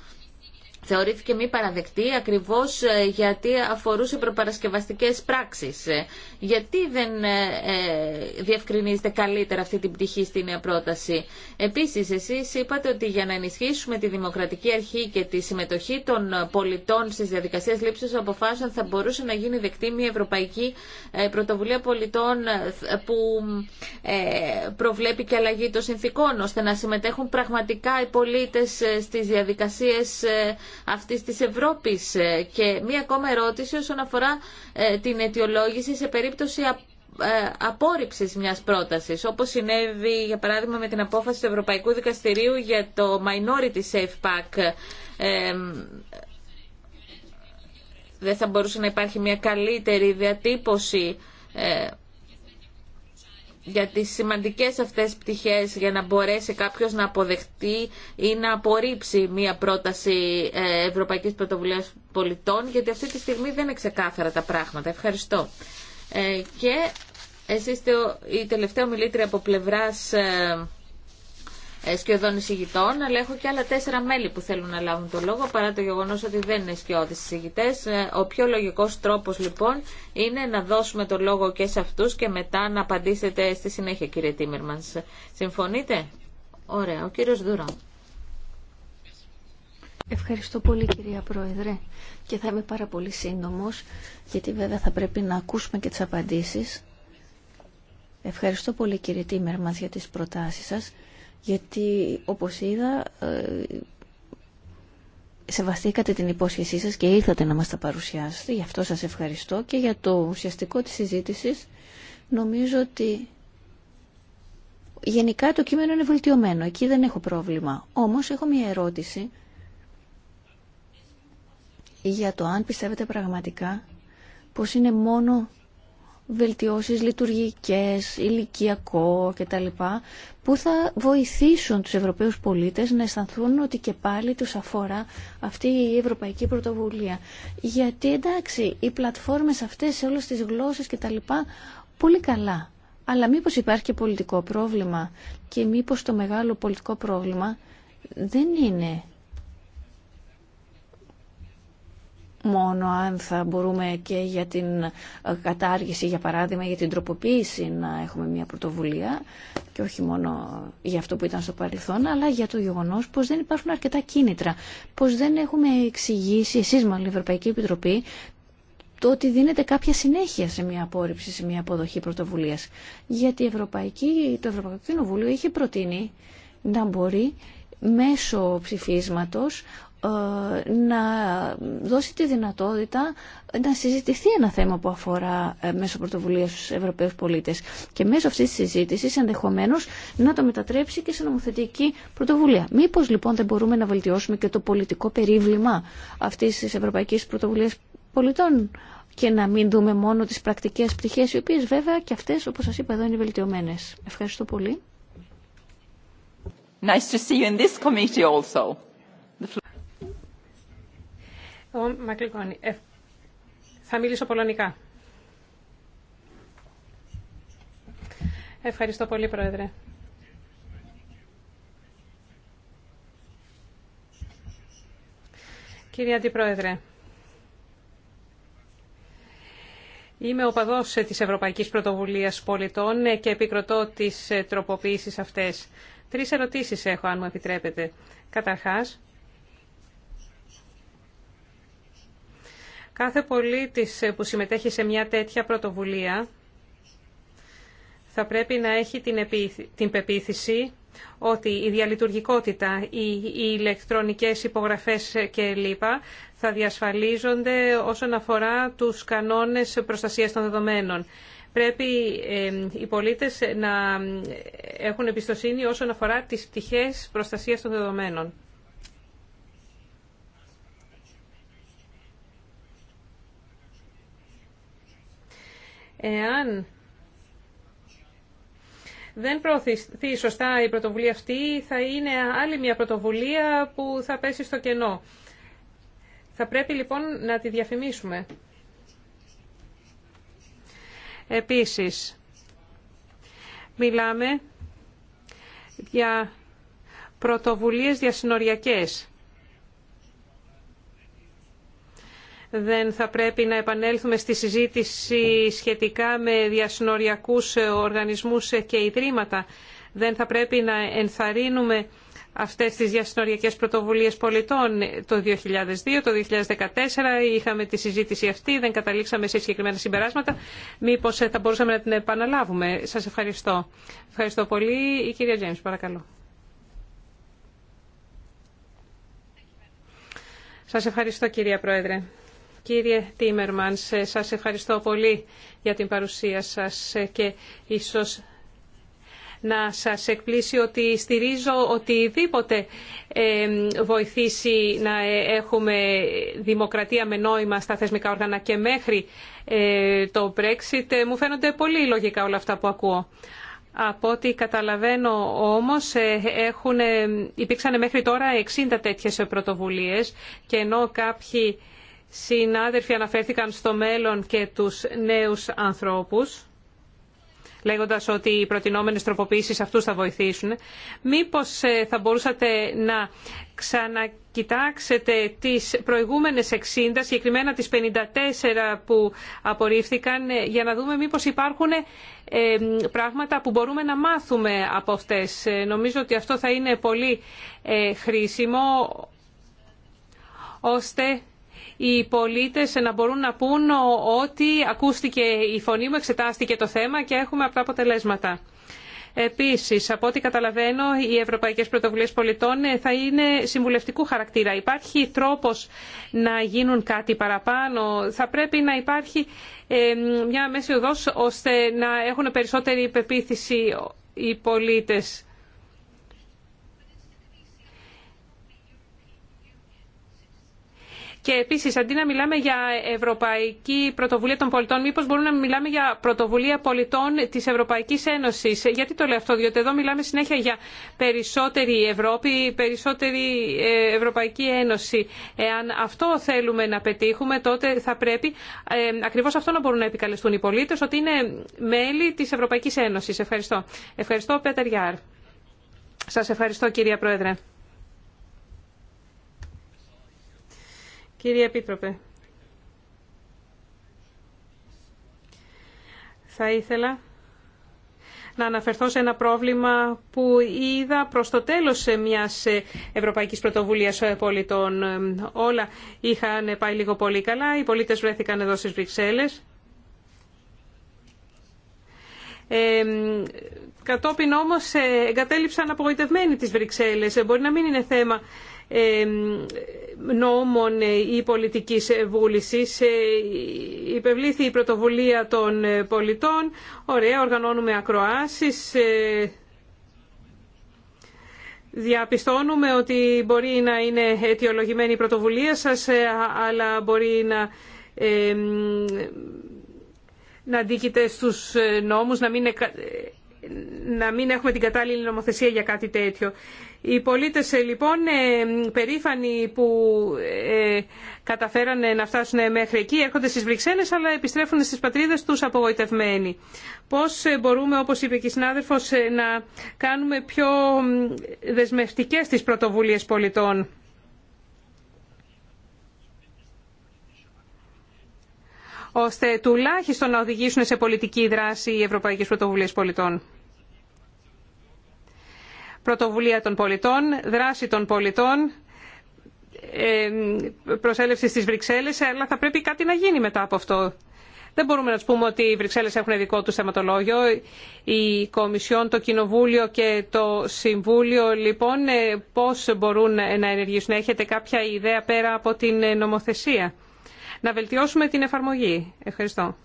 S3: θεωρήθηκε μη παραδεκτή ακριβώς ε, γιατί αφορούσε προπαρασκευαστικές πράξεις. Ε, γιατί δεν ε, διευκρινίζεται καλύτερα αυτή την πτυχή στη νέα πρόταση. Επίσης, εσείς είπατε ότι για να ενισχύσουμε τη δημοκρατική αρχή και τη συμμετοχή των πολιτών στις διαδικασίες λήψης αποφάσεων θα μπορούσε να γίνει δεκτή μια Ευρωπαϊκή Πρωτοβουλία Πολιτών που προβλέπει και αλλαγή των συνθήκων ώστε να συμμετέχουν πραγματικά οι πολίτες στις διαδικασίες αυτής της Ευρώπης. Ε, και μία ακόμα ερώτηση όσον αφορά ε, την αιτιολόγηση σε περίπτωση απορριψη ε, μιας πρότασης, όπως συνέβη για παράδειγμα με την απόφαση του Ευρωπαϊκού Δικαστηρίου για το Minority Safe Pack. Δεν θα μπορούσε να υπάρχει μια καλύτερη διατύπωση για τις σημαντικές αυτές πτυχές για να μπορέσει κάποιος να αποδεχτεί ή να απορρίψει μία πρόταση ε, Ευρωπαϊκής Πρωτοβουλίας Πολιτών γιατί αυτή τη στιγμή δεν είναι ξεκάθαρα τα πράγματα. Ευχαριστώ. Ε, και εσείς είστε η τελευταία ομιλήτρια από πλευράς ε, ε, σκιωδών εισηγητών, αλλά έχω και άλλα τέσσερα μέλη που θέλουν να λάβουν το λόγο, παρά το γεγονός ότι δεν είναι σκιώδεις εισηγητές. Ε, ο πιο λογικός τρόπος λοιπόν είναι να δώσουμε το λόγο και σε αυτούς και μετά να απαντήσετε στη συνέχεια κύριε Τίμερμαν. Συμφωνείτε? Ωραία. Ο κύριος Δουρά.
S4: Ευχαριστώ πολύ κυρία Πρόεδρε και θα είμαι πάρα πολύ σύντομος γιατί βέβαια θα πρέπει να ακούσουμε και τις απαντήσεις. Ευχαριστώ πολύ κύριε μας για τις προτάσεις σας γιατί όπως είδα ε, σεβαστήκατε την υπόσχεσή σας και ήρθατε να μας τα παρουσιάσετε. Γι' αυτό σας ευχαριστώ και για το ουσιαστικό της συζήτησης. Νομίζω ότι γενικά το κείμενο είναι βελτιωμένο. Εκεί δεν έχω πρόβλημα. Όμως έχω μια ερώτηση για το αν πιστεύετε πραγματικά πως είναι μόνο βελτιώσεις λειτουργικές, ηλικιακό κτλ. που θα βοηθήσουν τους Ευρωπαίους πολίτες να αισθανθούν ότι και πάλι τους αφορά αυτή η Ευρωπαϊκή Πρωτοβουλία. Γιατί εντάξει, οι πλατφόρμες αυτές σε όλες τις γλώσσες λοιπά πολύ καλά. Αλλά μήπως υπάρχει και πολιτικό πρόβλημα και μήπως το μεγάλο πολιτικό πρόβλημα δεν είναι μόνο αν θα μπορούμε και για την κατάργηση, για παράδειγμα, για την τροποποίηση να έχουμε μια πρωτοβουλία και όχι μόνο για αυτό που ήταν στο παρελθόν, αλλά για το γεγονό πω δεν υπάρχουν αρκετά κίνητρα, Πώ δεν έχουμε εξηγήσει, εσεί μάλλον η Ευρωπαϊκή Επιτροπή, το ότι δίνεται κάποια συνέχεια σε μια απόρριψη, σε μια αποδοχή πρωτοβουλία. Γιατί Ευρωπαϊκή, το Ευρωπαϊκό Κοινοβούλιο είχε προτείνει να μπορεί μέσω ψηφίσματος ε, να δώσει τη δυνατότητα να συζητηθεί ένα θέμα που αφορά ε, μέσω πρωτοβουλία στους Ευρωπαίους πολίτες και μέσω αυτής της συζήτησης ενδεχομένως να το μετατρέψει και σε νομοθετική πρωτοβουλία. Μήπως λοιπόν δεν μπορούμε να βελτιώσουμε και το πολιτικό περίβλημα αυτής της Ευρωπαϊκής Πρωτοβουλίας Πολιτών και να μην δούμε μόνο τις πρακτικές πτυχές οι οποίες βέβαια και αυτές όπως σας είπα εδώ είναι βελτιωμένες. Ευχαριστώ πολύ.
S3: Nice to see you in this committee also.
S2: Ε, θα μιλήσω πολωνικά. Ευχαριστώ πολύ, Πρόεδρε. Κύριε Αντιπρόεδρε, είμαι οπαδός της Ευρωπαϊκής Πρωτοβουλίας Πολιτών και επικροτώ τις τροποποίησεις αυτές. Τρεις ερωτήσεις έχω, αν μου επιτρέπετε. Καταρχάς, Κάθε πολίτης ε, που συμμετέχει σε μια τέτοια πρωτοβουλία θα πρέπει να έχει την, την πεποίθηση ότι η διαλειτουργικότητα, οι, ηλεκτρονικές υπογραφές ε, και λοιπά θα διασφαλίζονται όσον αφορά τους κανόνες προστασίας των δεδομένων. Πρέπει οι πολίτες να ε, έχουν εμπιστοσύνη όσον αφορά τις πτυχές προστασίας των δεδομένων. Εάν δεν προωθηθεί σωστά η πρωτοβουλία αυτή, θα είναι άλλη μια πρωτοβουλία που θα πέσει στο κενό. Θα πρέπει λοιπόν να τη διαφημίσουμε. Επίσης, μιλάμε για πρωτοβουλίες διασυνοριακές. δεν θα πρέπει να επανέλθουμε στη συζήτηση σχετικά με διασυνοριακούς οργανισμούς και ιδρύματα. Δεν θα πρέπει να ενθαρρύνουμε αυτές τις διασυνοριακές πρωτοβουλίες πολιτών το 2002, το 2014 είχαμε τη συζήτηση αυτή, δεν καταλήξαμε σε συγκεκριμένα συμπεράσματα. Μήπως θα μπορούσαμε να την επαναλάβουμε. Σας ευχαριστώ. Ευχαριστώ πολύ. Η κυρία Τζέμις, παρακαλώ. Σας ευχαριστώ κυρία Πρόεδρε. Κύριε Τίμερμανς, σας ευχαριστώ πολύ για την παρουσία σας και ίσως να σας εκπλήσει ότι στηρίζω οτιδήποτε ε, βοηθήσει να ε, έχουμε δημοκρατία με νόημα στα θεσμικά όργανα και μέχρι ε, το Brexit. Μου φαίνονται πολύ λογικά όλα αυτά που ακούω. Από ό,τι καταλαβαίνω όμως έχουν, υπήρξαν μέχρι τώρα 60 τέτοιες πρωτοβουλίες και ενώ κάποιοι συνάδελφοι αναφέρθηκαν στο μέλλον και τους νέους ανθρώπους λέγοντας ότι οι προτινόμενες τροποποίησεις αυτούς θα βοηθήσουν. Μήπως ε, θα μπορούσατε να ξανακοιτάξετε τις προηγούμενες 60, συγκεκριμένα τις 54 που απορρίφθηκαν, ε, για να δούμε μήπως υπάρχουν ε, πράγματα που μπορούμε να μάθουμε από αυτές. Νομίζω ότι αυτό θα είναι πολύ χρήσιμο, ώστε οι πολίτες να μπορούν να πούν ότι ακούστηκε η φωνή μου, εξετάστηκε το θέμα και έχουμε αυτά αποτελέσματα. Επίσης, από ό,τι καταλαβαίνω, οι Ευρωπαϊκέ Πρωτοβουλίε Πολιτών ε, θα είναι συμβουλευτικού χαρακτήρα. Υπάρχει τρόπος να γίνουν κάτι παραπάνω. Θα πρέπει να υπάρχει ε, μια μέση οδό ώστε να έχουν περισσότερη υπεποίθηση οι πολίτες. Και επίσης, αντί να μιλάμε για Ευρωπαϊκή Πρωτοβουλία των Πολιτών, μήπως μπορούμε να μιλάμε για Πρωτοβουλία Πολιτών της Ευρωπαϊκής Ένωσης. Γιατί το λέω αυτό, διότι εδώ μιλάμε συνέχεια για περισσότερη Ευρώπη, περισσότερη ε, Ευρωπαϊκή Ένωση. Εάν αυτό θέλουμε να πετύχουμε, τότε θα πρέπει ε, ακριβώς αυτό να μπορούν να επικαλεστούν οι πολίτε, ότι είναι μέλη τη Ευρωπαϊκή Ένωση. Ευχαριστώ. Ευχαριστώ, Πέτερ Γιάρ. Σας ευχαριστώ, κυρία Πρόεδρε. Κύριε Επίτροπε, θα ήθελα να αναφερθώ σε ένα πρόβλημα που είδα προς το τέλος μιας Ευρωπαϊκής Πρωτοβουλίας Πολιτών. Όλα είχαν πάει λίγο πολύ καλά, οι πολίτες βρέθηκαν εδώ στις Βρυξέλλες. Ε, κατόπιν όμως ε, εγκατέλειψαν απογοητευμένοι τις Βρυξέλλες. Ε, μπορεί να μην είναι θέμα νόμων ή πολιτικής βούλησης. Ε, υπευλήθη η πρωτοβουλία των πολιτών. Ωραία, οργανώνουμε ακροάσεις. Ε, διαπιστώνουμε ότι μπορεί να είναι αιτιολογημένη η πρωτοβουλία σας, ε, αλλά μπορεί να να αντίκειται στους νόμους, να μην, να μην έχουμε την κατάλληλη νομοθεσία για κάτι τέτοιο. Οι πολίτες ε, λοιπόν ε, περήφανοι που ε, καταφέρανε να φτάσουν μέχρι εκεί έρχονται στις Βρυξέλλες αλλά επιστρέφουν στις πατρίδες τους απογοητευμένοι. Πώς μπορούμε όπως είπε και η συνάδελφος να κάνουμε πιο δεσμευτικές τις πρωτοβουλίες πολιτών. ώστε τουλάχιστον να οδηγήσουν σε πολιτική δράση οι Ευρωπαϊκές Πρωτοβουλίες Πολιτών πρωτοβουλία των πολιτών, δράση των πολιτών, προσέλευση στις Βρυξέλλες, αλλά θα πρέπει κάτι να γίνει μετά από αυτό. Δεν μπορούμε να του πούμε ότι οι Βρυξέλλες έχουν δικό τους θεματολόγιο. Η Κομισιόν, το Κοινοβούλιο και το Συμβούλιο, λοιπόν, ε, πώς μπορούν να ενεργήσουν. Έχετε κάποια ιδέα πέρα από την νομοθεσία. Να βελτιώσουμε την εφαρμογή. Ευχαριστώ.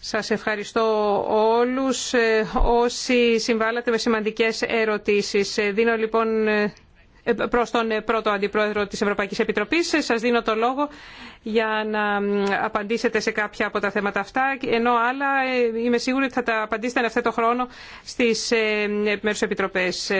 S2: Σας ευχαριστώ όλους ε, όσοι συμβάλλατε με σημαντικές ερωτήσεις. Ε, δίνω λοιπόν ε, προς τον πρώτο αντιπρόεδρο της Ευρωπαϊκής Επιτροπής. Σας δίνω το λόγο για να απαντήσετε σε κάποια από τα θέματα αυτά, ενώ άλλα είμαι σίγουρη ότι θα τα απαντήσετε αυτό το χρόνο στις επιμέρους επιτροπές.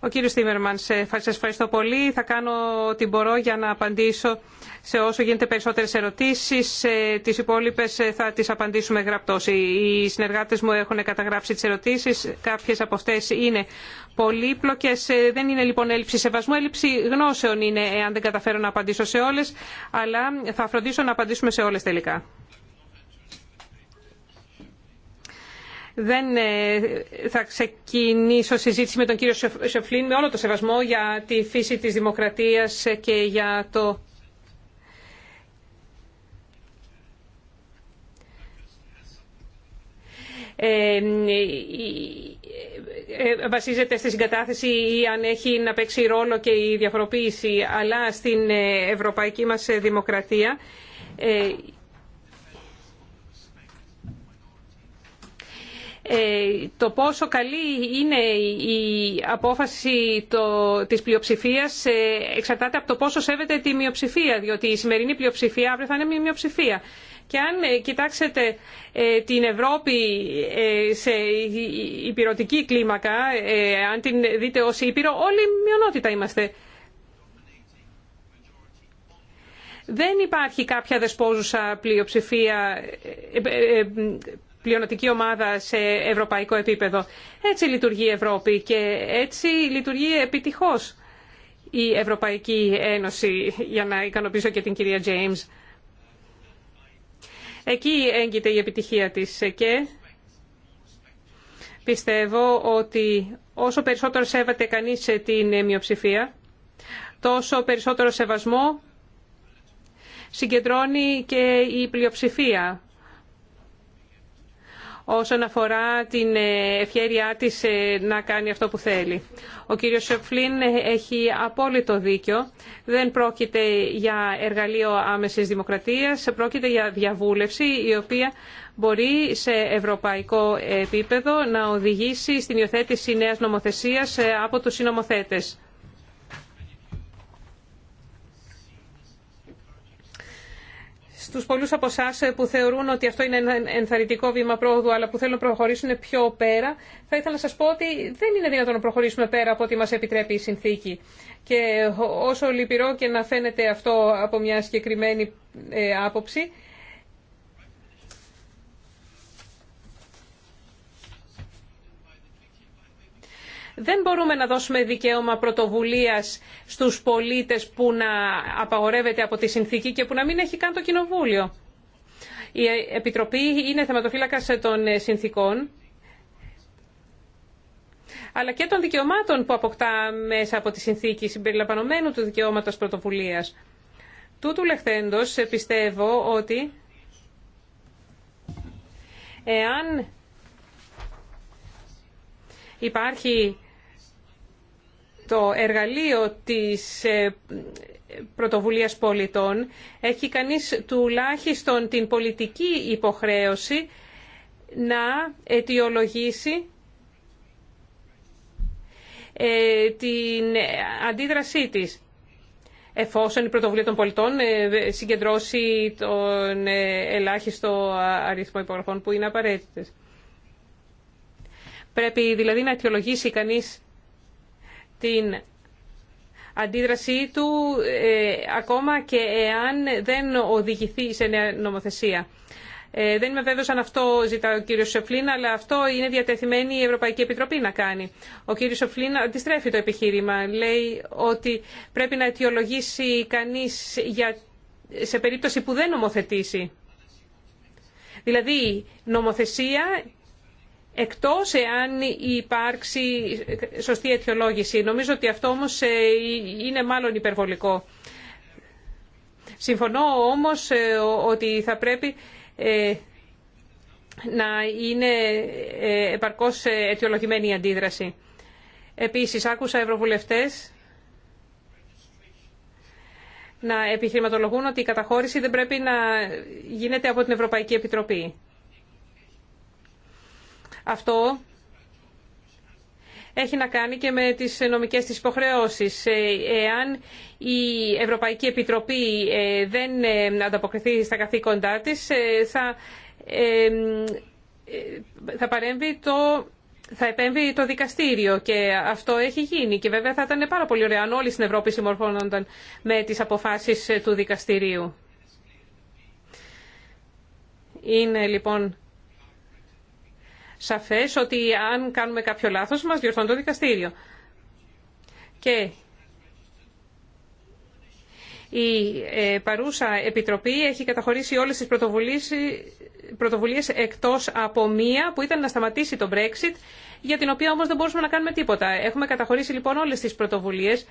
S2: Ο κύριος Τίμερμαν, σε ευχαριστώ πολύ. Θα κάνω ό,τι μπορώ για να απαντήσω σε όσο γίνεται περισσότερες ερωτήσεις. Τις υπόλοιπες ε, θα τις απαντήσουμε γραπτώς. Οι συνεργάτες μου έχουν καταγράψει τις ερωτήσεις. Κάποιες από αυτές είναι πολύπλοκες. Ε, δεν είναι λοιπόν έλλειψη σεβασμού. Έλλειψη γνώσεων είναι, αν δεν καταφέρω να απαντήσω σε όλες. Αλλά θα φροντίσω να απαντήσουμε σε όλες τελικά. Δεν ε, θα ξεκινήσω συζήτηση με τον κύριο Σεφλίν με όλο το σεβασμό για τη φύση της δημοκρατίας και για το... Ε, ε, βασίζεται στη συγκατάθεση ή αν έχει να παίξει ρόλο και η διαφοροποίηση αλλά στην ευρωπαϊκή μας δημοκρατία Ε, το πόσο καλή είναι η απόφαση το, της πλειοψηφίας ε, εξαρτάται από το πόσο σέβεται τη μειοψηφία, διότι η σημερινή πλειοψηφία αύριο θα είναι μια μειοψηφία. Και αν ε, κοιτάξετε την Ευρώπη σε υπηρετική κλίμακα, αν την δείτε ως Ήπειρο, όλοι μειονότητα είμαστε. Δεν υπάρχει κάποια δεσπόζουσα πλειοψηφία, πλειονοτική ομάδα σε ευρωπαϊκό επίπεδο. Έτσι λειτουργεί η Ευρώπη και έτσι λειτουργεί επιτυχώς η Ευρωπαϊκή Ένωση, για να ικανοποιήσω και την κυρία James. Εκεί έγκυται η επιτυχία της και πιστεύω ότι όσο περισσότερο σέβεται κανείς την μειοψηφία, τόσο περισσότερο σεβασμό συγκεντρώνει και η πλειοψηφία όσον αφορά την ε, ευχέρειά της ε, να κάνει αυτό που θέλει. Ο κύριος Σεφλίν ε, έχει απόλυτο δίκιο. Δεν πρόκειται για εργαλείο άμεσης δημοκρατίας, πρόκειται για διαβούλευση η οποία μπορεί σε ευρωπαϊκό επίπεδο να οδηγήσει στην υιοθέτηση νέας νομοθεσίας από τους συνομοθέτες. τους πολλούς από εσά ε, που θεωρούν ότι αυτό είναι ένα ενθαρρυντικό βήμα πρόοδου αλλά που θέλουν να προχωρήσουν πιο πέρα, θα ήθελα να σας πω ότι δεν είναι δυνατόν να προχωρήσουμε πέρα από ό,τι μας επιτρέπει η συνθήκη. Και όσο λυπηρό και να φαίνεται αυτό από μια συγκεκριμένη ε, άποψη, Δεν μπορούμε να δώσουμε δικαίωμα πρωτοβουλίας στους πολίτες που να απαγορεύεται από τη συνθήκη και που να μην έχει καν το κοινοβούλιο. Η Επιτροπή είναι θεματοφύλακας των συνθήκων αλλά και των δικαιωμάτων που αποκτά μέσα από τη συνθήκη συμπεριλαμβανομένου του δικαιώματος πρωτοβουλίας. Τούτου λεχθέντος ε, πιστεύω ότι εάν υπάρχει το εργαλείο της ε, πρωτοβουλίας πολιτών έχει κανείς τουλάχιστον την πολιτική υποχρέωση να αιτιολογήσει ε, την αντίδρασή της. Εφόσον η πρωτοβουλία των πολιτών ε, συγκεντρώσει τον ελάχιστο αριθμό υπογραφών που είναι απαραίτητες. Πρέπει δηλαδή να αιτιολογήσει κανείς την αντίδρασή του ε, ακόμα και εάν δεν οδηγηθεί σε νέα νομοθεσία. Ε, δεν είμαι βέβαιος αν αυτό ζητά ο κύριος Σεφλίν, αλλά αυτό είναι διατεθειμένη η Ευρωπαϊκή Επιτροπή να κάνει. Ο κύριος Σεφλίν αντιστρέφει το επιχείρημα. Λέει ότι πρέπει να αιτιολογήσει κανείς για, σε περίπτωση που δεν νομοθετήσει. Δηλαδή, νομοθεσία εκτός εάν υπάρξει σωστή αιτιολόγηση. Νομίζω ότι αυτό όμως ε, είναι μάλλον υπερβολικό. Συμφωνώ όμως ε, ότι θα πρέπει ε, να είναι επαρκώς αιτιολογημένη η αντίδραση. Επίσης, άκουσα ευρωβουλευτές να επιχειρηματολογούν ότι η καταχώρηση δεν πρέπει να γίνεται από την Ευρωπαϊκή Επιτροπή. Αυτό έχει να κάνει και με τις νομικές της υποχρεώσεις. Ε, εάν η Ευρωπαϊκή Επιτροπή ε, δεν ε, ανταποκριθεί στα καθήκοντά της, θα, θα παρέμβει το... Θα επέμβει το δικαστήριο και αυτό έχει γίνει και βέβαια θα ήταν πάρα πολύ ωραίο αν όλοι στην Ευρώπη συμμορφώνονταν με τις αποφάσεις του δικαστηρίου. Είναι λοιπόν σαφές ότι αν κάνουμε κάποιο λάθος μας διορθώνει το δικαστήριο. Και η ε, παρούσα επιτροπή έχει καταχωρήσει όλες τις πρωτοβουλίες, πρωτοβουλίες εκτός από μία που ήταν να σταματήσει το Brexit, για την οποία όμως δεν μπορούσαμε να κάνουμε τίποτα. Έχουμε καταχωρήσει λοιπόν όλες τις πρωτοβουλίες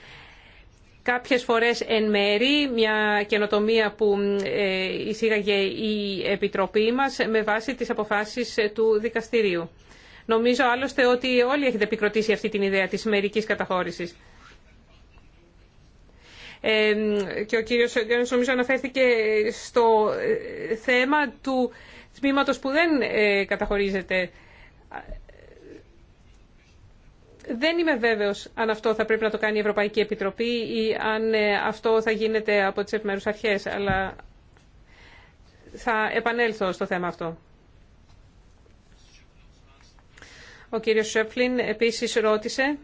S2: Κάποιες φορές εν μέρη μια καινοτομία που ε, εισήγαγε η Επιτροπή μας με βάση τις αποφάσεις ε, του δικαστηρίου. Νομίζω άλλωστε ότι όλοι έχετε επικροτήσει αυτή την ιδέα της μερικής καταχώρησης. Ε, και ο κύριος Γκένος νομίζω αναφέρθηκε στο θέμα του τμήματος που δεν καταχωρίζεται. Δεν είμαι βέβαιος αν αυτό θα πρέπει να το κάνει η Ευρωπαϊκή Επιτροπή ή αν ε, αυτό θα γίνεται από τις επιμέρους αρχές, αλλά θα επανέλθω στο θέμα αυτό. Ο κύριος Σέπφλιν επίσης ρώτησε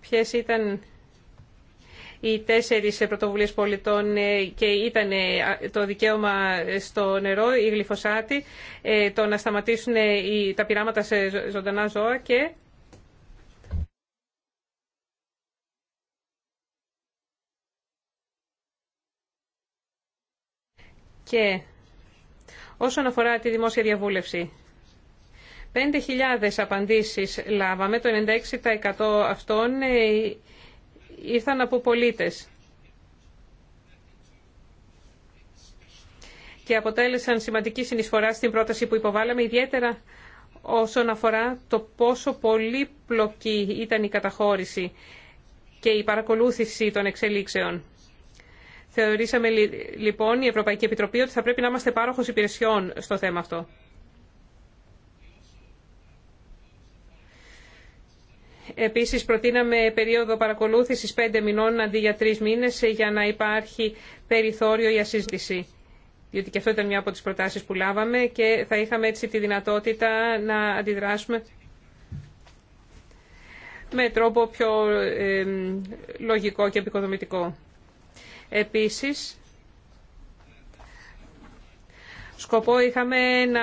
S2: ποιες ήταν οι τέσσερις πρωτοβουλίες πολιτών ε, και ήταν ε, το δικαίωμα στο νερό, η γλυφοσάτη, ε, το να σταματήσουν τα πειράματα σε ζωντανά ζώα και... Και όσον αφορά τη δημόσια διαβούλευση, 5.000 απαντήσεις λάβαμε, το 96% αυτών ήρθαν από πολίτες και αποτέλεσαν σημαντική συνεισφορά στην πρόταση που υποβάλαμε, ιδιαίτερα όσον αφορά το πόσο πολύπλοκη ήταν η καταχώρηση και η παρακολούθηση των εξελίξεων. Θεωρήσαμε λοιπόν η Ευρωπαϊκή Επιτροπή ότι θα πρέπει να είμαστε πάροχος υπηρεσιών στο θέμα αυτό. Επίσης προτείναμε περίοδο παρακολούθησης πέντε μηνών αντί για 3 μήνες για να υπάρχει περιθώριο για συζήτηση. Διότι και αυτό ήταν μια από τις προτάσεις που λάβαμε και θα είχαμε έτσι τη δυνατότητα να αντιδράσουμε με τρόπο πιο λογικό και επικοδομητικό. Επίσης, Σκοπό είχαμε να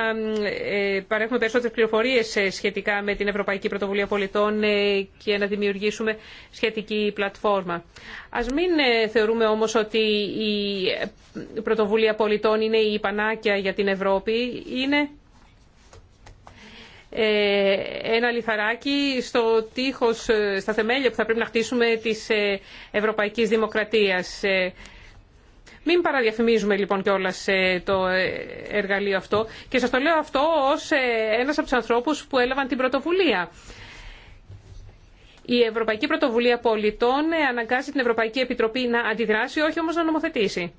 S2: ε, παρέχουμε περισσότερες πληροφορίες ε, σχετικά με την Ευρωπαϊκή Πρωτοβουλία Πολιτών ε, και να δημιουργήσουμε σχετική πλατφόρμα. Ας μην θεωρούμε όμως ότι η Πρωτοβουλία Πολιτών είναι η πανάκια για την Ευρώπη. Είναι ένα λιθαράκι στο τείχος, στα θεμέλια που θα πρέπει να χτίσουμε της ευρωπαϊκής δημοκρατίας. Μην παραδιαφημίζουμε λοιπόν κιόλα ε, το ε, εργαλείο αυτό και σα το λέω αυτό ως ε, ένα από του ανθρώπου που έλαβαν την πρωτοβουλία. Η Ευρωπαϊκή Πρωτοβουλία Πολιτών αναγκάζει την Ευρωπαϊκή Επιτροπή να αντιδράσει, όχι όμως να νομοθετήσει.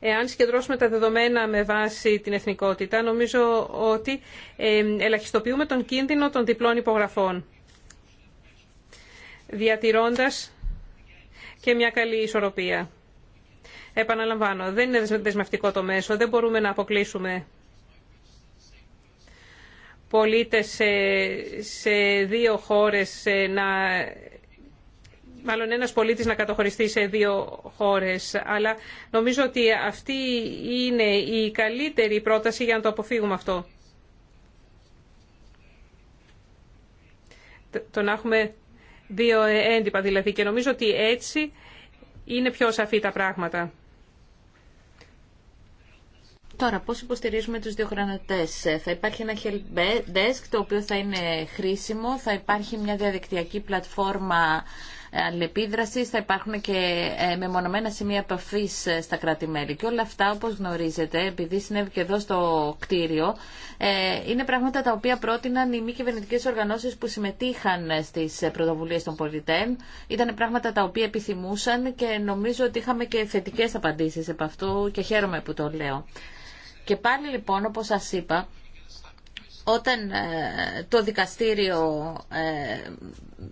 S2: Εάν συγκεντρώσουμε τα δεδομένα με βάση την εθνικότητα, νομίζω ότι ελαχιστοποιούμε τον κίνδυνο των διπλών υπογραφών διατηρώντας και μια καλή ισορροπία. Επαναλαμβάνω, δεν είναι δεσμευτικό το μέσο, δεν μπορούμε να αποκλείσουμε πολίτες σε, δύο χώρες να... Μάλλον ένας πολίτης να κατοχωριστεί σε δύο χώρες. Αλλά νομίζω ότι αυτή είναι η καλύτερη πρόταση για να το αποφύγουμε αυτό. Το να έχουμε δύο έντυπα δηλαδή και νομίζω ότι έτσι είναι πιο σαφή τα πράγματα. Τώρα,
S3: πώς υποστηρίζουμε τους διοργανωτές. Θα υπάρχει ένα help desk το οποίο θα είναι χρήσιμο, θα υπάρχει μια διαδικτυακή πλατφόρμα αλληλεπίδραση, θα υπάρχουν και ε, μεμονωμένα σημεία επαφή ε, στα κράτη-μέλη. Και όλα αυτά, όπω γνωρίζετε, επειδή συνέβη και εδώ στο κτίριο, ε, είναι πράγματα τα οποία πρότειναν οι μη κυβερνητικέ οργανώσει που συμμετείχαν στι πρωτοβουλίε των πολιτών. Ήταν πράγματα τα οποία επιθυμούσαν και νομίζω ότι είχαμε και θετικέ απαντήσει από αυτού και χαίρομαι που το λέω. Και πάλι λοιπόν, όπως σας είπα, όταν ε, το δικαστήριο ε,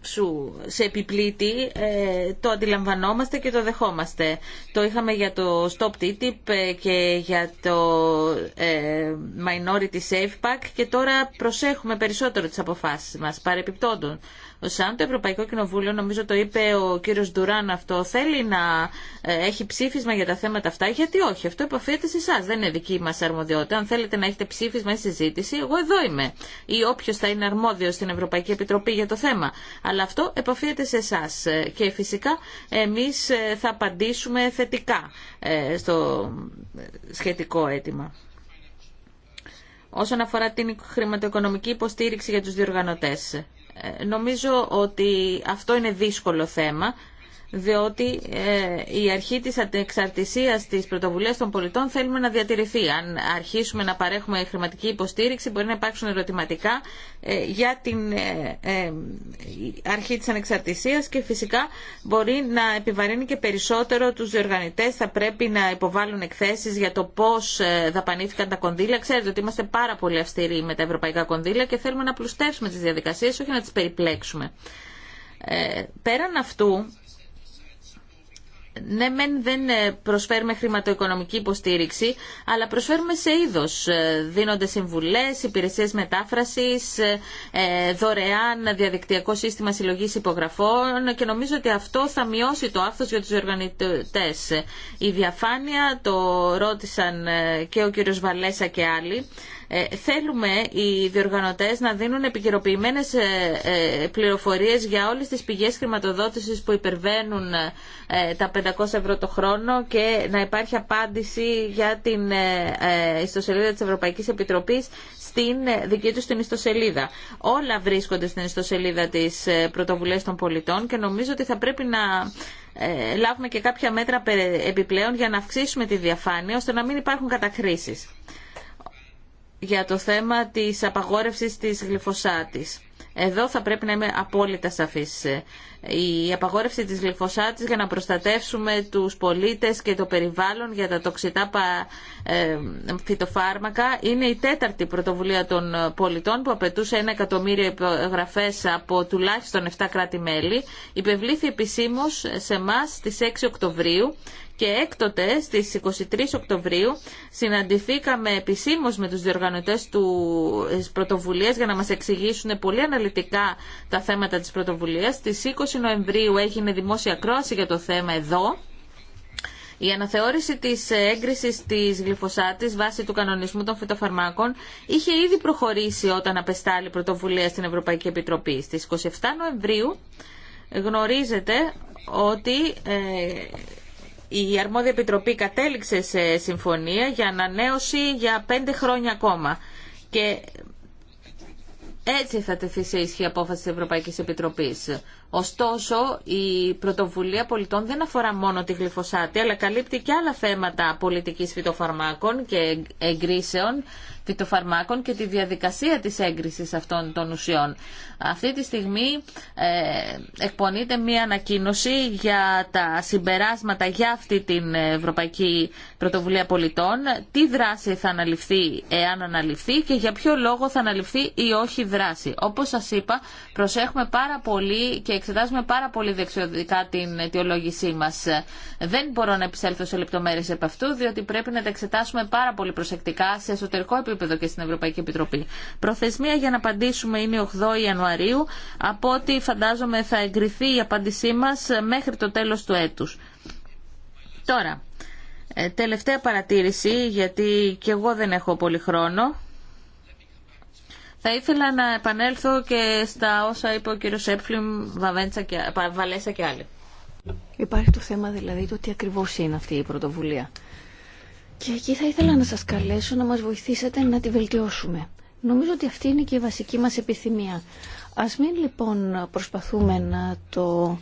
S3: σου σε επιπλήττει ε, το αντιλαμβανόμαστε και το δεχόμαστε. Το είχαμε για το Stop TTIP και για το Minority Safe Pack και τώρα προσέχουμε περισσότερο τις αποφάσεις μας παρεπιπτόντων σαν το Ευρωπαϊκό Κοινοβούλιο, νομίζω το είπε ο κύριος Ντουράν αυτό, θέλει να ε, έχει ψήφισμα για τα θέματα αυτά, γιατί όχι, αυτό επαφείται σε εσά. Δεν είναι δική μας αρμοδιότητα. Αν θέλετε να έχετε ψήφισμα ή συζήτηση, εγώ εδώ είμαι. Ή όποιο θα είναι αρμόδιο στην Ευρωπαϊκή Επιτροπή για το θέμα. Αλλά αυτό επαφείται σε εσά. Ε, και φυσικά εμείς ε, θα απαντήσουμε θετικά στο σχετικό αίτημα. Όσον αφορά την χρηματοοικονομική υποστήριξη για τους διοργανωτές. Ε, νομίζω ότι αυτό είναι δύσκολο θέμα διότι ε, η αρχή της εξαρτησίας της πρωτοβουλίας των πολιτών θέλουμε να διατηρηθεί. Αν αρχίσουμε να παρέχουμε χρηματική υποστήριξη μπορεί να υπάρξουν ερωτηματικά ε, για την ε, αρχή της ανεξαρτησίας και φυσικά μπορεί να επιβαρύνει και περισσότερο τους διοργανητές. Θα πρέπει να υποβάλουν εκθέσεις για το πώς δαπανήθηκαν τα κονδύλια. Ξέρετε ότι είμαστε πάρα πολύ αυστηροί με τα ευρωπαϊκά κονδύλια και θέλουμε να πλουστεύσουμε τις διαδικασίες, όχι να τις περιπλέξουμε. πέραν αυτού, ναι μεν δεν ε, προσφέρουμε χρηματοοικονομική υποστήριξη, αλλά προσφέρουμε σε είδο. Ε, δίνονται συμβουλές, υπηρεσίες μετάφρασης, ε, δωρεάν διαδικτυακό σύστημα συλλογής υπογραφών και νομίζω ότι αυτό θα μειώσει το άφθο για τους οργανωτές. Η διαφάνεια, το ρώτησαν και ο κύριος Βαλέσα και άλλοι, ε, θέλουμε οι διοργανωτές να δίνουν επικαιροποιημένες ε, ε, πληροφορίες για όλες τις πηγές χρηματοδότησης που υπερβαίνουν τα 500 ευρώ το χρόνο και να υπάρχει απάντηση για την ιστοσελίδα της Ευρωπαϊκής Επιτροπής στην δική τους την ιστοσελίδα. Όλα βρίσκονται στην ιστοσελίδα της Πρωτοβουλίας των Πολιτών και νομίζω ότι θα πρέπει να λάβουμε και κάποια μέτρα επιπλέον για να αυξήσουμε τη διαφάνεια ώστε να μην υπάρχουν κατακρίσεις για το θέμα της απαγόρευσης της γλυφοσάτης. Εδώ θα πρέπει να είμαι απόλυτα σαφής. Η απαγόρευση της γλυφοσάτης για να προστατεύσουμε τους πολίτες και το περιβάλλον για τα τοξικά ε, φυτοφάρμακα είναι η τέταρτη πρωτοβουλία των πολιτών που απαιτούσε ένα εκατομμύριο υπογραφέ από τουλάχιστον 7 κράτη-μέλη. Υπευλήθη επισήμως σε εμά στις 6 Οκτωβρίου και έκτοτε στις 23 Οκτωβρίου συναντηθήκαμε επισήμως με τους διοργανωτές του πρωτοβουλίας για να μας εξηγήσουν πολύ αναλυτικά τα θέματα της πρωτοβουλίας. Στις 20 Νοεμβρίου έγινε δημόσια κρόαση για το θέμα εδώ. Η αναθεώρηση της έγκρισης της γλυφοσάτης βάσει του κανονισμού των φυτοφαρμάκων είχε ήδη προχωρήσει όταν απεστάλει πρωτοβουλία στην Ευρωπαϊκή Επιτροπή. Στις 27 Νοεμβρίου γνωρίζετε ότι ε, η αρμόδια επιτροπή κατέληξε σε συμφωνία για ανανέωση για πέντε χρόνια ακόμα. Και έτσι θα τεθεί σε ισχύ η απόφαση της Ευρωπαϊκής Επιτροπής. Ωστόσο, η πρωτοβουλία πολιτών δεν αφορά μόνο τη γλυφοσάτη, αλλά καλύπτει και άλλα θέματα πολιτικής φυτοφαρμάκων και εγκρίσεων φυτοφαρμάκων και τη διαδικασία της έγκρισης αυτών των ουσιών. Αυτή τη στιγμή ε, εκπονείται μία ανακοίνωση για τα συμπεράσματα για αυτή την Ευρωπαϊκή Πρωτοβουλία Πολιτών, τι δράση θα αναλυφθεί εάν αναλυφθεί και για ποιο λόγο θα αναλυφθεί ή όχι δράση. Όπως σας είπα, προσέχουμε πάρα πολύ και εξετάζουμε πάρα πολύ δεξιωτικά την αιτιολόγησή μας. Δεν μπορώ να επισέλθω σε λεπτομέρειες επ' αυτού, διότι πρέπει να τα εξετάσουμε πάρα πολύ προσεκτικά σε εσωτερικό επίπεδο επίπεδο και στην Ευρωπαϊκή Επιτροπή. Προθεσμία για να απαντήσουμε είναι 8 Ιανουαρίου, από ό,τι φαντάζομαι θα εγκριθεί η απάντησή μας μέχρι το τέλος του έτους. Τώρα, ε, τελευταία παρατήρηση, γιατί και εγώ δεν έχω πολύ χρόνο. Θα ήθελα να επανέλθω και στα όσα είπε ο κύριος Έπφλιμ, Βαλέσα και άλλοι.
S4: Υπάρχει το θέμα δηλαδή το τι ακριβώς είναι αυτή η πρωτοβουλία. Και εκεί θα ήθελα να σας καλέσω να μας βοηθήσετε να τη βελτιώσουμε. Νομίζω ότι αυτή είναι και η βασική μας επιθυμία. Ας μην λοιπόν προσπαθούμε να το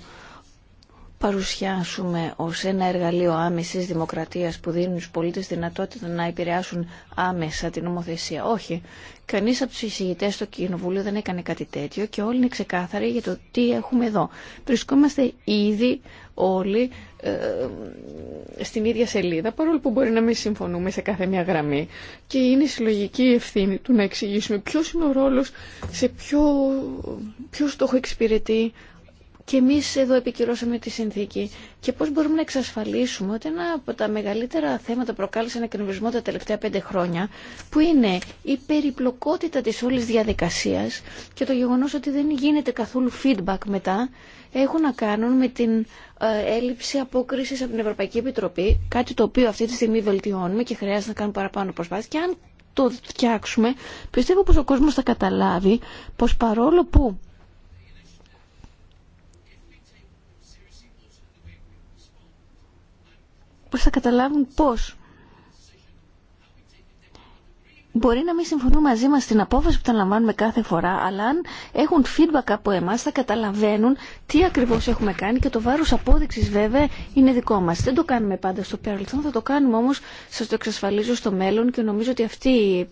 S4: παρουσιάσουμε ως ένα εργαλείο άμεσης δημοκρατίας που δίνουν στους πολίτες δυνατότητα να επηρεάσουν άμεσα την νομοθεσία. Όχι. Κανείς από τους εισηγητές στο Κοινοβούλιο δεν έκανε κάτι τέτοιο και όλοι είναι ξεκάθαροι για το τι έχουμε εδώ. Βρισκόμαστε ήδη όλοι ε, στην ίδια σελίδα, παρόλο που μπορεί να μην συμφωνούμε σε κάθε μια γραμμή. Και είναι η ευθύνη του να εξηγήσουμε ποιος είναι ο ρόλος, σε ποιο, ποιο στόχο εξυπηρετεί και εμείς εδώ επικυρώσαμε τη συνθήκη. Και πώς μπορούμε να εξασφαλίσουμε ότι ένα από τα μεγαλύτερα θέματα προκάλεσε ένα εκνευρισμό τα τελευταία πέντε χρόνια, που είναι η περιπλοκότητα της όλης διαδικασίας και το γεγονός ότι δεν γίνεται καθόλου feedback μετά, έχουν να κάνουν με την ε, έλλειψη απόκρισης από την Ευρωπαϊκή Επιτροπή, κάτι το οποίο αυτή τη στιγμή βελτιώνουμε και χρειάζεται να κάνουμε παραπάνω προσπάθειες. Και αν το φτιάξουμε, πιστεύω πως ο κόσμος θα καταλάβει πως παρόλο που πώς θα καταλάβουν πώς. Μπορεί να μην συμφωνούν μαζί μας στην απόφαση που τα λαμβάνουμε κάθε φορά, αλλά αν έχουν feedback από εμάς θα καταλαβαίνουν τι ακριβώς έχουμε κάνει και το βάρος απόδειξης βέβαια είναι δικό μας. Δεν το κάνουμε πάντα στο παρελθόν, θα το κάνουμε όμως, σας το εξασφαλίζω στο μέλλον και νομίζω ότι αυτή,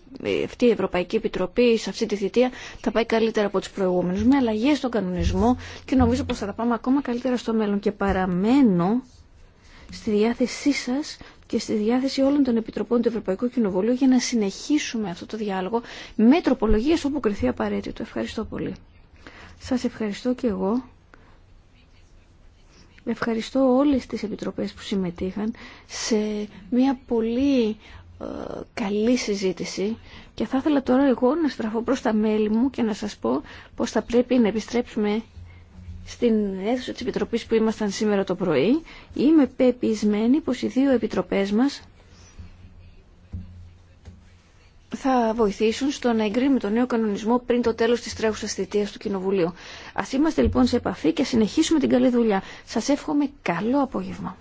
S4: αυτή η Ευρωπαϊκή Επιτροπή σε αυτή τη θητεία θα πάει καλύτερα από τους προηγούμενους με αλλαγές στον κανονισμό και νομίζω πως θα τα πάμε ακόμα καλύτερα στο μέλλον και παραμένω στη διάθεσή σας και στη διάθεση όλων των επιτροπών του Ευρωπαϊκού Κοινοβουλίου για να συνεχίσουμε αυτό το διάλογο με τροπολογίες όπου κρυθεί απαραίτητο. Ευχαριστώ πολύ. Σας ευχαριστώ και εγώ. Ευχαριστώ όλες τις επιτροπές που συμμετείχαν σε μια πολύ ε, καλή συζήτηση και θα ήθελα τώρα εγώ να στραφώ προς τα μέλη μου και να σας πω πως θα πρέπει να επιστρέψουμε στην αίθουσα της Επιτροπής που ήμασταν σήμερα το πρωί. Είμαι πεπισμένη πως οι δύο επιτροπές μας θα βοηθήσουν στο να εγκρίνουμε τον νέο κανονισμό πριν το τέλος της τρέχουσας θητείας του Κοινοβουλίου. Ας είμαστε λοιπόν σε επαφή και συνεχίσουμε την καλή δουλειά. Σας εύχομαι καλό απόγευμα.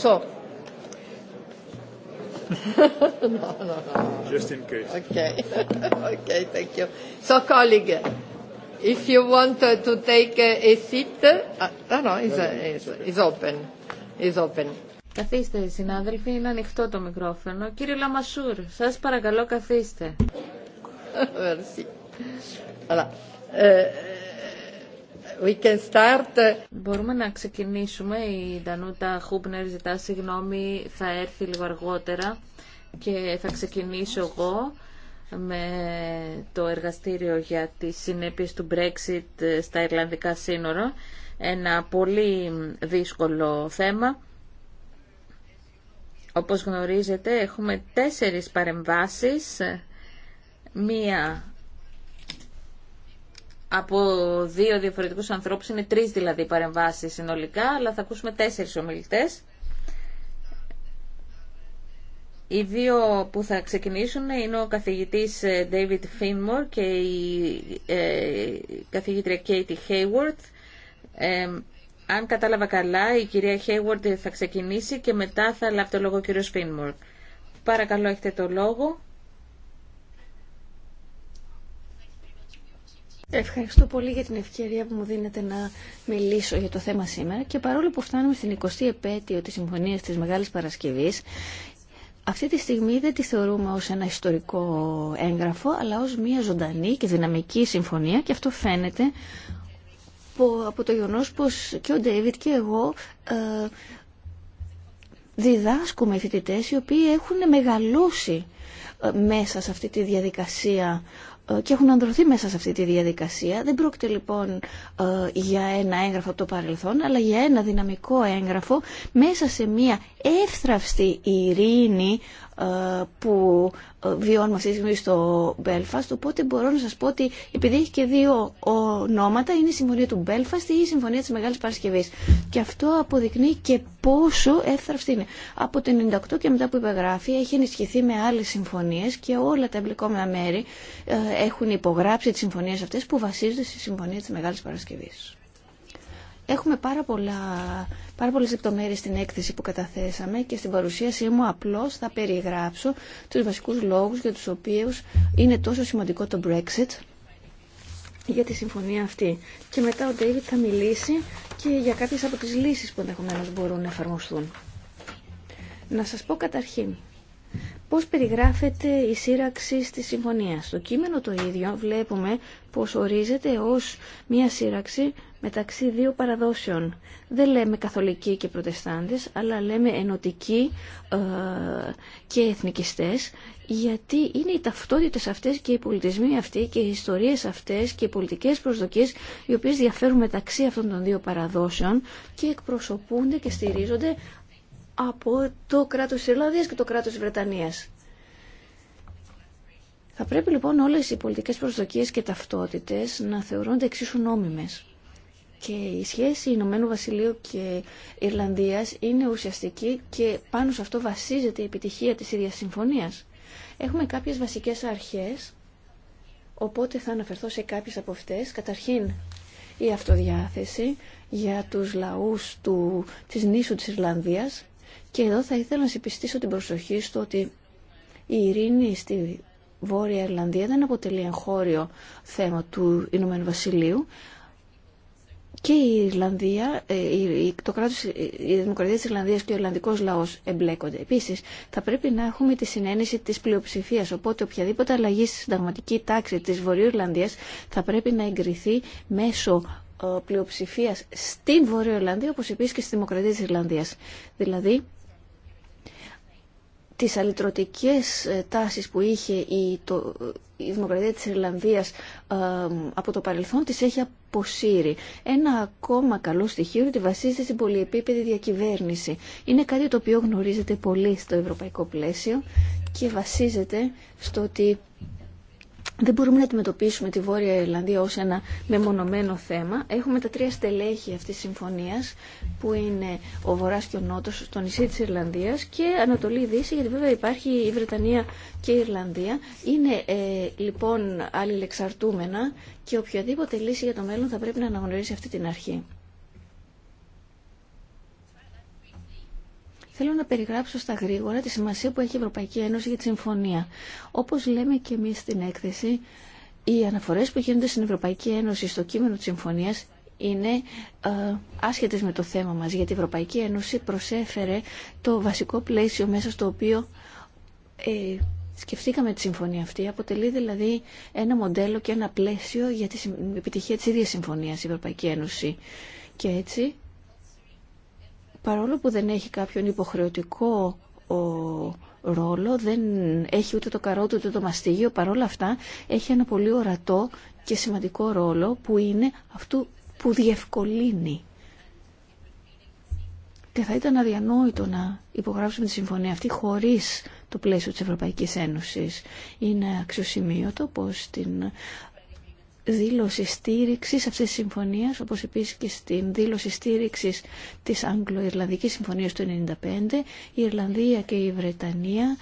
S4: So.
S5: no, no, no. Just in case. Okay. okay, thank you. So, colleague, if you want to take a seat,
S4: no, no, it's, it's, it's open. It's open. Καθίστε, συνάδελφοι,
S3: είναι ανοιχτό το μικρόφωνο. Κύριε Λαμασούρ, σας παρακαλώ καθίστε. Ευχαριστώ. We can start. Μπορούμε να ξεκινήσουμε. Η Ντανούτα Χούπνερ ζητά συγγνώμη, θα έρθει λίγο αργότερα και θα ξεκινήσω εγώ με το εργαστήριο για τις συνέπειες του Brexit στα Ιρλανδικά σύνορα. Ένα πολύ δύσκολο θέμα. Όπως γνωρίζετε έχουμε τέσσερις παρεμβάσεις, μία από δύο διαφορετικούς ανθρώπους, είναι τρεις δηλαδή παρεμβάσει παρεμβάσεις συνολικά, αλλά θα ακούσουμε τέσσερις ομιλητές. Οι δύο που θα ξεκινήσουν είναι ο καθηγητής ε, David Finmore και η ε, καθηγήτρια Katie Hayward. αν κατάλαβα καλά, η κυρία Hayward θα ξεκινήσει και μετά θα λάβει το λόγο ο κύριος Finmore. Παρακαλώ, έχετε το λόγο.
S4: Ευχαριστώ πολύ για την ευκαιρία που μου δίνετε να μιλήσω για το θέμα σήμερα και παρόλο που φτάνουμε στην 20η επέτειο της Συμφωνίας της Μεγάλης Παρασκευής αυτή τη στιγμή δεν τη θεωρούμε ως ένα ιστορικό έγγραφο αλλά ως μια ζωντανή και δυναμική συμφωνία και αυτό φαίνεται από το γεγονός πως και ο Ντέιβιτ και εγώ ε, διδάσκουμε φοιτητές οι οποίοι έχουν μεγαλώσει ε, μέσα σε αυτή τη διαδικασία ε, και έχουν ανδρωθεί μέσα σε αυτή τη διαδικασία. Δεν πρόκειται λοιπόν ε, για ένα έγγραφο από το παρελθόν, αλλά για ένα δυναμικό έγγραφο μέσα σε μια εύθραυστη ειρήνη ε, που ε, βιώνουμε αυτή τη στιγμή στο Μπέλφαστ, Οπότε μπορώ να σας πω ότι επειδή έχει και δύο ονόματα είναι η Συμφωνία του Μπέλφαστ ή η Συμφωνία της Μεγάλης Παρασκευής. Και αυτό αποδεικνύει και πόσο εύθραυστη είναι. Από το 98 και μετά που υπεγράφει έχει ενισχυθεί με άλλες συμφωνίες και όλα τα εμπλεκόμενα μέρη ε, έχουν υπογράψει τις συμφωνίες αυτές που βασίζονται στη Συμφωνία της Μεγάλης Παρασκευής. Έχουμε πάρα, πολλά, πάρα πολλές λεπτομέρειες στην έκθεση που καταθέσαμε και στην παρουσίασή μου απλώς θα περιγράψω τους βασικούς λόγους για τους οποίους είναι τόσο σημαντικό το Brexit για τη συμφωνία αυτή. Και μετά ο David θα μιλήσει και για κάποιες από τις λύσεις που ενδεχομένω μπορούν να εφαρμοστούν. Να σας πω καταρχήν πώς περιγράφεται η σύραξη στη συμφωνία. Στο κείμενο το ίδιο βλέπουμε πως ορίζεται ως μία σύραξη μεταξύ δύο παραδόσεων. Δεν λέμε καθολικοί και προτεστάντες, αλλά λέμε ενωτικοί ε, και εθνικιστές, γιατί είναι οι ταυτότητες αυτές και οι πολιτισμοί αυτοί και οι ιστορίες αυτές και οι πολιτικές προσδοκίες, οι οποίες διαφέρουν μεταξύ αυτών των δύο παραδόσεων και εκπροσωπούνται και στηρίζονται από το κράτος της Ιρλανδίας και το κράτος της Βρετανίας. Θα πρέπει λοιπόν όλες οι πολιτικές προσδοκίες και ταυτότητες να θεωρούνται εξίσου νόμιμες. Και η σχέση Ηνωμένου Βασιλείου και Ιρλανδίας είναι ουσιαστική και πάνω σε αυτό βασίζεται η επιτυχία της ίδιας συμφωνίας. Έχουμε κάποιες βασικές αρχές, οπότε θα αναφερθώ σε κάποιες από αυτές. Καταρχήν, η αυτοδιάθεση για τους λαούς του, της νήσου της Ιρλανδίας. Και εδώ θα ήθελα να συμπιστήσω την προσοχή στο ότι η ειρήνη στη Βόρεια Ιρλανδία δεν αποτελεί εγχώριο θέμα του Ηνωμένου Βασιλείου και η Ιρλανδία, ε, το κράτος, η δημοκρατία της Ιρλανδίας και ο Ιρλανδικός λαός εμπλέκονται. Επίσης, θα πρέπει να έχουμε τη συνένεση της πλειοψηφίας, οπότε οποιαδήποτε αλλαγή στη συνταγματική τάξη της Βορείου Ιρλανδίας θα πρέπει να εγκριθεί μέσω ε, πλειοψηφίας στην Βόρειο Ιρλανδία, όπως επίσης και στη Δημοκρατία της Ιρλανδίας. Δηλαδή, τις αλυτρωτικές ε, τάσεις που είχε η, το, η Δημοκρατία της Ιρλανδίας ε, από το παρελθόν τις έχει αποσύρει. Ένα ακόμα καλό στοιχείο ότι βασίζεται στην πολυεπίπεδη διακυβέρνηση. Είναι κάτι το οποίο γνωρίζεται πολύ στο ευρωπαϊκό πλαίσιο και βασίζεται στο ότι δεν μπορούμε να αντιμετωπίσουμε τη Βόρεια Ιρλανδία ως ένα μεμονωμένο θέμα. Έχουμε τα τρία στελέχη αυτής της συμφωνίας που είναι ο Βορράς και ο Νότος στο νησί της Ιρλανδίας και Ανατολή Δύση γιατί βέβαια υπάρχει η Βρετανία και η Ιρλανδία. Είναι ε, λοιπόν αλληλεξαρτούμενα και οποιαδήποτε λύση για το μέλλον θα πρέπει να αναγνωρίσει αυτή την αρχή. Θέλω να περιγράψω στα γρήγορα τη σημασία που έχει η Ευρωπαϊκή Ένωση για τη συμφωνία. Όπως λέμε και εμεί στην έκθεση, οι αναφορές που γίνονται στην Ευρωπαϊκή Ένωση στο κείμενο της Συμφωνία, είναι ε, άσχετες με το θέμα μας, γιατί η Ευρωπαϊκή Ένωση προσέφερε το βασικό πλαίσιο μέσα στο οποίο ε, σκεφτήκαμε τη συμφωνία αυτή. Αποτελεί δηλαδή ένα μοντέλο και ένα πλαίσιο για την επιτυχία της ίδιας συμφωνίας η Ευρωπαϊκή Ένωση. Και έτσι παρόλο που δεν έχει κάποιον υποχρεωτικό ρόλο, δεν έχει ούτε το καρότο ούτε το μαστίγιο, παρόλα αυτά έχει ένα πολύ ορατό και σημαντικό ρόλο που είναι αυτού που διευκολύνει. Και θα ήταν αδιανόητο να υπογράψουμε τη συμφωνία αυτή χωρίς το πλαίσιο της Ευρωπαϊκής Ένωσης. Είναι αξιοσημείωτο πως την δήλωση στήριξης αυτής της συμφωνίας, όπως επίσης και στην δήλωση στήριξης της Αγγλο-Ιρλανδικής Συμφωνίας του 1995, η Ιρλανδία και η Βρετανία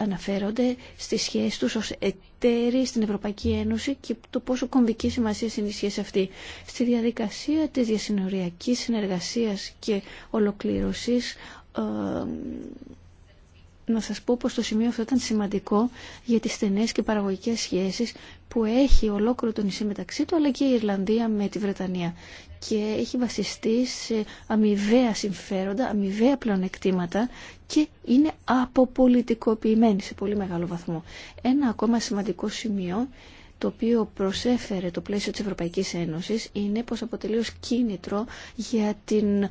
S4: αναφέρονται στις σχέσεις τους ως εταίροι στην Ευρωπαϊκή Ένωση και το πόσο κομβική σημασία είναι η σχέση αυτή. Στη διαδικασία της διασυνοριακής συνεργασίας και ολοκλήρωσης, ε, να σας πω πως το σημείο αυτό ήταν σημαντικό για τις στενές και παραγωγικές σχέσεις που έχει ολόκληρο το νησί μεταξύ του αλλά και η Ιρλανδία με τη Βρετανία και έχει βασιστεί σε αμοιβαία συμφέροντα, αμοιβαία πλεονεκτήματα και είναι αποπολιτικοποιημένη σε πολύ μεγάλο βαθμό. Ένα ακόμα σημαντικό σημείο το οποίο προσέφερε το πλαίσιο της Ευρωπαϊκής Ένωσης είναι πως αποτελεί ως κίνητρο για την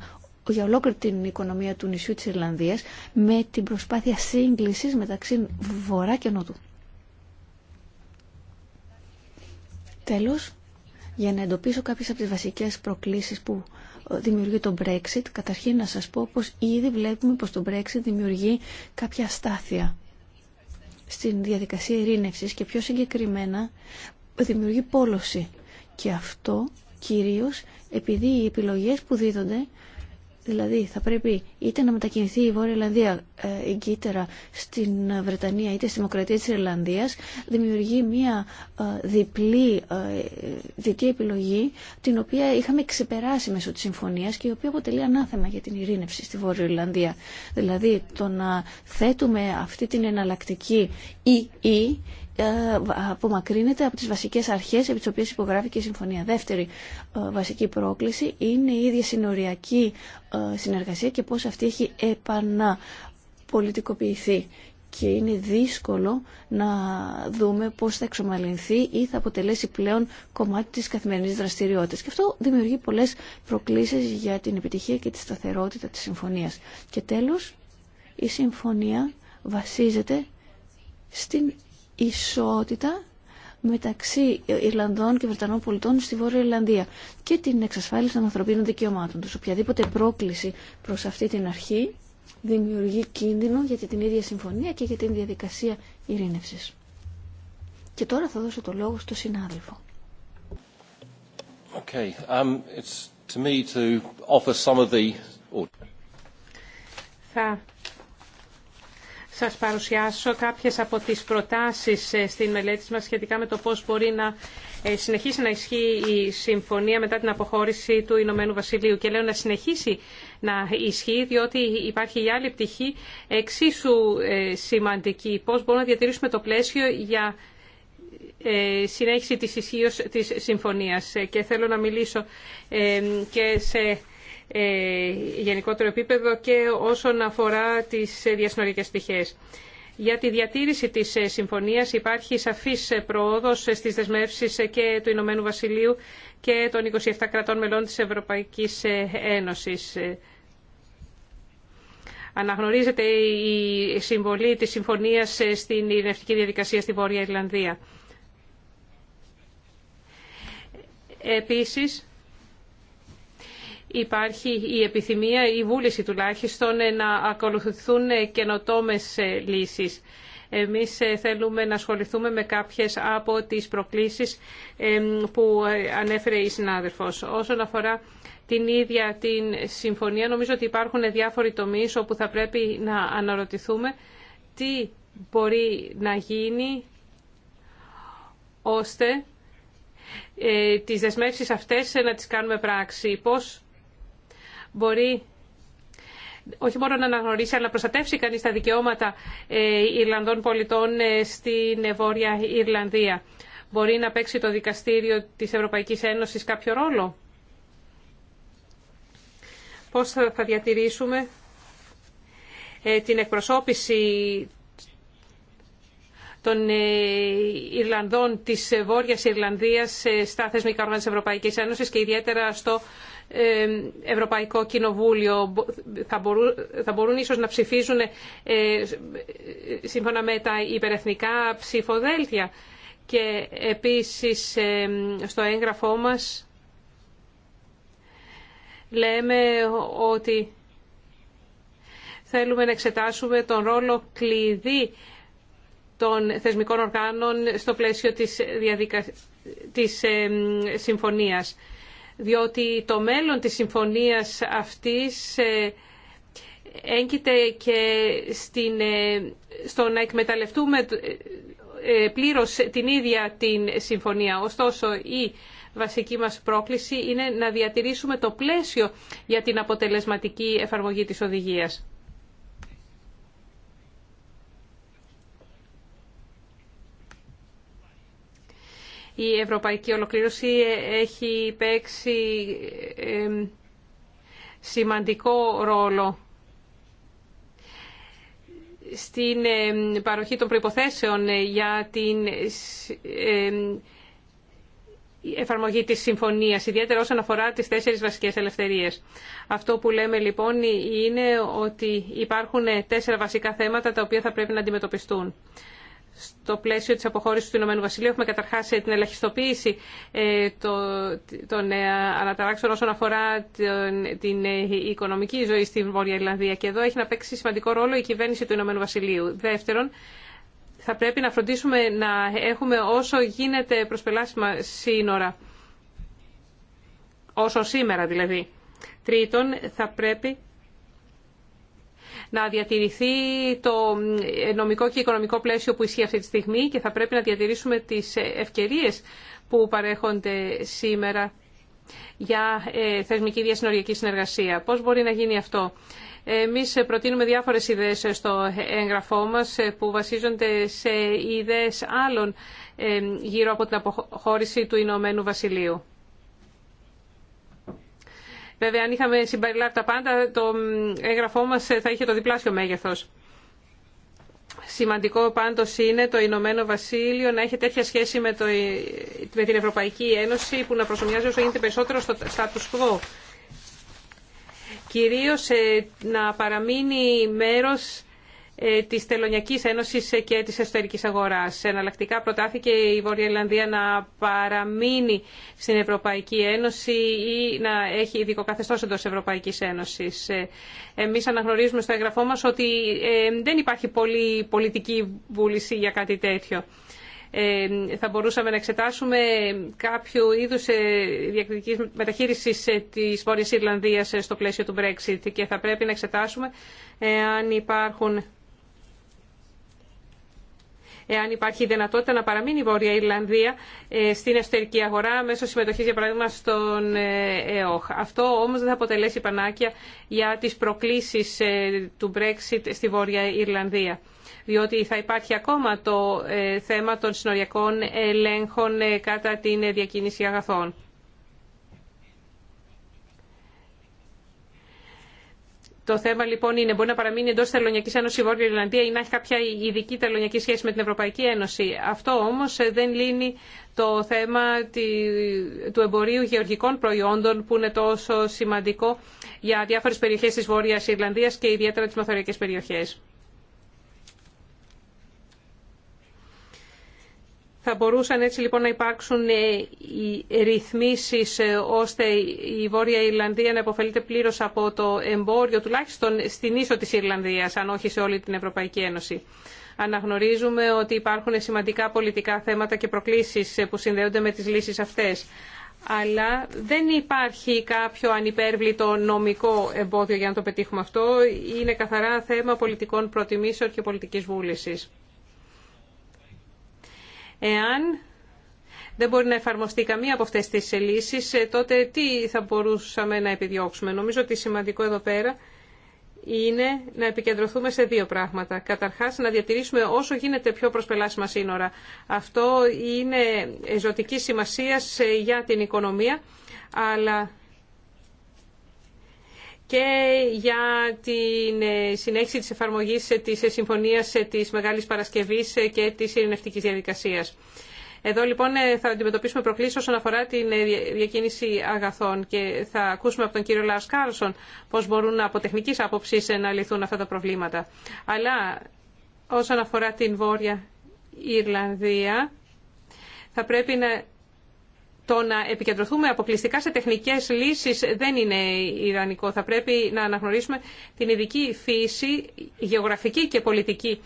S4: για ολόκληρη την οικονομία του νησιού της Ιρλανδίας με την προσπάθεια σύγκλησης μεταξύ βορρά και νότου. Τέλος, για να εντοπίσω κάποιες από τις βασικές προκλήσεις που ε, δημιουργεί το Brexit, καταρχήν να σας πω πως ήδη βλέπουμε πως το Brexit δημιουργεί κάποια αστάθεια στην διαδικασία ειρήνευσης και πιο συγκεκριμένα δημιουργεί πόλωση. Και αυτό κυρίως επειδή οι επιλογές που δίδονται Δηλαδή θα πρέπει είτε να μετακινηθεί η Βόρεια Ιρλανδία ε, εγκύτερα στην ε, Βρετανία είτε στη Δημοκρατία της Ιρλανδίας δημιουργεί μια ε, διπλή, δική επιλογή την οποία είχαμε ξεπεράσει μέσω της συμφωνίας και η οποία αποτελεί ανάθεμα για την ειρήνευση στη Βόρεια Ιρλανδία. Δηλαδή το να θέτουμε αυτή την εναλλακτική ή e ή e ε, απομακρύνεται από τις βασικές αρχές επί τις οποίες υπογράφει και η συμφωνία. Δεύτερη ε, βασική πρόκληση είναι η ίδια συνοριακή ε, συνεργασία και πώς αυτή έχει επαναπολιτικοποιηθεί και είναι δύσκολο να δούμε πώς θα εξομαλυνθεί ή θα αποτελέσει πλέον κομμάτι της καθημερινής δραστηριότητας. Και αυτό δημιουργεί πολλές προκλήσεις για την επιτυχία και τη σταθερότητα της συμφωνίας. Και τέλος, η συμφωνία βασίζεται στην ισότητα μεταξύ Ιρλανδών και Βρετανών πολιτών στη Βόρεια Ιρλανδία και την εξασφάλιση των ανθρωπίνων δικαιωμάτων τους. Οποιαδήποτε πρόκληση προς αυτή την αρχή δημιουργεί κίνδυνο για την ίδια συμφωνία και για την διαδικασία ειρήνευσης. Και τώρα θα δώσω το λόγο στο συνάδελφο.
S1: Okay. Um, it's to me to offer some of the
S2: σας παρουσιάσω κάποιες από τις προτάσεις ε, στην μελέτη μας σχετικά με το πώς μπορεί να ε, συνεχίσει να ισχύει η συμφωνία μετά την αποχώρηση του Ηνωμένου Βασιλείου. Και λέω να συνεχίσει να ισχύει, διότι υπάρχει η άλλη πτυχή εξίσου ε, σημαντική. Πώς μπορούμε να διατηρήσουμε το πλαίσιο για συνέχιση της ισχύω της συμφωνίας. Και θέλω να μιλήσω και σε ε, γενικότερο επίπεδο και όσον αφορά τις ε, διασυνοριακές πτυχές. Για τη διατήρηση της ε, συμφωνίας υπάρχει σαφής προόδος στις δεσμεύσεις και του Ηνωμένου Βασιλείου και των 27 κρατών μελών της Ευρωπαϊκής Ένωσης. Αναγνωρίζεται η συμβολή της συμφωνίας στην ειρηνευτική διαδικασία στη Βόρεια Ιρλανδία. Επίσης, υπάρχει η επιθυμία, η βούληση τουλάχιστον ε, να ακολουθηθούν ε, καινοτόμες ε, λύσεις. Εμείς θέλουμε να ασχοληθούμε με κάποιες από τις προκλήσεις που ανέφερε η συνάδελφος. Όσον αφορά την ίδια την συμφωνία, νομίζω ότι υπάρχουν διάφοροι τομείς όπου θα πρέπει να αναρωτηθούμε τι μπορεί να γίνει ώστε τις δεσμεύσεις αυτές να τις κάνουμε πράξη μπορεί όχι μόνο να αναγνωρίσει, αλλά προστατεύσει κανείς τα δικαιώματα ε, Ιρλανδών πολιτών ε, στην Βόρεια Ιρλανδία. Μπορεί να παίξει το Δικαστήριο της Ευρωπαϊκής Ένωσης κάποιο ρόλο. Πώς θα διατηρήσουμε ε, την εκπροσώπηση των Ιρλανδών της Βόρειας Ιρλανδίας στα θεσμικά όργανα της Ευρωπαϊκής Ένωσης και ιδιαίτερα στο Ευρωπαϊκό Κοινοβούλιο θα μπορούν, θα ίσως να ψηφίζουν ε, σύμφωνα με τα υπερεθνικά ψηφοδέλτια. Και επίσης στο έγγραφό μας λέμε ότι θέλουμε να εξετάσουμε τον ρόλο κλειδί των θεσμικών οργάνων στο πλαίσιο της, διαδικα... της συμφωνίας διότι το μέλλον της συμφωνίας αυτής ε, έγκυται και στην, ε, στο να εκμεταλλευτούμε ε, πλήρως την ίδια την συμφωνία. Ωστόσο, η βασική μας πρόκληση είναι να διατηρήσουμε το πλαίσιο για την αποτελεσματική εφαρμογή της οδηγίας. Η ευρωπαϊκή ολοκλήρωση έχει παίξει σημαντικό ρόλο στην παροχή των προϋποθέσεων για την εφαρμογή της συμφωνίας, ιδιαίτερα όσον αφορά τις τέσσερις βασικές ελευθερίες. Αυτό που λέμε λοιπόν είναι ότι υπάρχουν τέσσερα βασικά θέματα τα οποία θα πρέπει να αντιμετωπιστούν στο πλαίσιο της αποχώρησης του Ηνωμένου Βασιλείου έχουμε καταρχάς ε, την ελαχιστοποίηση ε, των ε, αναταράξεων όσον αφορά την οικονομική ζωή στη Βόρεια Ιρλανδία και εδώ έχει να παίξει σημαντικό ρόλο η κυβέρνηση του Ηνωμένου Βασιλείου. Δεύτερον, θα πρέπει να φροντίσουμε να έχουμε όσο γίνεται προσπελάσιμα σύνορα, όσο σήμερα δηλαδή. Τρίτον, θα πρέπει να διατηρηθεί το νομικό και οικονομικό πλαίσιο που ισχύει αυτή τη στιγμή και θα πρέπει να διατηρήσουμε τις ευκαιρίες που παρέχονται σήμερα για ε, θεσμική διασυνοριακή συνεργασία. Πώς μπορεί να γίνει αυτό. Εμείς προτείνουμε διάφορες ιδέες στο έγγραφό μας που βασίζονται σε ιδέες άλλων ε, γύρω από την αποχώρηση του Ηνωμένου Βασιλείου. Βέβαια, αν είχαμε συμπεριλάβει τα πάντα, το έγγραφό μα θα είχε το διπλάσιο μέγεθος. Σημαντικό πάντως είναι το Ηνωμένο Βασίλειο να έχει τέτοια σχέση με, το, με την Ευρωπαϊκή Ένωση που να προσωμιάζει όσο γίνεται περισσότερο στο status quo. Κυρίως ε, να παραμείνει μέρος ε, της Τελωνιακής Ένωσης ε, και της Εσωτερικής Αγοράς. Εναλλακτικά προτάθηκε η Βόρεια Ιρλανδία να παραμείνει στην Ευρωπαϊκή Ένωση ή να έχει ειδικό καθεστώς εντός Ευρωπαϊκής Ένωσης. Ε, εμείς αναγνωρίζουμε στο εγγραφό μας ότι δεν υπάρχει πολύ πολιτική βούληση για κάτι τέτοιο. Θα μπορούσαμε να εξετάσουμε κάποιο είδους διακριτικής μεταχείρισης της Βόρειας Ιρλανδίας στο πλαίσιο του Brexit και θα πρέπει να εξετάσουμε αν υπάρχουν εάν υπάρχει δυνατότητα να παραμείνει η Βόρεια Ιρλανδία ε, στην εσωτερική αγορά μέσω συμμετοχή, για παράδειγμα, στον ε, ΕΟΧ. Αυτό όμω δεν θα αποτελέσει πανάκια για τι προκλήσει ε, του Brexit στη Βόρεια Ιρλανδία διότι θα υπάρχει ακόμα το θέμα των συνοριακών ελέγχων κατά την διακίνηση αγαθών. Το θέμα λοιπόν είναι, μπορεί να παραμείνει εντό Θελωνιακή Ένωση η Βόρεια Ιρλανδία ή να έχει κάποια ειδική θελωνιακή σχέση με την Ευρωπαϊκή Ένωση. Αυτό όμω δεν λύνει το θέμα του εμπορίου γεωργικών προϊόντων που είναι τόσο σημαντικό για διάφορε περιοχέ τη Βόρεια Ιρλανδία και ιδιαίτερα τι μαθοριακέ περιοχέ. Θα μπορούσαν έτσι λοιπόν να υπάρξουν ε, οι ρυθμίσεις ε, ώστε η Βόρεια Ιρλανδία να υποφελείται πλήρως από το εμπόριο, τουλάχιστον στην ίσο της Ιρλανδίας, αν όχι σε όλη την Ευρωπαϊκή Ένωση. Αναγνωρίζουμε ότι υπάρχουν σημαντικά πολιτικά θέματα και προκλήσεις ε, που συνδέονται με τις λύσεις αυτές. Αλλά δεν υπάρχει κάποιο ανυπέρβλητο νομικό εμπόδιο για να το πετύχουμε αυτό. Είναι καθαρά θέμα πολιτικών προτιμήσεων και πολιτικής βούλησης. Εάν δεν μπορεί να εφαρμοστεί καμία από αυτές τις λύσεις, ε, τότε τι θα μπορούσαμε να επιδιώξουμε. Νομίζω ότι σημαντικό εδώ πέρα είναι να επικεντρωθούμε σε δύο πράγματα. Καταρχάς, να διατηρήσουμε όσο γίνεται πιο προσπελάσιμα σύνορα. Αυτό είναι ζωτική σημασία ε, για την οικονομία, αλλά και για την ε, συνέχιση της εφαρμογής ε, της ε, συμφωνίας της Μεγάλης Παρασκευής και της ειρηνευτικής διαδικασίας. Εδώ λοιπόν θα αντιμετωπίσουμε προκλήσεις όσον αφορά την διακίνηση αγαθών και θα ακούσουμε από τον κύριο Λάρς Κάρλσον πώς μπορούν από τεχνικής άποψης να λυθούν αυτά τα προβλήματα. Αλλά όσον αφορά την Βόρεια Ιρλανδία θα πρέπει να το να επικεντρωθούμε αποκλειστικά σε τεχνικές λύσεις δεν είναι ιδανικό. Θα πρέπει να αναγνωρίσουμε την ειδική φύση, γεωγραφική και πολιτική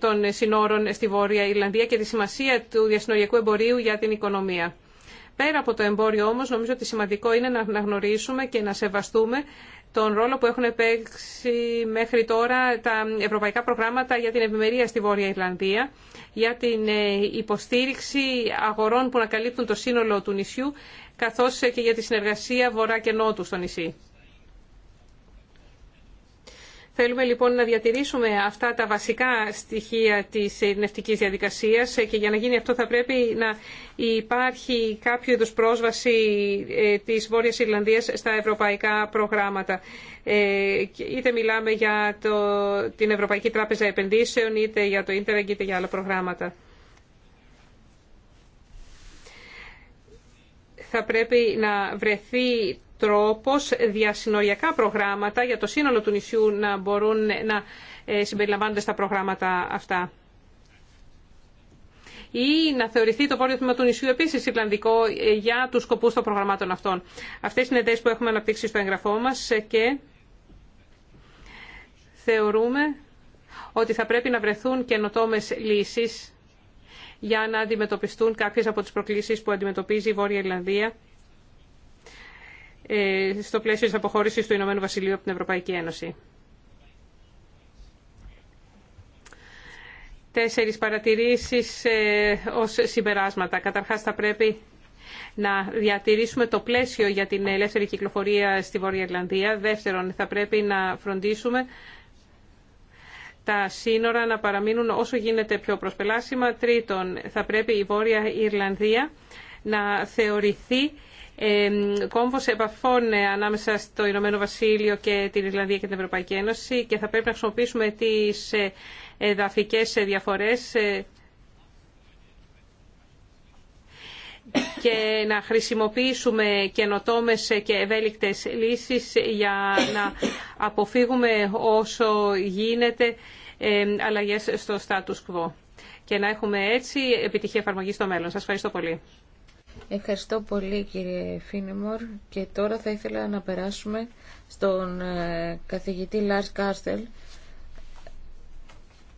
S2: των συνόρων στη Βόρεια Ιρλανδία και τη σημασία του διασυνοριακού εμπορίου για την οικονομία. Πέρα από το εμπόριο όμως, νομίζω ότι σημαντικό είναι να αναγνωρίσουμε και να σεβαστούμε τον ρόλο που έχουν παίξει μέχρι τώρα τα ευρωπαϊκά προγράμματα για την ευημερία στη Βόρεια Ιρλανδία, για την ε, υποστήριξη αγορών που καλύπτουν το σύνολο του νησιού, καθώς και για τη συνεργασία βορρά και νότου στο νησί. Θέλουμε λοιπόν να διατηρήσουμε αυτά τα βασικά στοιχεία της ειρηνευτικής διαδικασίας και για να γίνει αυτό θα πρέπει να υπάρχει κάποιο είδους πρόσβαση ε, της Βόρειας Ιρλανδίας στα ευρωπαϊκά προγράμματα. Ε, είτε μιλάμε για το, την Ευρωπαϊκή Τράπεζα Επενδύσεων, είτε για το Ίντερνετ, είτε για άλλα προγράμματα. Θα πρέπει να βρεθεί τρόπος διασυνοριακά προγράμματα για το σύνολο του νησιού να μπορούν να ε, συμπεριλαμβάνονται στα προγράμματα αυτά. Ή να θεωρηθεί το βόρειο τμήμα του νησιού επίση Ιρλανδικό ε, για του σκοπού των προγραμμάτων αυτών. Αυτέ είναι ιδέε που έχουμε αναπτύξει στο εγγραφό μα ε, και θεωρούμε ότι θα πρέπει να βρεθούν καινοτόμε λύσει για να αντιμετωπιστούν κάποιε από τι προκλήσει που αντιμετωπίζει η Βόρεια Ιρλανδία ε, στο πλαίσιο της αποχώρησης του Ηνωμένου Βασιλείου από την Ευρωπαϊκή Ένωση. Τέσσερις παρατηρήσεις ε, ως συμπεράσματα. Καταρχάς θα πρέπει να διατηρήσουμε το πλαίσιο για την ελεύθερη κυκλοφορία στη Βόρεια Ιρλανδία. Δεύτερον, θα πρέπει να φροντίσουμε τα σύνορα να παραμείνουν όσο γίνεται πιο προσπελάσιμα. Τρίτον, θα πρέπει η Βόρεια Ιρλανδία να θεωρηθεί κόμβος επαφών ε, ανάμεσα στο Ηνωμένο Βασίλειο και την Ιρλανδία και την Ευρωπαϊκή Ένωση και θα πρέπει να χρησιμοποιήσουμε τις ε, εδαφικές ε, διαφορές και να χρησιμοποιήσουμε καινοτόμες και ευέλικτες λύσεις για να αποφύγουμε όσο γίνεται αλλαγές στο status quo και να έχουμε έτσι επιτυχία εφαρμογή στο μέλλον. Σας ευχαριστώ πολύ.
S3: Ευχαριστώ πολύ κύριε Φίνιμορ και τώρα θα ήθελα να περάσουμε στον ε, καθηγητή Λάρς Κάρστελ.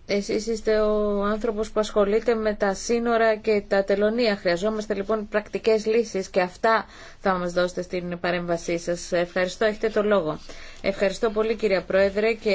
S3: Εσείς είστε ο άνθρωπος που ασχολείται με τα σύνορα και τα τελωνία. Χρειαζόμαστε λοιπόν πρακτικές λύσεις και αυτά θα μας δώσετε στην παρέμβασή σας. Ευχαριστώ, έχετε το λόγο. Ευχαριστώ πολύ κυρία Πρόεδρε και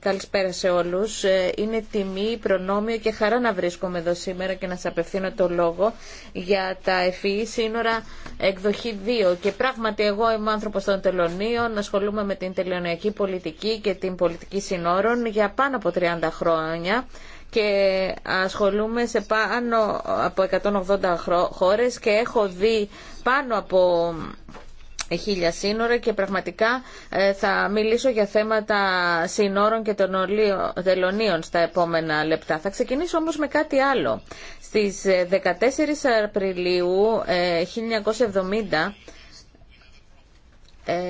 S3: καλησπέρα σε όλους. Ε, είναι τιμή, προνόμιο και χαρά να βρίσκομαι εδώ σήμερα και να σας απευθύνω το λόγο για τα ευφυή e e σύνορα εκδοχή 2. Και πράγματι εγώ είμαι άνθρωπος των τελωνίων, ασχολούμαι με την τελωνιακή πολιτική και την πολιτική συνόρων για πάνω από 30 χρόνια και ασχολούμαι σε πάνω από 180 χώρες και έχω δει πάνω από χίλια σύνορα και πραγματικά ε, θα μιλήσω για θέματα σύνορων και των δελωνίων στα επόμενα λεπτά. Θα ξεκινήσω όμως με κάτι άλλο. Στις 14 ε, Απριλίου 1970 ε,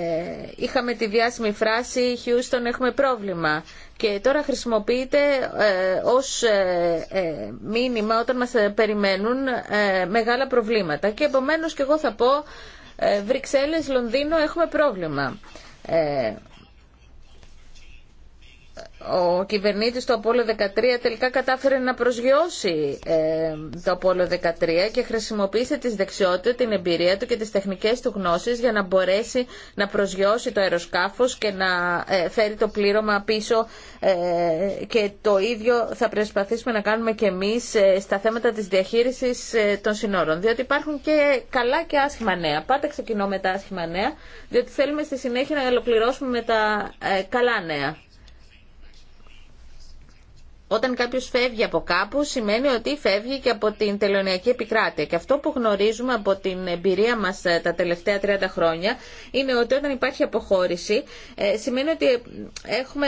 S3: είχαμε τη διάσημη φράση «Χιούστον έχουμε πρόβλημα» και τώρα χρησιμοποιείται ε, ως ε, ε, μήνυμα όταν μας περιμένουν μεγάλα προβλήματα. Και επομένως και εγώ θα πω Βρυξέλλες, Λονδίνο έχουμε πρόβλημα ο κυβερνήτης του Απόλλω 13 τελικά κατάφερε να προσγειώσει ε, το Απόλλω 13 και χρησιμοποίησε τις δεξιότητες, την εμπειρία του και τις τεχνικές του γνώσεις για να μπορέσει να προσγειώσει το αεροσκάφος και να ε, φέρει το πλήρωμα πίσω ε, και το ίδιο θα προσπαθήσουμε να κάνουμε και εμείς ε, στα θέματα της διαχείρισης ε, των συνόρων διότι υπάρχουν και καλά και άσχημα νέα. Πάντα ξεκινώ με τα άσχημα νέα διότι θέλουμε στη συνέχεια να ολοκληρώσουμε με τα καλά νέα. Όταν κάποιος φεύγει από κάπου σημαίνει ότι φεύγει και από την τελωνιακή επικράτεια. Και αυτό που γνωρίζουμε από την εμπειρία μας ε, τα τελευταία 30 χρόνια είναι ότι όταν υπάρχει αποχώρηση ε, σημαίνει ότι ε, έχουμε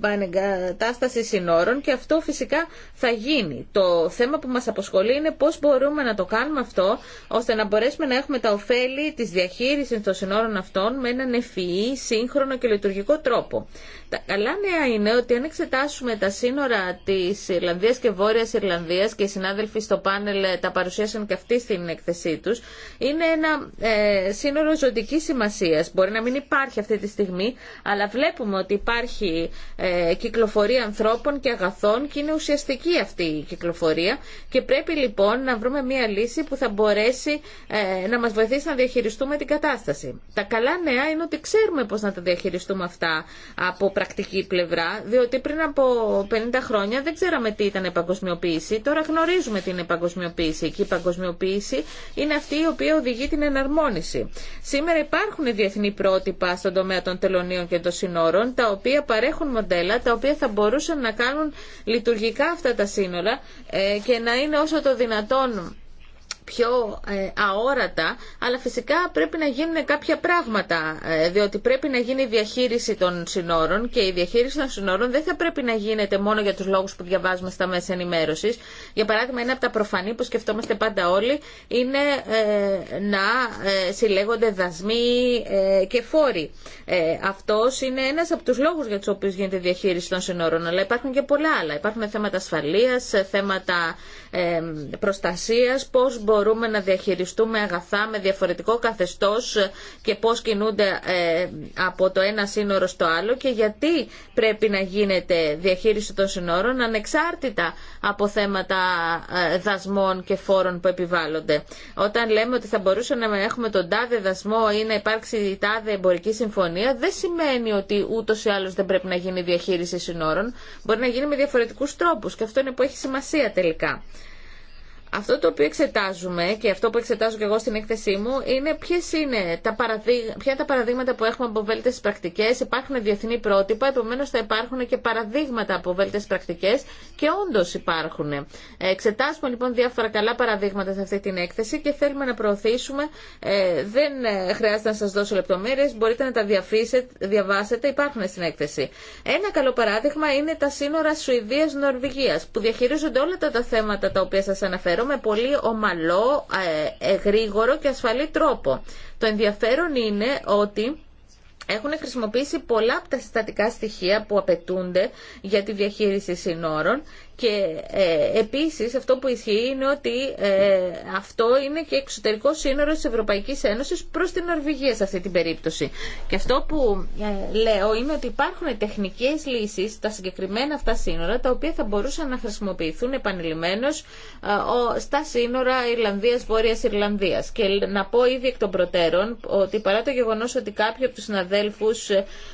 S3: Πανεγκατάσταση συνόρων και αυτό φυσικά θα γίνει. Το θέμα που μας αποσχολεί είναι πώς μπορούμε να το κάνουμε αυτό ώστε να μπορέσουμε να έχουμε τα ωφέλη της διαχείρισης των συνόρων αυτών με έναν ευφυή, σύγχρονο και λειτουργικό τρόπο. Τα καλά νέα είναι ότι αν εξετάσουμε τα σύνορα της Ιρλανδίας και Βόρειας Ιρλανδίας και οι συνάδελφοι στο πάνελ τα παρουσίασαν και αυτοί στην εκθεσή τους, είναι ένα ε, σύνορο ζωτικής σημασίας. Μπορεί να μην υπάρχει αυτή τη στιγμή, αλλά βλέπουμε ότι υπάρχει ε, ε, κυκλοφορία ανθρώπων και αγαθών και είναι ουσιαστική αυτή η κυκλοφορία και πρέπει λοιπόν να βρούμε μια λύση που θα μπορέσει ε, να μας βοηθήσει να διαχειριστούμε την κατάσταση. Τα καλά νέα είναι ότι ξέρουμε πώς να τα διαχειριστούμε αυτά από πρακτική πλευρά, διότι πριν από 50 χρόνια δεν ξέραμε τι ήταν η παγκοσμιοποίηση. Τώρα γνωρίζουμε την παγκοσμιοποίηση και η παγκοσμιοποίηση είναι αυτή η οποία οδηγεί την εναρμόνιση. Σήμερα υπάρχουν διεθνή πρότυπα στον τομέα των τελωνίων και των συνόρων, τα οποία παρέχουν μοντέλα τα οποία θα μπορούσαν να κάνουν λειτουργικά αυτά τα σύνορα ε, και να είναι όσο το δυνατόν πιο ε, αόρατα, αλλά φυσικά πρέπει να γίνουν κάποια πράγματα, ε, διότι πρέπει να γίνει η διαχείριση των συνόρων και η διαχείριση των συνόρων δεν θα πρέπει να γίνεται μόνο για τους λόγους που διαβάζουμε στα μέσα ενημέρωσης. Για παράδειγμα, ένα από τα προφανή που σκεφτόμαστε πάντα όλοι είναι ε, να συλλέγονται δασμοί και φόροι. Αυτός είναι ένας από τους λόγους για τους οποίους γίνεται η διαχείριση των συνόρων, αλλά υπάρχουν και πολλά άλλα. Υπάρχουν θέματα ασφαλείας, θέματα προστασίας, πώς μπορούμε να διαχειριστούμε αγαθά με διαφορετικό καθεστώς και πώς κινούνται ε, από το ένα σύνορο στο άλλο και γιατί πρέπει να γίνεται διαχείριση των σύνορων ανεξάρτητα από θέματα ε, δασμών και φόρων που επιβάλλονται. Όταν λέμε ότι θα μπορούσαμε να έχουμε τον τάδε δασμό ή να υπάρξει η τάδε εμπορική συμφωνία, δεν σημαίνει ότι ούτω ή άλλω δεν πρέπει να γίνει διαχείριση συνόρων. άλλως δεν πρεπει να γίνει με διαφορετικούς τρόπους και αυτό είναι που έχει σημασία τελικά. Αυτό το οποίο εξετάζουμε και αυτό που εξετάζω και εγώ στην έκθεσή μου είναι ποιες είναι τα, ποια είναι τα παραδείγματα που έχουμε από βέλτες πρακτικές. Υπάρχουν διεθνή πρότυπα, επομένως θα υπάρχουν και παραδείγματα από βέλτες πρακτικές και όντως υπάρχουν. Εξετάζουμε λοιπόν διάφορα καλά παραδείγματα σε αυτή την έκθεση και θέλουμε να προωθήσουμε. Ε, δεν ε, χρειάζεται να σας δώσω λεπτομέρειες, μπορείτε να τα διαβάσετε, υπάρχουν στην έκθεση. Ένα καλό παράδειγμα είναι τα συνορα Σουηδία Σουηδίας-Νορβηγίας που διαχειρίζονται όλα τα, τα θέματα τα οποία σας αναφέρω με πολύ ομαλό, ε, γρήγορο και ασφαλή τρόπο. Το ενδιαφέρον είναι ότι έχουν χρησιμοποιήσει πολλά από τα συστατικά στοιχεία που απαιτούνται για τη διαχείριση συνόρων και ε, επίσης αυτό που ισχύει είναι ότι ε, αυτό είναι και εξωτερικό σύνορο της Ευρωπαϊκής Ένωσης προς την Νορβηγία σε αυτή την περίπτωση. Και αυτό που ε, λέω είναι ότι υπάρχουν τεχνικές λύσεις στα συγκεκριμένα αυτά σύνορα τα οποία θα μπορούσαν να χρησιμοποιηθούν επανειλημμένως ε, στα σύνορα Ιρλανδίας-Βόρειας Ιρλανδίας. Και να πω ήδη εκ των προτέρων ότι παρά το γεγονός ότι κάποιοι από τους συναδέλφους,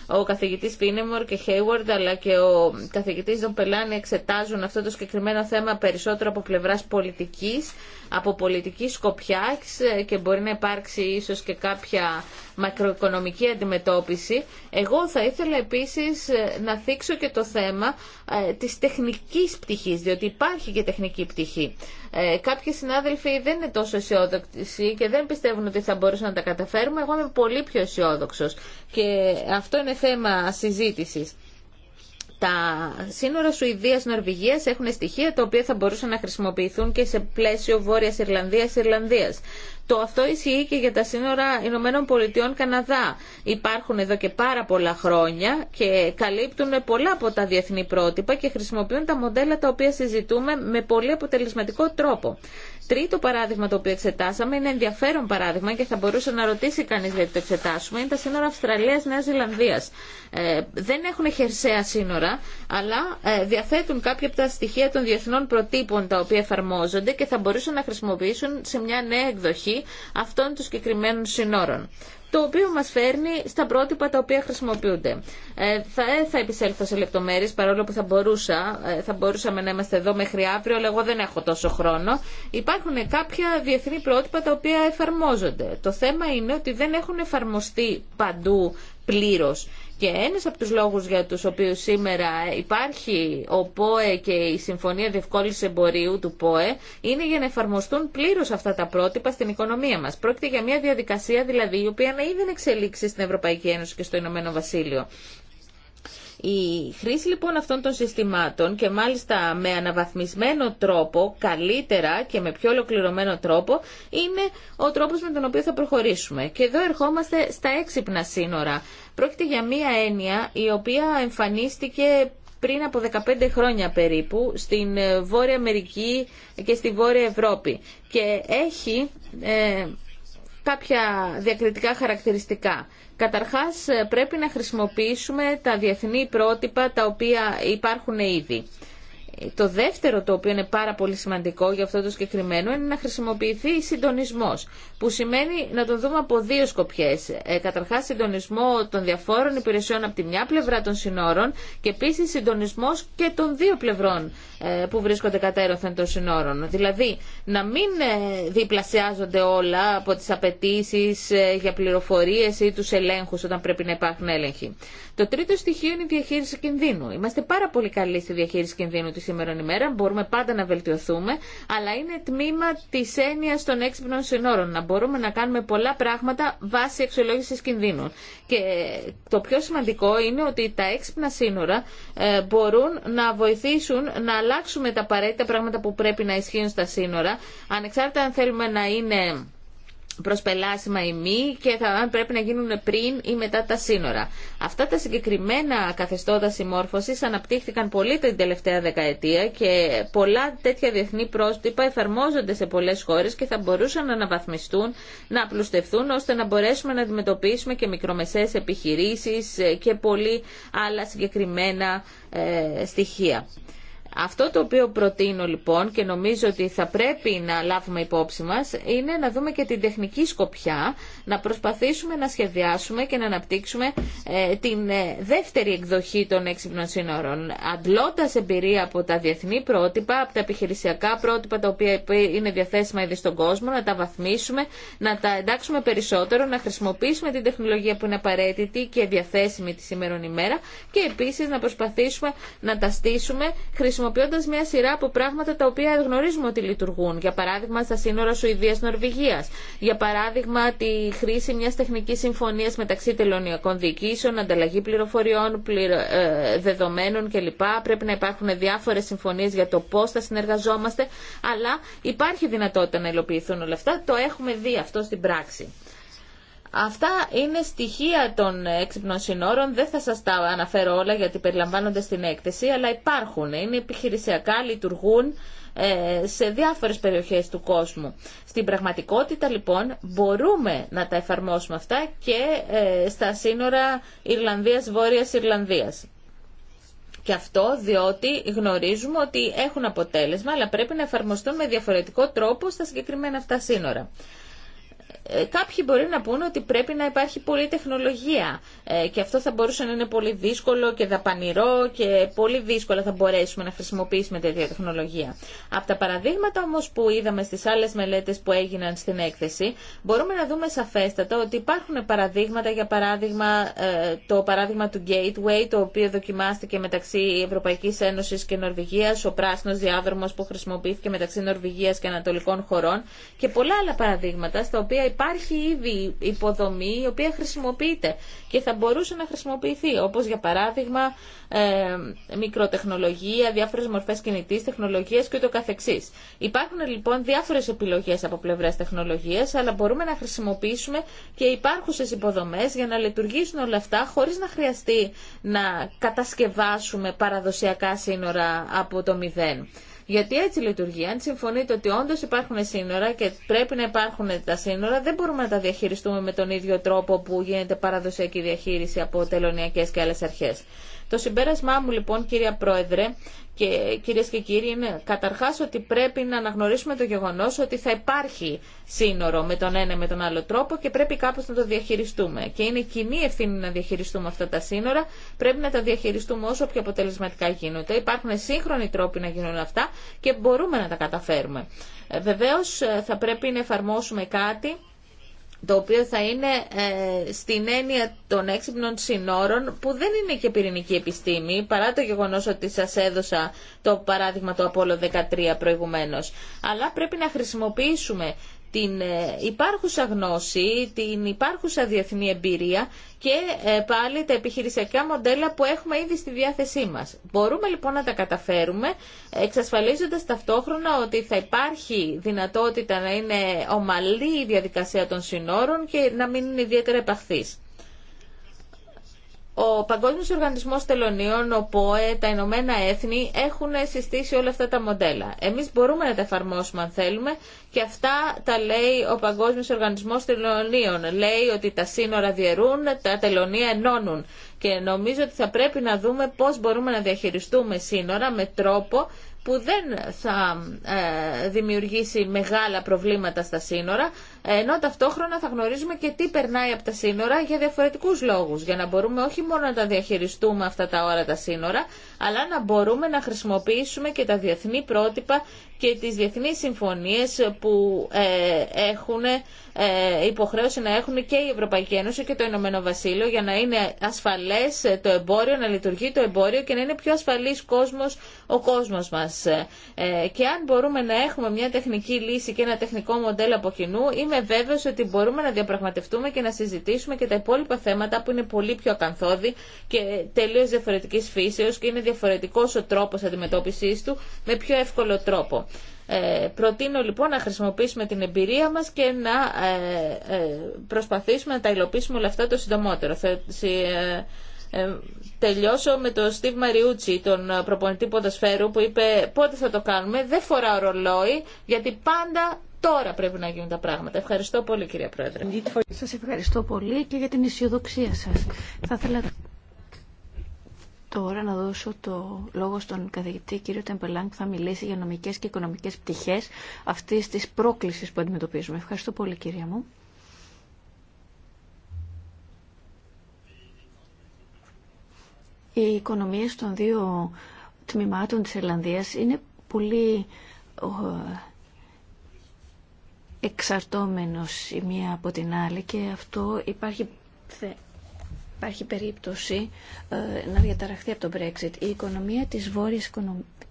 S3: ο καθηγητής Φίνεμορ και Χέιουαρντ αλλά και ο καθηγητής Δομπελάνη εξετάζουν αυτό το συγκεκριμένο θέμα περισσότερο από πλευράς πολιτικής, από πολιτική σκοπιά ε, και μπορεί να υπάρξει ίσως και κάποια μακροοικονομική αντιμετώπιση. Εγώ θα ήθελα επίσης ε, να θίξω και το θέμα ε, της τεχνικής πτυχής, διότι υπάρχει και τεχνική πτυχή. Κάποιοι συνάδελφοι δεν είναι τόσο αισιόδοξοι και δεν πιστεύουν ότι θα μπορούσαν να τα καταφέρουμε. Εγώ είμαι πολύ πιο αισιόδοξο. και αυτό είναι θέμα συζήτησης τα συνορα Σουηδία Νορβηγία έχουν στοιχεία τα οποία θα μπορούσαν να χρησιμοποιηθούν και σε πλαισιο βόρεια Βόρειας Ιρλανδίας-Ιρλανδίας. Το αυτό ισχύει και για τα σύνορα Ηνωμένων Πολιτειών Καναδά. Υπάρχουν εδώ και πάρα πολλά χρόνια και καλύπτουν πολλά από τα διεθνή πρότυπα και χρησιμοποιούν τα μοντέλα τα οποία συζητούμε με πολύ αποτελεσματικό τρόπο. Τρίτο παράδειγμα το οποίο εξετάσαμε είναι ενδιαφέρον παράδειγμα και θα μπορούσε να ρωτήσει κανεί γιατί το εξετάσουμε. Είναι τα σύνορα Αυστραλία-Νέα Ζηλανδία. Ε, δεν έχουν χερσαία σύνορα, αλλά ε, διαθέτουν κάποια από τα στοιχεία των διεθνών προτύπων τα οποία εφαρμόζονται και θα μπορούσαν να χρησιμοποιήσουν σε μια νέα εκδοχή αυτών των συγκεκριμένων σύνορων το οποίο μας φέρνει στα πρότυπα τα οποία χρησιμοποιούνται. Ε, θα, ε, θα επισέλθω σε λεπτομέρειες, παρόλο που θα μπορούσα, ε, θα μπορούσαμε να είμαστε εδώ μέχρι αύριο, αλλά εγώ δεν έχω τόσο χρόνο. Υπάρχουν κάποια διεθνή πρότυπα τα οποία εφαρμόζονται. Το θέμα είναι ότι δεν έχουν εφαρμοστεί παντού πλήρως. Και ένα από τους λόγους για τους οποίους σήμερα υπάρχει ο ΠΟΕ και η Συμφωνία Διευκόλυνση Εμπορίου του ΠΟΕ είναι για να εφαρμοστούν πλήρως αυτά τα πρότυπα στην οικονομία μας. Πρόκειται για μια διαδικασία δηλαδή η οποία να είδε εξελίξει στην Ευρωπαϊκή Ένωση και στο Ηνωμένο Βασίλειο. Η χρήση λοιπόν αυτών των συστημάτων και μάλιστα με αναβαθμισμένο τρόπο, καλύτερα και με πιο ολοκληρωμένο τρόπο, είναι ο τρόπος με τον οποίο θα προχωρήσουμε. Και εδώ ερχόμαστε στα έξυπνα σύνορα. Πρόκειται για μία έννοια η οποία εμφανίστηκε πριν από 15 χρόνια περίπου στην ε, Βόρεια Αμερική και στη Βόρεια Ευρώπη και έχει ε, κάποια διακριτικά χαρακτηριστικά. Καταρχάς ε, πρέπει να χρησιμοποιήσουμε τα διεθνή πρότυπα τα οποία υπάρχουν ήδη. Το δεύτερο το οποίο είναι πάρα πολύ σημαντικό για αυτό το συγκεκριμένο είναι να χρησιμοποιηθεί συντονισμό, που σημαίνει να τον δούμε από δύο σκοπιές. Ε, καταρχάς συντονισμό των διαφόρων υπηρεσιών από τη μια πλευρά των συνόρων και επίση συντονισμό και των δύο πλευρών ε, που βρίσκονται κατά έρωθεν των συνόρων. Δηλαδή να μην ε, διπλασιάζονται όλα από τι απαιτήσει ε, για πληροφορίε ή του ελέγχου όταν πρέπει να υπάρχουν έλεγχη. Το τρίτο στοιχείο είναι η του ελεγχου οταν κινδύνου. Είμαστε πάρα πολύ καλοί στη διαχείριση κινδύνου η Μπορούμε πάντα να βελτιωθούμε, αλλά είναι τμήμα τη έννοια των έξυπνων συνόρων. Να μπορούμε να κάνουμε πολλά πράγματα βάσει αξιολόγηση κινδύνων. Και το πιο σημαντικό είναι ότι τα έξυπνα σύνορα ε, μπορούν να βοηθήσουν να αλλάξουμε τα απαραίτητα πράγματα που πρέπει να ισχύουν στα σύνορα, ανεξάρτητα αν θέλουμε να είναι προσπελάσιμα ή μη και θα, πρέπει να γίνουν πριν ή μετά τα σύνορα. Αυτά τα συγκεκριμένα καθεστώτα συμμόρφωσης αναπτύχθηκαν πολύ την τελευταία δεκαετία και πολλά τέτοια διεθνή πρότυπα εφαρμόζονται σε πολλές χώρες και θα μπορούσαν να αναβαθμιστούν, να απλουστευτούν ώστε να μπορέσουμε να αντιμετωπίσουμε και μικρομεσαίες επιχειρήσεις και πολύ άλλα συγκεκριμένα ε, στοιχεία. Αυτό το οποίο προτείνω λοιπόν και νομίζω ότι θα πρέπει να λάβουμε υπόψη μας είναι να δούμε και την τεχνική σκοπιά, να προσπαθήσουμε να σχεδιάσουμε και να αναπτύξουμε ε, την ε, δεύτερη εκδοχή των έξυπνων σύνορων. Αντλώντας εμπειρία από τα διεθνή πρότυπα, από τα επιχειρησιακά πρότυπα τα οποία είναι διαθέσιμα ήδη στον κόσμο, να τα βαθμίσουμε, να τα εντάξουμε περισσότερο, να χρησιμοποιήσουμε την τεχνολογία που είναι απαραίτητη και διαθέσιμη τη σήμερα ημέρα και επίσης να προσπαθήσουμε να τα στήσουμε χρησιμοποιώντα μια σειρά από πράγματα τα οποία γνωρίζουμε ότι λειτουργούν. Για παράδειγμα, στα σύνορα Σουηδία-Νορβηγία. Για παράδειγμα, τη χρήση μια τεχνική συμφωνία μεταξύ τελωνιακών διοικήσεων, ανταλλαγή πληροφοριών, πληρο... ε, δεδομένων κλπ. Πρέπει να υπάρχουν διάφορε συμφωνίε για το πώ θα συνεργαζόμαστε. Αλλά υπάρχει δυνατότητα να υλοποιηθούν όλα αυτά. Το έχουμε δει αυτό στην πράξη. Αυτά είναι στοιχεία των έξυπνων συνόρων. Δεν θα σας τα αναφέρω όλα γιατί περιλαμβάνονται στην έκθεση, αλλά υπάρχουν. Είναι επιχειρησιακά, λειτουργούν ε, σε διάφορες περιοχές του κόσμου. Στην πραγματικότητα λοιπόν μπορούμε να τα εφαρμόσουμε αυτά και ε, στα σύνορα Ιρλανδίας-Βόρειας Ιρλανδίας. Και αυτό διότι γνωρίζουμε ότι έχουν αποτέλεσμα αλλά πρέπει να εφαρμοστούν με διαφορετικό τρόπο στα συγκεκριμένα αυτά σύνορα. Ε, κάποιοι μπορεί να πούνε ότι πρέπει να υπάρχει πολλή τεχνολογία ε, και αυτό θα μπορούσε να είναι πολύ δύσκολο και δαπανηρό και πολύ δύσκολα θα μπορέσουμε να χρησιμοποιήσουμε τέτοια τεχνολογία. Από τα παραδείγματα όμως που είδαμε στις άλλες μελέτες που έγιναν στην έκθεση μπορούμε να δούμε σαφέστατα ότι υπάρχουν παραδείγματα, για παράδειγμα ε, το παράδειγμα του Gateway το οποίο δοκιμάστηκε μεταξύ Ευρωπαϊκής Ένωσης και Νορβηγίας, ο πράσινος διάδρομος που χρησιμοποιήθηκε μεταξύ Νορβηγίας και Ανατολικών χωρών και πολλά άλλα παραδείγματα στα οποία υπάρχει ήδη υποδομή η οποία χρησιμοποιείται και θα μπορούσε να χρησιμοποιηθεί, όπως για παράδειγμα ε, μικροτεχνολογία, διάφορες μορφές κινητής τεχνολογίας και ούτω καθεξής. Υπάρχουν λοιπόν διάφορες επιλογές από πλευράς τεχνολογίας, αλλά μπορούμε να χρησιμοποιήσουμε και υπάρχουσες υποδομές για να λειτουργήσουν όλα αυτά χωρίς να χρειαστεί να κατασκευάσουμε παραδοσιακά σύνορα από το μηδέν. Γιατί έτσι λειτουργεί. Αν συμφωνείτε ότι όντω υπάρχουν σύνορα και πρέπει να υπάρχουν τα σύνορα, δεν μπορούμε να τα διαχειριστούμε με τον ίδιο τρόπο που γίνεται παραδοσιακή διαχείριση από τελωνιακέ και άλλε αρχέ. Το συμπέρασμά μου λοιπόν κυρία Πρόεδρε και κυρίες και κύριοι είναι καταρχάς ότι πρέπει να αναγνωρίσουμε το γεγονός ότι θα υπάρχει σύνορο με τον ένα με τον άλλο τρόπο και πρέπει κάπως να το διαχειριστούμε. Και είναι κοινή ευθύνη να διαχειριστούμε αυτά τα σύνορα, πρέπει να τα διαχειριστούμε όσο πιο αποτελεσματικά γίνονται. Υπάρχουν σύγχρονοι τρόποι να γίνουν αυτά και μπορούμε να τα καταφέρουμε. Ε, βεβαίως ε, θα πρέπει να εφαρμόσουμε κάτι το οποίο θα είναι ε, στην έννοια των έξυπνων συνόρων που δεν είναι και πυρηνική επιστήμη παρά το γεγονός ότι σας έδωσα το παράδειγμα του Apollo 13 προηγουμένως αλλά πρέπει να χρησιμοποιήσουμε την ε, υπάρχουσα γνώση, την υπάρχουσα διεθνή εμπειρία και ε, πάλι τα επιχειρησιακά μοντέλα που έχουμε ήδη στη διάθεσή μας. Μπορούμε λοιπόν να τα καταφέρουμε, εξασφαλίζοντας ταυτόχρονα ότι θα υπάρχει δυνατότητα να είναι ομαλή η διαδικασία των συνόρων και να μην είναι ιδιαίτερα επαχθής. Ο Παγκόσμιος Οργανισμός Τελωνίων, ο ΠΟΕ, τα Ηνωμένα Έθνη έχουν συστήσει όλα αυτά τα μοντέλα. Εμείς μπορούμε να τα εφαρμόσουμε αν θέλουμε και αυτά τα λέει ο Παγκόσμιος Οργανισμός Τελωνίων. Λέει ότι τα σύνορα διαιρούν, τα τελωνία ενώνουν και νομίζω ότι θα πρέπει να δούμε πώς μπορούμε να διαχειριστούμε σύνορα με τρόπο που δεν θα ε, δημιουργήσει μεγάλα προβλήματα στα σύνορα ενώ ταυτόχρονα θα γνωρίζουμε και τι περνάει από τα σύνορα για διαφορετικούς λόγους, για να μπορούμε όχι μόνο να τα διαχειριστούμε αυτά τα ώρα τα σύνορα, αλλά να μπορούμε να χρησιμοποιήσουμε και τα διεθνή πρότυπα και τις διεθνείς συμφωνίες που ε, έχουν ε, υποχρέωση να έχουν και η Ευρωπαϊκή Ένωση και το Ηνωμένο Βασίλειο για να είναι ασφαλές το εμπόριο, να λειτουργεί το εμπόριο και να είναι πιο ασφαλής κόσμος ο κόσμος μας. Ε, και αν μπορούμε να έχουμε μια τεχνική λύση και ένα τεχνικό μοντέλο από κοινού, είμαι βέβαιος ότι μπορούμε να διαπραγματευτούμε και να συζητήσουμε και τα υπόλοιπα θέματα που είναι πολύ πιο ακαθόδη και τελείω διαφορετική φύσεως και είναι διαφορετικό ο τρόπο αντιμετώπισή του με πιο εύκολο τρόπο. Ε, προτείνω λοιπόν να χρησιμοποιήσουμε την εμπειρία μας και να ε, ε προσπαθήσουμε να τα υλοποιήσουμε όλα αυτά το συντομότερο. Θα ε, ε, τελειώσω με τον Στίβ Μαριούτσι, τον προπονητή ποδοσφαίρου που είπε πότε θα το κάνουμε, δεν φοράω ρολόι γιατί πάντα Τώρα πρέπει να γίνουν τα πράγματα. Ευχαριστώ πολύ κυρία Πρόεδρε.
S4: Σας ευχαριστώ πολύ και για την αισιοδοξία σας. Θα ήθελα τώρα να δώσω το λόγο στον καθηγητή κύριο Τεμπελάν που θα μιλήσει για νομικές και οικονομικές πτυχές αυτής της πρόκλησης που αντιμετωπίζουμε. Ευχαριστώ πολύ κυρία μου. Οι οικονομίες των δύο τμήματων της Ιρλανδίας είναι πολύ ε, εξαρτώμενος η μία από την άλλη και αυτό υπάρχει, υπάρχει περίπτωση ε, να διαταραχθεί από το Brexit. Η οικονομία της Βόρειας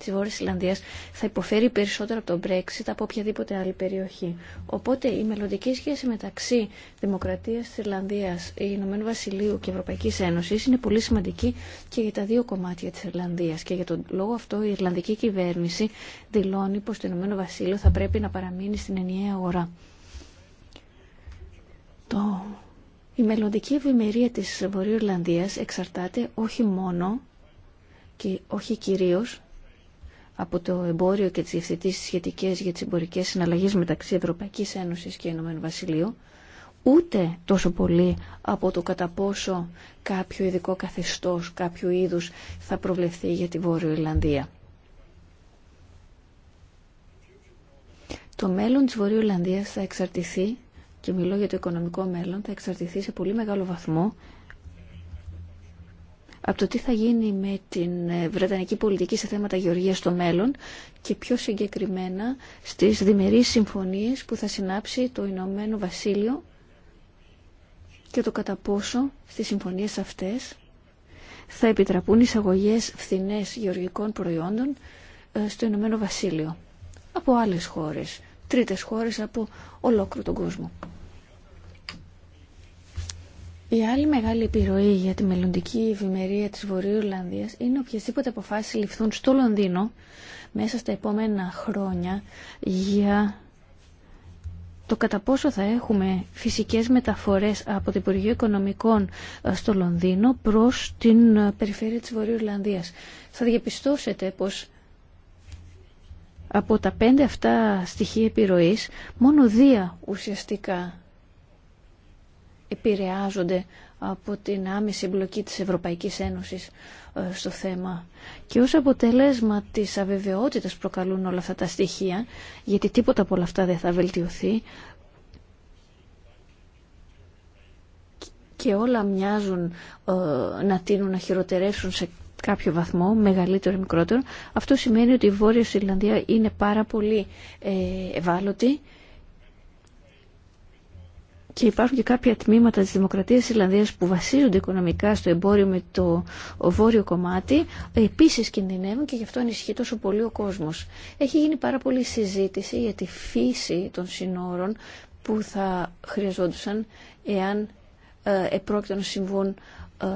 S4: τη Βόρεια Ιρλανδία θα υποφέρει περισσότερο από τον Brexit από οποιαδήποτε άλλη περιοχή. Οπότε η μελλοντική σχέση μεταξύ Δημοκρατίας της Ιρλανδίας, Ηνωμένου Βασιλείου και Ευρωπαϊκή Ένωση είναι πολύ σημαντική και για τα δύο κομμάτια τη Ιρλανδίας. Και για τον λόγο αυτό η Ιρλανδική κυβέρνηση δηλώνει πω το Ηνωμένο Βασίλειο θα πρέπει να παραμείνει στην ενιαία αγορά. Το... Η μελλοντική ευημερία της Βορείου Ιρλανδίας εξαρτάται όχι μόνο και όχι κυρίως από το εμπόριο και τις διευθετήσεις σχετικές για τις εμπορικές συναλλαγές μεταξύ Ευρωπαϊκής Ένωσης και Ηνωμένου Βασιλείου, ούτε τόσο πολύ από το κατά πόσο κάποιο ειδικό καθεστώς, κάποιο είδους θα προβλεφθεί για τη Βόρειο Ιρλανδία. Το μέλλον της Βορείου Ιρλανδίας θα εξαρτηθεί, και μιλώ για το οικονομικό μέλλον, θα εξαρτηθεί σε πολύ μεγάλο βαθμό από το τι θα γίνει με την ε, Βρετανική πολιτική σε θέματα γεωργίας στο μέλλον και πιο συγκεκριμένα στις διμερείς συμφωνίες που θα συνάψει το Ηνωμένο Βασίλειο και το κατά πόσο στις συμφωνίες αυτές θα επιτραπούν εισαγωγές φθηνές γεωργικών προϊόντων ε, στο Ηνωμένο Βασίλειο από άλλες χώρες, τρίτες χώρες από ολόκληρο τον κόσμο. Η άλλη μεγάλη επιρροή για τη μελλοντική ευημερία της Βορείου Ιρλανδίας είναι οποιασδήποτε αποφάσεις ληφθούν στο Λονδίνο μέσα στα επόμενα χρόνια για το κατά πόσο θα έχουμε φυσικές μεταφορές από την Υπουργείο Οικονομικών ε, στο Λονδίνο προς την ε, περιφέρεια της Βορείου Ιρλανδίας. Θα διαπιστώσετε πως από τα πέντε αυτά στοιχεία επιρροής, μόνο δύο ουσιαστικά επηρεάζονται από την άμεση εμπλοκή της Ευρωπαϊκής Ένωσης ε, στο θέμα. Και ως αποτέλεσμα της αβεβαιότητας προκαλούν όλα αυτά τα στοιχεία, γιατί τίποτα από όλα αυτά δεν θα βελτιωθεί, και όλα μοιάζουν ε, να τείνουν να χειροτερεύσουν σε κάποιο βαθμό, μεγαλύτερο ή μικρότερο, αυτό σημαίνει ότι η Βόρεια Ιρλανδία είναι πάρα πολύ ε, ευάλωτη και υπάρχουν και κάποια τμήματα της Δημοκρατίας της που βασίζονται οικονομικά στο εμπόριο με το βόρειο κομμάτι, επίσης κινδυνεύουν και γι' αυτό ανησυχεί τόσο πολύ ο κόσμος. Έχει γίνει πάρα πολλή συζήτηση για τη φύση των συνόρων που θα χρειαζόντουσαν εάν ε, επρόκειτο να συμβούν ε,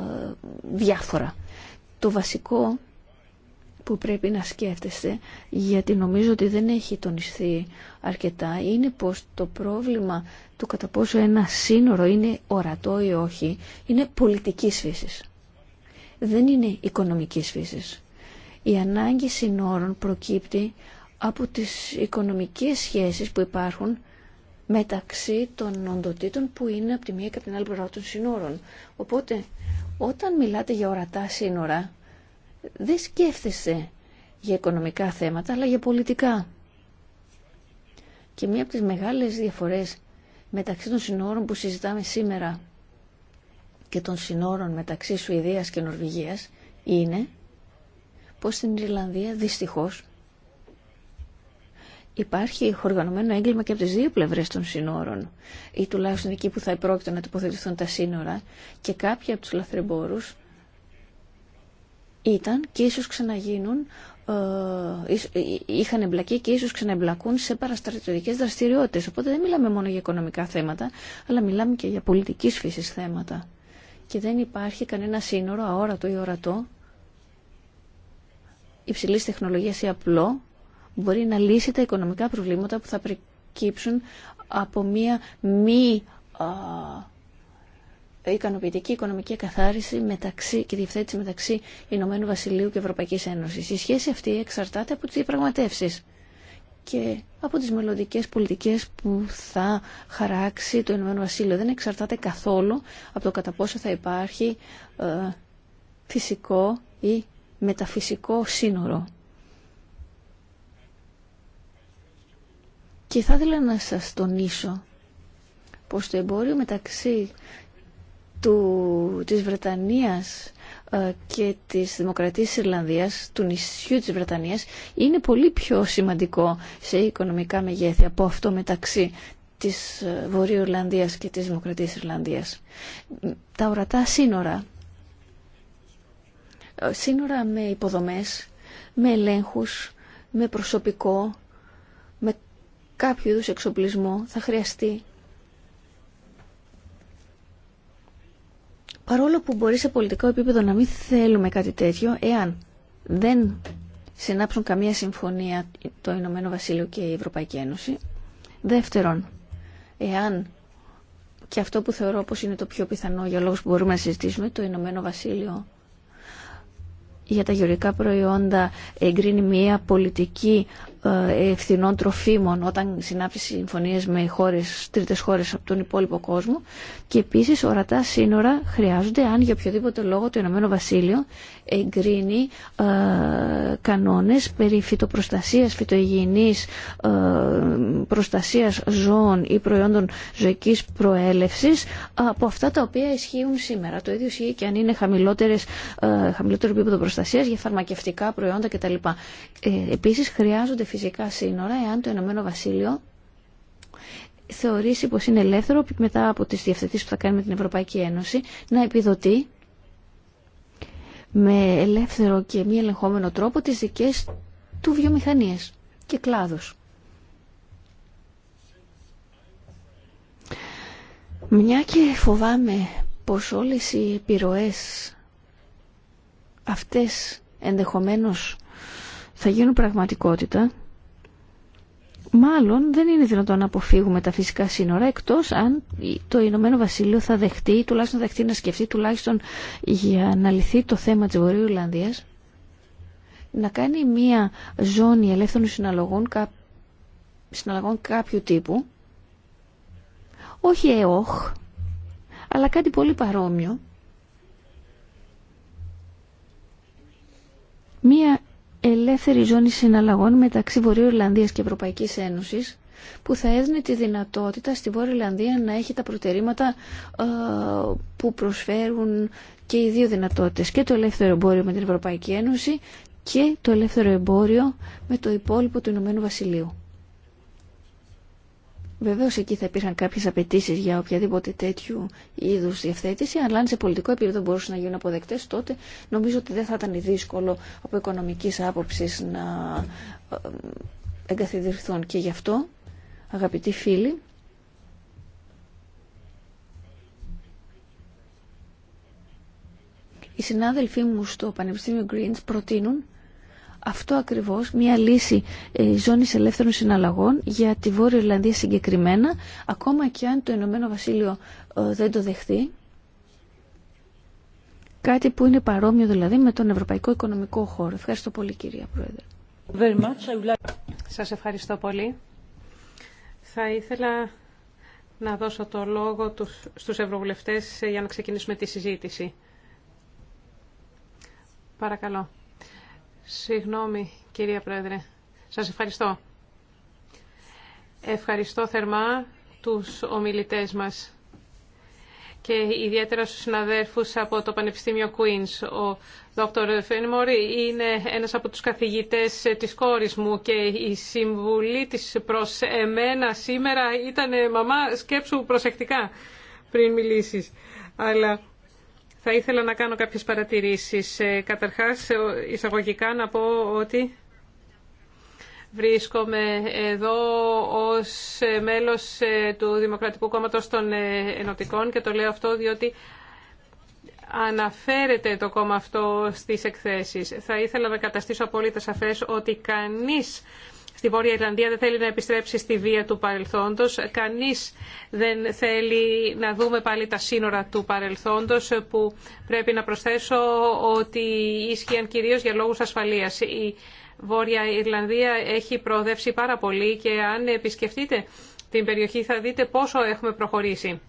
S4: διάφορα. Το βασικό που πρέπει να σκέφτεστε, γιατί νομίζω ότι δεν έχει τονιστεί αρκετά, είναι πως το πρόβλημα του κατά πόσο ένα σύνορο είναι ορατό ή όχι είναι πολιτικής φύσης. Δεν είναι οικονομικής φύσης. Η ανάγκη σύνορων προκύπτει από τις οικονομικές σχέσεις που υπάρχουν μεταξύ των οντοτήτων που είναι από τη μία και από την άλλη πλευρά των σύνορων. Οπότε, όταν μιλάτε για ορατά σύνορα, δεν σκέφτεστε για οικονομικά θέματα, αλλά για πολιτικά. Και μία από τις μεγάλες διαφορές μεταξύ των συνόρων που συζητάμε σήμερα και των συνόρων μεταξύ Σουηδίας και Νορβηγίας είναι πως στην Ιρλανδία δυστυχώς υπάρχει οργανωμένο έγκλημα και από τις δύο πλευρές των συνόρων ή τουλάχιστον εκεί που θα επρόκειτο να τοποθετηθούν τα σύνορα και κάποιοι από τους λαθρεμπόρους ήταν και ίσως ξαναγίνουν ε, ε, είχαν εμπλακεί και ίσως ξαναεμπλακούν σε παραστρατιωτικές δραστηριότητες. Οπότε δεν μιλάμε μόνο για οικονομικά θέματα, αλλά μιλάμε και για πολιτικής φύσης θέματα. Και δεν υπάρχει κανένα σύνορο αόρατο ή ορατό, υψηλής τεχνολογίας ή απλό, μπορεί να λύσει τα οικονομικά προβλήματα που θα προκύψουν από μία μη ικανοποιητική οικονομική καθάριση μεταξύ και διευθέτηση μεταξύ Ηνωμένου Βασιλείου και Ευρωπαϊκής Ένωσης. Η σχέση αυτή εξαρτάται από τις διαπραγματεύσει και από τις μελλοντικέ πολιτικές που θα χαράξει το Ηνωμένο Βασίλειο. Δεν εξαρτάται καθόλου από το κατά πόσο θα υπάρχει ε, φυσικό ή μεταφυσικό σύνορο. Και θα ήθελα να σας τονίσω πως το εμπόριο μεταξύ του, της Βρετανίας ε, και της Δημοκρατίας της Ιρλανδίας, του νησιού της Βρετανίας, είναι πολύ πιο σημαντικό σε οικονομικά μεγέθη από αυτό μεταξύ της ε, Βορείου Ιρλανδίας και της Δημοκρατίας της Ιρλανδίας. Τα ορατά σύνορα, ε, σύνορα με υποδομές, με ελέγχους, με προσωπικό, με κάποιο είδους εξοπλισμό θα χρειαστεί παρόλο που μπορεί σε πολιτικό επίπεδο να μην θέλουμε κάτι τέτοιο, εάν δεν συνάψουν καμία συμφωνία το Ηνωμένο Βασίλειο και η Ευρωπαϊκή Ένωση. Δεύτερον, εάν και αυτό που θεωρώ πως είναι το πιο πιθανό για λόγους που μπορούμε να συζητήσουμε, το Ηνωμένο Βασίλειο για τα γεωργικά προϊόντα εγκρίνει μια πολιτική ε, ευθυνών τροφίμων όταν συνάψει συμφωνίε με χώρες, τρίτες χώρες από τον υπόλοιπο κόσμο και επίσης ορατά σύνορα χρειάζονται αν για οποιοδήποτε λόγο το Ηνωμένο Βασίλειο εγκρίνει ε, κανόνες περί φυτοπροστασίας, φυτοϊγιεινής ε, προστασίας ζώων ή προϊόντων ζωικής προέλευσης από αυτά τα οποία ισχύουν σήμερα. Το ίδιο ισχύει και αν είναι ε, χαμηλότερο επίπεδο προστασίας για φαρμακευτικά προϊόντα κτλ. Ε, επίσης χρειάζονται φυσικά σύνορα εάν το Ηνωμένο Βασίλειο θεωρήσει πως είναι ελεύθερο μετά από τις διευθετήσεις που θα κάνει με την Ευρωπαϊκή Ένωση να επιδοτεί με ελεύθερο και μη ελεγχόμενο τρόπο τις δικές του βιομηχανίες και κλάδους. Μια και φοβάμαι πως όλες οι επιρροές αυτές ενδεχομένως θα γίνουν πραγματικότητα μάλλον δεν είναι δυνατόν να αποφύγουμε τα φυσικά σύνορα εκτός αν το Ηνωμένο Βασίλειο θα δεχτεί, τουλάχιστον θα δεχτεί να σκεφτεί τουλάχιστον για να λυθεί το θέμα της Βορείου Ιρλανδίας να κάνει μια ζώνη ελεύθερων συναλλαγών, κα... συναλλαγών κάποιου τύπου όχι ΕΟΧ αλλά κάτι πολύ παρόμοιο μια ελεύθερη ζώνη συναλλαγών μεταξύ Βορείου Ιρλανδίας και Ευρωπαϊκής Ένωσης που θα έδινε τη δυνατότητα στη Βόρεια Ιρλανδία να έχει τα προτερήματα ε, που προσφέρουν και οι δύο δυνατότητες και το ελεύθερο εμπόριο με την Ευρωπαϊκή Ένωση και το ελεύθερο εμπόριο με το υπόλοιπο του Ηνωμένου Βασιλείου. Βεβαίω εκεί θα υπήρχαν κάποιε απαιτήσει για οποιαδήποτε τέτοιου είδου διευθέτηση, αλλά αν σε πολιτικό επίπεδο μπορούσαν να γίνουν αποδεκτέ, τότε νομίζω ότι δεν θα ήταν δύσκολο από οικονομική άποψη να ε, εγκαθιδρυθούν. Και γι' αυτό, αγαπητοί φίλοι, οι συνάδελφοί μου στο Πανεπιστήμιο Greens προτείνουν αυτό ακριβώς μια λύση ε, ζώνης ελεύθερων συναλλαγών για τη Βόρεια Ιρλανδία συγκεκριμένα ακόμα και αν το Ηνωμένο Βασίλειο ε, δεν το δεχτεί κάτι που είναι παρόμοιο δηλαδή με τον Ευρωπαϊκό Οικονομικό Χώρο. Ευχαριστώ πολύ κυρία
S2: Πρόεδρε. Σας ευχαριστώ πολύ. Θα ήθελα να δώσω το λόγο στους ευρωβουλευτές για να ξεκινήσουμε τη συζήτηση. Παρακαλώ. Συγγνώμη, κυρία Πρόεδρε. Σας ευχαριστώ. Ευχαριστώ θερμά τους ομιλητές μας και ιδιαίτερα στους συναδέρφους από το Πανεπιστήμιο Queen's. Ο Δόκτωρ Φένιμορ είναι ένας από τους καθηγητές της κόρης μου και η συμβουλή της προς εμένα σήμερα ήταν «Μαμά, σκέψου προσεκτικά πριν μιλήσεις». Αλλά θα ήθελα να κάνω κάποιες παρατηρήσεις. Ε, καταρχάς, ε, εισαγωγικά να πω ότι βρίσκομαι εδώ ως ε, μέλος του Δημοκρατικού Κόμματος των Ενωτικών και το λέω αυτό διότι αναφέρεται το κόμμα αυτό στις εκθέσεις. Θα ήθελα να καταστήσω απόλυτα σαφές ότι κανείς στη Βόρεια Ιρλανδία δεν θέλει να επιστρέψει στη βία του παρελθόντος. Κανείς δεν θέλει να δούμε πάλι τα σύνορα του παρελθόντος που πρέπει να προσθέσω ότι ίσχυαν κυρίως για λόγους ασφαλείας. Η Βόρεια Ιρλανδία έχει προοδεύσει πάρα πολύ και αν επισκεφτείτε την περιοχή θα δείτε πόσο έχουμε προχωρήσει.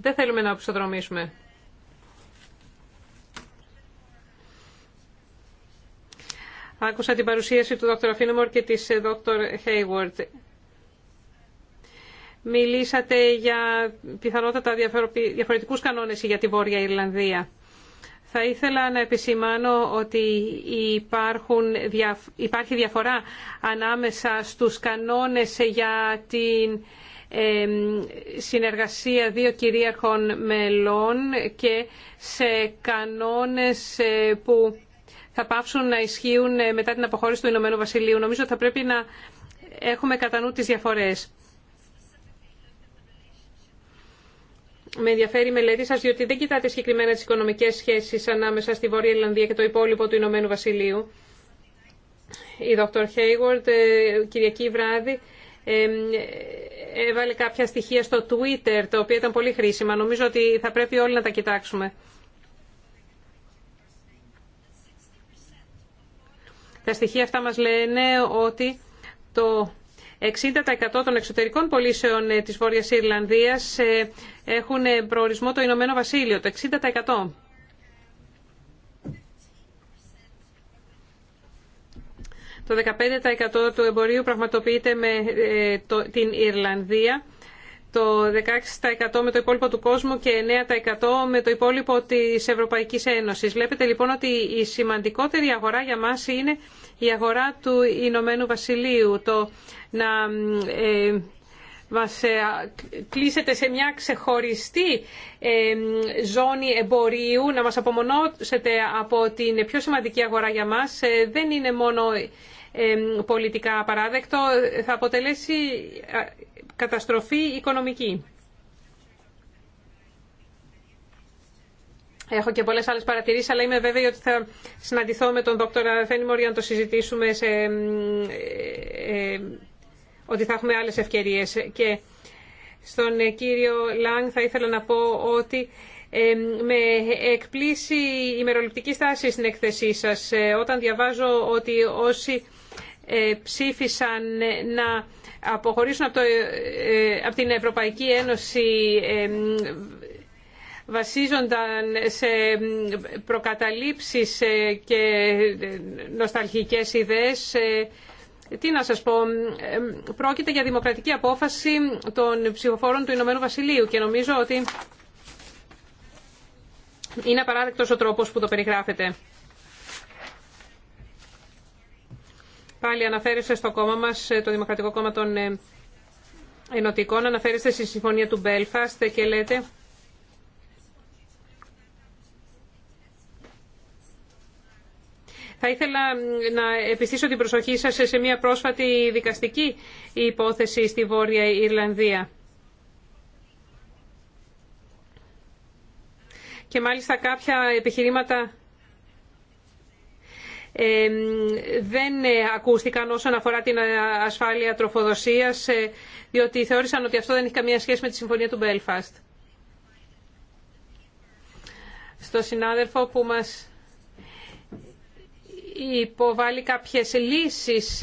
S2: Δεν θέλουμε να οπισθοδρομήσουμε. Άκουσα την παρουσίαση του Δ. Φίνεμορ και της ε, Δ. Χέιουαρτ. Μιλήσατε για πιθανότατα διαφορετικούς κανόνες για τη Βόρεια Ιρλανδία. Θα ήθελα να επισημάνω ότι υπάρχουν, υπάρχει διαφορά ανάμεσα στους κανόνες για την συνεργασία δύο κυρίαρχων μελών και σε κανόνες ε, που θα πάψουν να ισχύουν ε, μετά την αποχώρηση του Ηνωμένου Βασιλείου. Νομίζω ότι θα πρέπει να έχουμε κατά νου τις διαφορές. Με ενδιαφέρει η μελέτη σας, διότι δεν κοιτάτε συγκεκριμένα τις οικονομικές σχέσεις ανάμεσα στη Βόρεια Ιρλανδία και το υπόλοιπο του Ηνωμένου Βασιλείου. Η Δόκτωρ Χέιγορντ, ε, Κυριακή βράδυ, ε, έβαλε κάποια στοιχεία στο Twitter, τα οποία ήταν πολύ χρήσιμα. Νομίζω ότι θα πρέπει όλοι να τα κοιτάξουμε. Τα στοιχεία αυτά μας λένε ότι το 60% των εξωτερικών πωλήσεων ε, της Βόρειας Ιρλανδίας ε, έχουν ε, προορισμό το Ηνωμένο Βασίλειο, το 60%. Το 15% του εμπορίου πραγματοποιείται με την Ιρλανδία το 16% με το υπόλοιπο του κόσμου και 9% με το υπόλοιπο της Ευρωπαϊκής Ένωσης. Βλέπετε λοιπόν ότι η σημαντικότερη αγορά για μας είναι η αγορά του Ηνωμένου Βασιλείου. Το να ε, ε κλείσετε σε μια ξεχωριστή ε, ζώνη εμπορίου, να μας απομονώσετε από την πιο σημαντική αγορά για μας, ε, δεν είναι μόνο πολιτικά απαράδεκτο, θα αποτελέσει καταστροφή οικονομική. Έχω και πολλές άλλες παρατηρήσεις, αλλά είμαι βέβαιη ότι θα συναντηθώ με τον δόκτωρα Φένιμορ για να το συζητήσουμε ε, ε, ότι θα έχουμε άλλες ευκαιρίες. Και στον ε, κύριο Λάγκ θα ήθελα να πω ότι με εκπλήσει η μεροληπτική στάση στην εκθεσή σας. Όταν διαβάζω ότι όσοι ψήφισαν να αποχωρήσουν ε, ε, από, την Ευρωπαϊκή Ένωση ε, βασίζονταν σε προκαταλήψεις και νοσταλγικές ιδέες. Τι να σας πω, πρόκειται για δημοκρατική απόφαση των ψηφοφόρων του Ηνωμένου Βασιλείου και νομίζω ότι είναι απαράδεκτος ο τρόπος που το περιγράφεται. Πάλι αναφέρεστε στο κόμμα μας, ε, το Δημοκρατικό Κόμμα των ε, Ενωτικών, αναφέρεστε στη συμφωνία του Μπέλφαστ και λέτε Θα ήθελα να επιστήσω την προσοχή σας σε μια πρόσφατη δικαστική υπόθεση στη Βόρεια Ιρλανδία. Και μάλιστα κάποια επιχειρήματα δεν ε, ακούστηκαν όσον αφορά την ε, ασφάλεια τροφοδοσίας, ε, διότι θεώρησαν ότι αυτό δεν έχει καμία σχέση με τη συμφωνία του Belfast. Στο συνάδελφο που μας υποβάλλει κάποιες λύσεις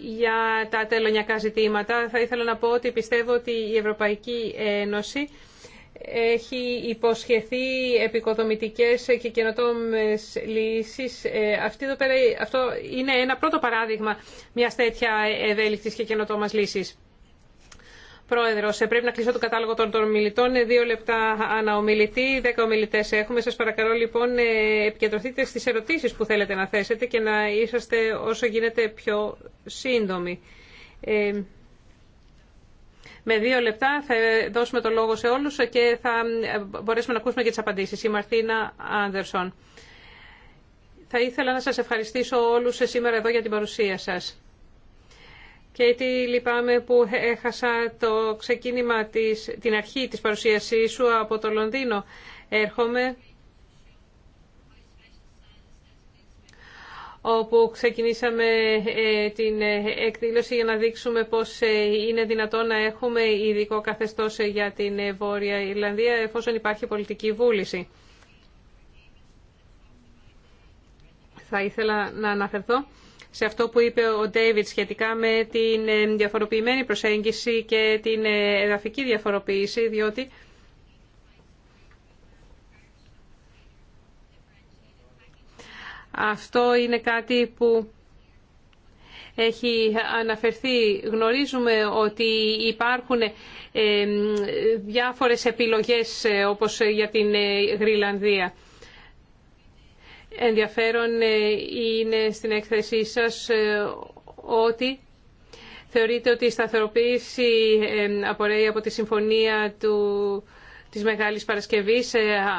S2: για τα τελωνιακά ζητήματα, θα ήθελα να πω ότι πιστεύω ότι η Ευρωπαϊκή Ένωση έχει υποσχεθεί επικοδομητικές και καινοτόμε λύσεις. Ε, αυτή εδώ πέρα, αυτό είναι ένα πρώτο παράδειγμα μιας τέτοια ευέλικτη και καινοτόμας λύσης. Πρόεδρο. Ε, πρέπει να κλείσω το κατάλογο των, των μιλητών. Ε, δύο λεπτά αναομιλητή, δέκα ομιλητέ έχουμε. Σα παρακαλώ λοιπόν επικεντρωθείτε στι ερωτήσει που θέλετε να θέσετε και να είσαστε όσο γίνεται πιο σύντομοι. Με δύο λεπτά θα δώσουμε το λόγο σε όλους και θα μπορέσουμε να ακούσουμε και τις απαντήσεις. Η Μαρτίνα Άντερσον. Θα ήθελα να σας ευχαριστήσω όλους σήμερα εδώ για την παρουσία σας. Και τι λυπάμαι που έχασα το ξεκίνημα της, την αρχή της παρουσίασής σου από το Λονδίνο. Έρχομαι όπου ξεκινήσαμε ε, την ε, εκδήλωση για να δείξουμε πώς ε, είναι δυνατόν να έχουμε ειδικό καθεστώς για την Βόρεια Ιρλανδία εφόσον υπάρχει πολιτική βούληση. Θα ήθελα να αναφερθώ σε αυτό που είπε ο Ντέιβιτ σχετικά με την διαφοροποιημένη προσέγγιση και την εδαφική διαφοροποίηση, διότι Αυτό είναι κάτι που έχει αναφερθεί. Γνωρίζουμε ότι υπάρχουν διάφορες επιλογές ε, όπως για την ε, Γρυλανδία. Ενδιαφέρον ε, είναι στην έκθεσή σας ότι θεωρείτε ότι η σταθεροποίηση απορρέει από τη συμφωνία του της Μεγάλης Παρασκευής,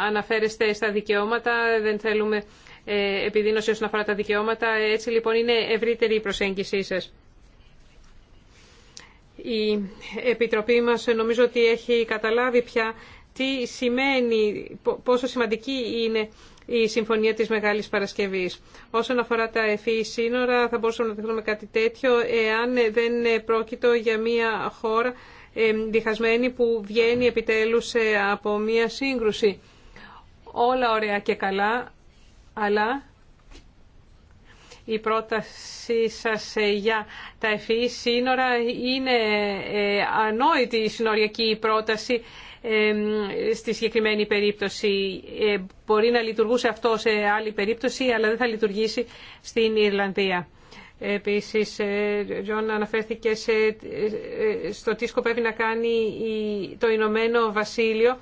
S2: αναφέρεστε στα δικαιώματα, δεν θέλουμε ε, επιδείνωση όσον αφορά τα δικαιώματα. Έτσι λοιπόν είναι ευρύτερη η προσέγγισή σας. Η Επιτροπή μας ε, νομίζω ότι έχει καταλάβει πια τι σημαίνει, πόσο σημαντική είναι η Συμφωνία της Μεγάλης Παρασκευής. Όσον αφορά τα εφή σύνορα, θα μπορούσαμε να δεχτούμε κάτι τέτοιο, εάν δεν πρόκειτο για μια χώρα ε, διχασμένη που βγαίνει επιτέλους από μια σύγκρουση. Όλα ωραία και καλά, αλλά η πρότασή σας ε, για τα ευφυή e e σύνορα είναι ε, ανόητη η συνοριακή πρόταση ε, στη συγκεκριμένη περίπτωση. Μπορεί να λειτουργούσε αυτό σε άλλη περίπτωση, αλλά δεν θα λειτουργήσει στην Ιρλανδία. Επίσης, Τζον αναφέρθηκε στο τι σκοπεύει να κάνει το Ηνωμένο Βασίλειο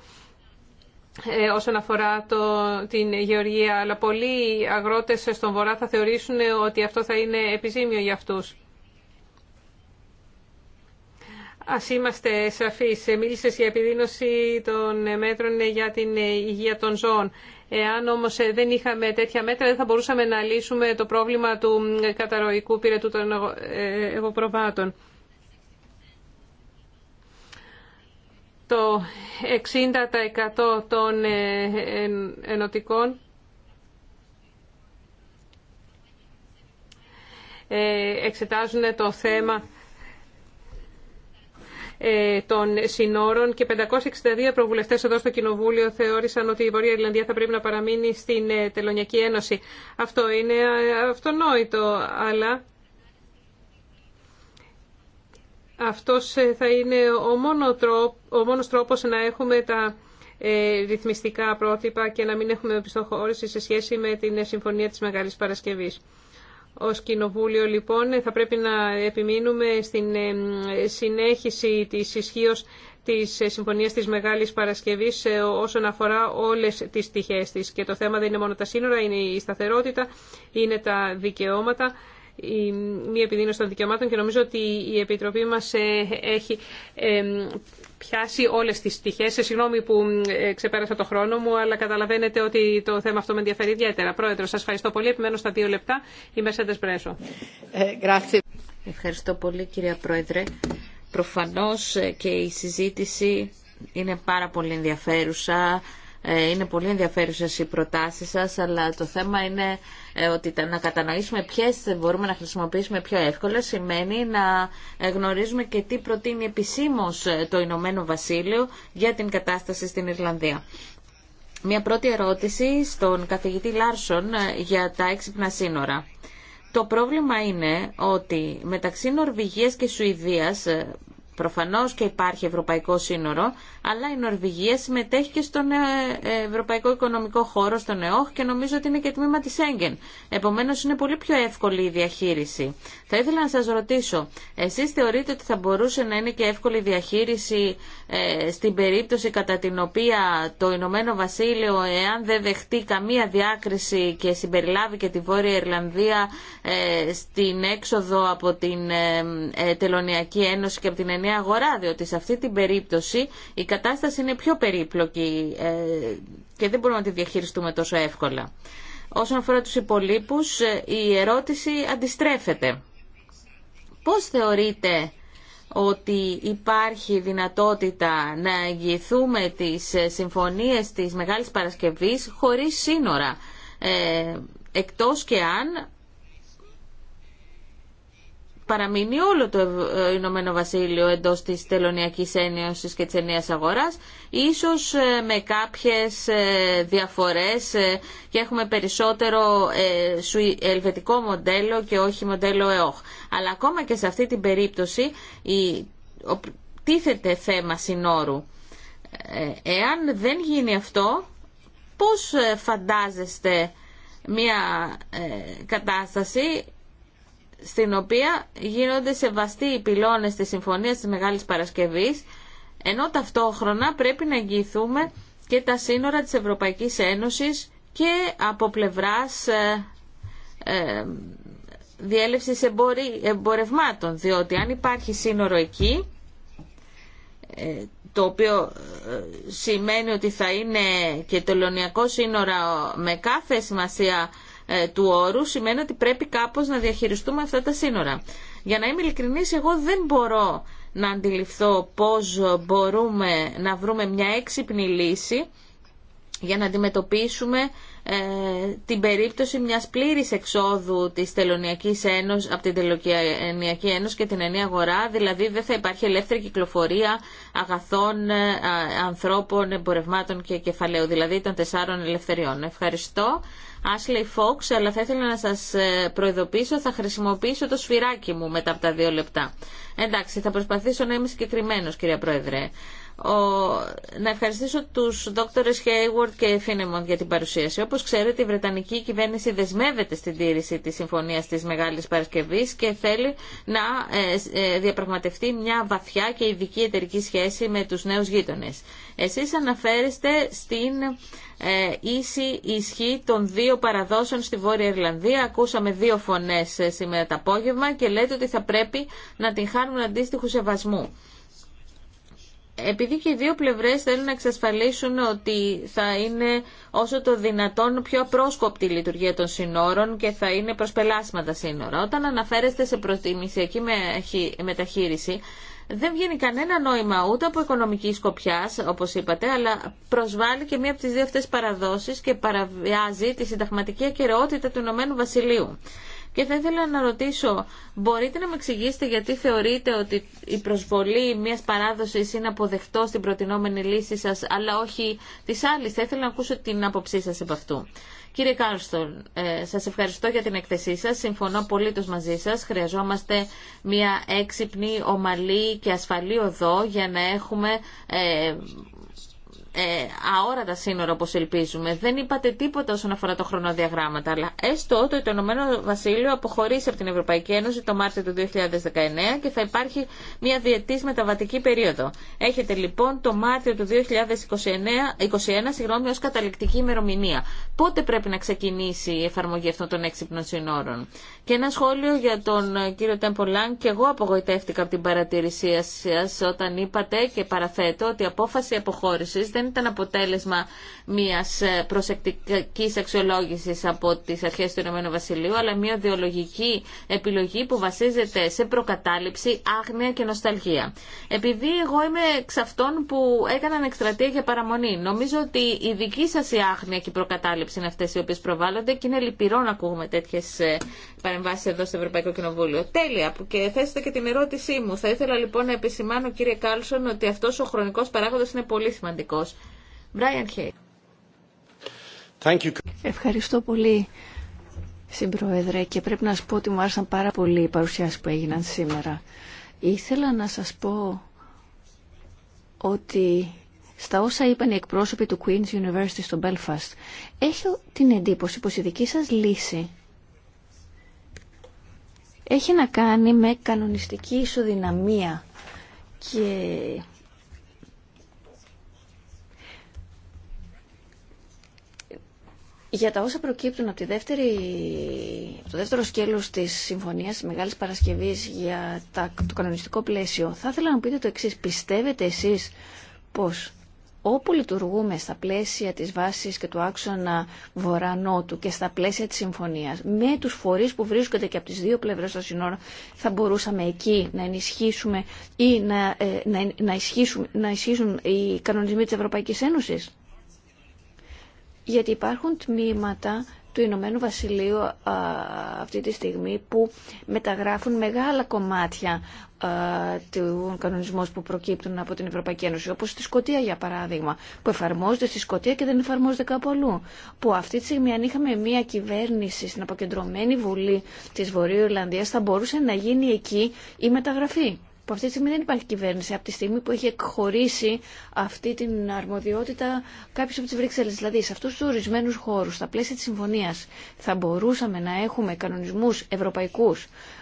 S2: ε, όσον αφορά το, την γεωργία, αλλά πολλοί αγρότες στον Βορρά θα θεωρήσουν ότι αυτό θα είναι επιζήμιο για αυτούς. Α είμαστε σαφείς. Ε, μίλησε για επιδείνωση των μέτρων για την υγεία των ζώων. Εάν όμως ε, δεν είχαμε τέτοια μέτρα, δεν θα μπορούσαμε να λύσουμε το πρόβλημα του καταρροϊκού πυρετού των εγωπροβάτων. το 60% των ε, ε, ενωτικών ε, εξετάζουν το θέμα των συνόρων και 562 προβουλευτέ εδώ στο Κοινοβούλιο θεώρησαν ότι η Βορεια Ιρλανδία θα πρέπει να παραμείνει στην Τελωνιακή Ένωση. Αυτό είναι αυτονόητο, αλλά Αυτός ε, θα είναι ο, μόνο τρόπο, ο μόνος τρόπος να έχουμε τα ε, ρυθμιστικά πρότυπα και να μην έχουμε επιστοχώρηση σε σχέση με την ε, Συμφωνία της Μεγάλης Παρασκευής. Ως Κοινοβούλιο, λοιπόν, θα πρέπει να επιμείνουμε στην συνέχιση της ισχύω της Συμφωνίας της Μεγάλης Παρασκευής όσον αφορά όλες τις πτυχές της. Και το θέμα δεν είναι μόνο τα σύνορα, είναι η σταθερότητα, είναι τα δικαιώματα η μη επιδείνωση των δικαιωμάτων και νομίζω ότι η Επιτροπή μας ε, έχει ε, πιάσει όλες τις Σε Συγγνώμη που ε, ξεπέρασα το χρόνο μου, αλλά καταλαβαίνετε ότι το θέμα αυτό με ενδιαφέρει ιδιαίτερα. Πρόεδρο, σας ευχαριστώ πολύ. Επιμένω στα δύο λεπτά. Η Μερσέντες Μπρέσο.
S3: Ευχαριστώ πολύ κυρία Πρόεδρε. Προφανώς και η συζήτηση είναι πάρα πολύ ενδιαφέρουσα ε, είναι πολύ ενδιαφέρουσες οι προτάσεις σας, αλλά το θέμα είναι ε, ότι να κατανοήσουμε ποιες μπορούμε να χρησιμοποιήσουμε πιο εύκολα σημαίνει να ε, γνωρίζουμε και τι προτείνει επισήμως το Ηνωμένο Βασίλειο για την κατάσταση στην Ιρλανδία. Μια πρώτη ερώτηση στον καθηγητή Λάρσον για τα έξυπνα σύνορα. Το πρόβλημα είναι ότι μεταξύ Νορβηγίας και Σουηδίας Προφανώς και υπάρχει ευρωπαϊκό σύνορο, αλλά η Νορβηγία συμμετέχει και στον ε, ε, Ευρωπαϊκό Οικονομικό Χώρο, στον ΕΟΧ και νομίζω ότι είναι και τμήμα της Σέγγεν. Επομένως είναι πολύ πιο εύκολη η διαχείριση. Θα ήθελα να σας ρωτήσω, εσείς θεωρείτε ότι θα μπορούσε να είναι και εύκολη η διαχείριση ε, στην περίπτωση κατά την οποία το Ηνωμένο Βασίλειο, εάν δεν δεχτεί καμία διάκριση και συμπεριλάβει και τη Βόρεια Ιρλανδία στην έξοδο από την ε, Τελωνιακή Ένωση και από την είναι αγορά, διότι σε αυτή την περίπτωση η κατάσταση είναι πιο περίπλοκη ε, και δεν μπορούμε να τη διαχειριστούμε τόσο εύκολα. Όσον αφορά τους υπολείπους, ε, η ερώτηση αντιστρέφεται. Πώς θεωρείτε ότι υπάρχει δυνατότητα να εγγυηθούμε τις ε, συμφωνίες της Μεγάλης Παρασκευής χωρίς σύνορα, εκτός και αν παραμείνει όλο το ε, Ηνωμένο Βασίλειο εντός της τελωνιακής ενίωσης και της ενιαίας αγοράς, ίσως ε, με κάποιες ε, διαφορές και έχουμε περισσότερο ελβετικό μοντέλο και όχι μοντέλο ΕΟΧ. Αλλά ακόμα και σε αυτή την περίπτωση τίθεται θέμα συνόρου. Εάν δεν γίνει αυτό, πώς φαντάζεστε μια κατάσταση στην οποία γίνονται σεβαστοί οι πυλώνες της Συμφωνίας της Μεγάλης Παρασκευής, ενώ ταυτόχρονα πρέπει να εγγυηθούμε και τα σύνορα της Ευρωπαϊκής Ένωσης και από πλευράς ε, ε διέλευσης εμπορευμάτων, διότι αν υπάρχει σύνορο εκεί, ε, το οποίο ε, σημαίνει ότι θα είναι και τελωνιακό σύνορα με κάθε σημασία ε, του όρου σημαίνει ότι πρέπει κάπως να διαχειριστούμε αυτά τα σύνορα. Για να είμαι ειλικρινής, εγώ δεν μπορώ να αντιληφθώ πώς μπορούμε να βρούμε μια έξυπνη λύση για να αντιμετωπίσουμε ε, την περίπτωση μιας πλήρης εξόδου της Τελωνιακής Ένωσης από την Τελωνιακή Ένωση και την ενή αγορά, δηλαδή δεν θα υπάρχει ελεύθερη κυκλοφορία αγαθών, ε, ανθρώπων, εμπορευμάτων και κεφαλαίου, δηλαδή των τεσσάρων ελευθεριών. Ευχαριστώ. Ashley Φόξ, αλλά θα ήθελα να σας ε, προειδοποιήσω, θα χρησιμοποιήσω το σφυράκι μου μετά από τα δύο λεπτά. Εντάξει, θα προσπαθήσω να είμαι συγκεκριμένο, κυρία Πρόεδρε να ευχαριστήσω τους δόκτωρες Hayward και Φίνεμον για την παρουσίαση. Όπως ξέρετε, η Βρετανική κυβέρνηση δεσμεύεται στην τήρηση τη συμφωνία της Μεγάλης Παρασκευής και θέλει να ε, ε, διαπραγματευτεί μια βαθιά και ειδική εταιρική σχέση με τους νέους γείτονες. Εσείς αναφέρεστε στην ε, ίση ισχύ των δύο παραδόσεων στη Βόρεια Ιρλανδία. Ακούσαμε δύο φωνές σήμερα το απόγευμα και λέτε ότι θα πρέπει να την χάνουν αντίστοιχου σεβασμού επειδή και οι δύο πλευρές θέλουν να εξασφαλίσουν ότι θα είναι όσο το δυνατόν πιο απρόσκοπτη η λειτουργία των συνόρων και θα είναι προσπελάσματα τα σύνορα. Όταν αναφέρεστε σε προτιμησιακή μεταχείριση, δεν βγαίνει κανένα νόημα ούτε από οικονομική σκοπιά, όπω είπατε, αλλά προσβάλλει και μία από τι δύο αυτέ παραδόσει και παραβιάζει τη συνταγματική ακαιρεότητα του Ηνωμένου Βασιλείου. Και θα ήθελα να ρωτήσω, μπορείτε να με εξηγήσετε γιατί θεωρείτε ότι η προσβολή μια παράδοση είναι αποδεκτό στην προτινόμενη λύση σα, αλλά όχι της άλλη. Θα ήθελα να ακούσω την άποψή σα επ' αυτού. Κύριε Κάρστον, ε, σας ευχαριστώ για την εκθεσή σας. Συμφωνώ απολύτως μαζί σας. Χρειαζόμαστε μια έξυπνη, ομαλή και ασφαλή οδό για να έχουμε ε, ε, αόρατα σύνορα όπως ελπίζουμε. Δεν είπατε τίποτα όσον αφορά το χρονοδιαγράμματα, αλλά έστω ότι το Ηνωμένο Βασίλειο αποχωρήσει από την Ευρωπαϊκή Ένωση το Μάρτιο του 2019 και θα υπάρχει μια διετής μεταβατική περίοδο. Έχετε λοιπόν το Μάρτιο του 2021 συγγνώμη, ως καταληκτική ημερομηνία. Πότε πρέπει να ξεκινήσει η εφαρμογή αυτών των έξυπνων συνόρων. Και ένα σχόλιο για τον ε, κύριο Λάγκ. και εγώ απογοητεύτηκα από την παρατηρησία σας όταν είπατε και παραθέτω ότι η απόφαση αποχώρηση δεν ήταν αποτέλεσμα μια ε, προσεκτική αξιολόγηση από τι αρχέ του Ηνωμένου Βασιλείου, αλλά μια διολογική επιλογή που βασίζεται σε προκατάληψη, άγνοια και νοσταλγία. Επειδή εγώ είμαι εξ αυτών που έκαναν εκστρατεία για παραμονή, νομίζω ότι η δική σα η άγνοια και η προκατάληψη είναι αυτέ οι οποίε προβάλλονται και είναι λυπηρό να ακούγουμε τέτοιε παρεμβάσει εδώ στο Ευρωπαϊκό Κοινοβούλιο. Τέλεια, που και θέσετε και την ερώτησή μου. Θα ήθελα λοιπόν να επισημάνω, κύριε Κάλσον, ότι αυτό ο χρονικό παράγοντα είναι πολύ σημαντικό.
S4: Ευχαριστώ πολύ, Συμπρόεδρε, και πρέπει να σας πω ότι μου άρεσαν πάρα πολύ οι παρουσιάσεις που έγιναν σήμερα. Ήθελα να σας πω ότι στα όσα είπαν οι εκπρόσωποι του Queen's University στο Belfast, έχω την εντύπωση πως η δική σας λύση έχει να κάνει με κανονιστική ισοδυναμία και Για τα όσα προκύπτουν από, τη δεύτερη, το δεύτερο σκέλος της Συμφωνίας της Μεγάλης Παρασκευής για τα, το κανονιστικό πλαίσιο, θα ήθελα να πείτε το εξή, Πιστεύετε εσείς πως όπου λειτουργούμε στα πλαίσια της βάσης και του άξονα και στα πλαίσια της συμφωνίας, με τους φορείς που βρίσκονται και από τις δύο πλευρές των συνόρων, θα μπορούσαμε εκεί να ενισχύσουμε ή να, ε, να, να ισχύσουν οι κανονισμοί της Ευρωπαϊκής Ένωσης γιατί υπάρχουν τμήματα του Ηνωμένου Βασιλείου αυτή τη στιγμή που μεταγράφουν μεγάλα κομμάτια του κανονισμού που προκύπτουν από την Ευρωπαϊκή Ένωση, όπως στη Σκωτία για παράδειγμα, που εφαρμόζεται στη Σκωτία και δεν εφαρμόζονται κάπου αλλού. Που αυτή τη στιγμή αν είχαμε μια κυβέρνηση στην αποκεντρωμένη βουλή της Βορείου Ιρλανδίας θα μπορούσε να γίνει εκεί η μεταγραφή που αυτή τη στιγμή δεν υπάρχει κυβέρνηση από τη στιγμή που έχει εκχωρήσει αυτή την αρμοδιότητα κάποιο από τι Βρυξέλλε. Δηλαδή, σε αυτού του ορισμένου χώρου, στα πλαίσια τη συμφωνία, θα μπορούσαμε να έχουμε κανονισμού ευρωπαϊκού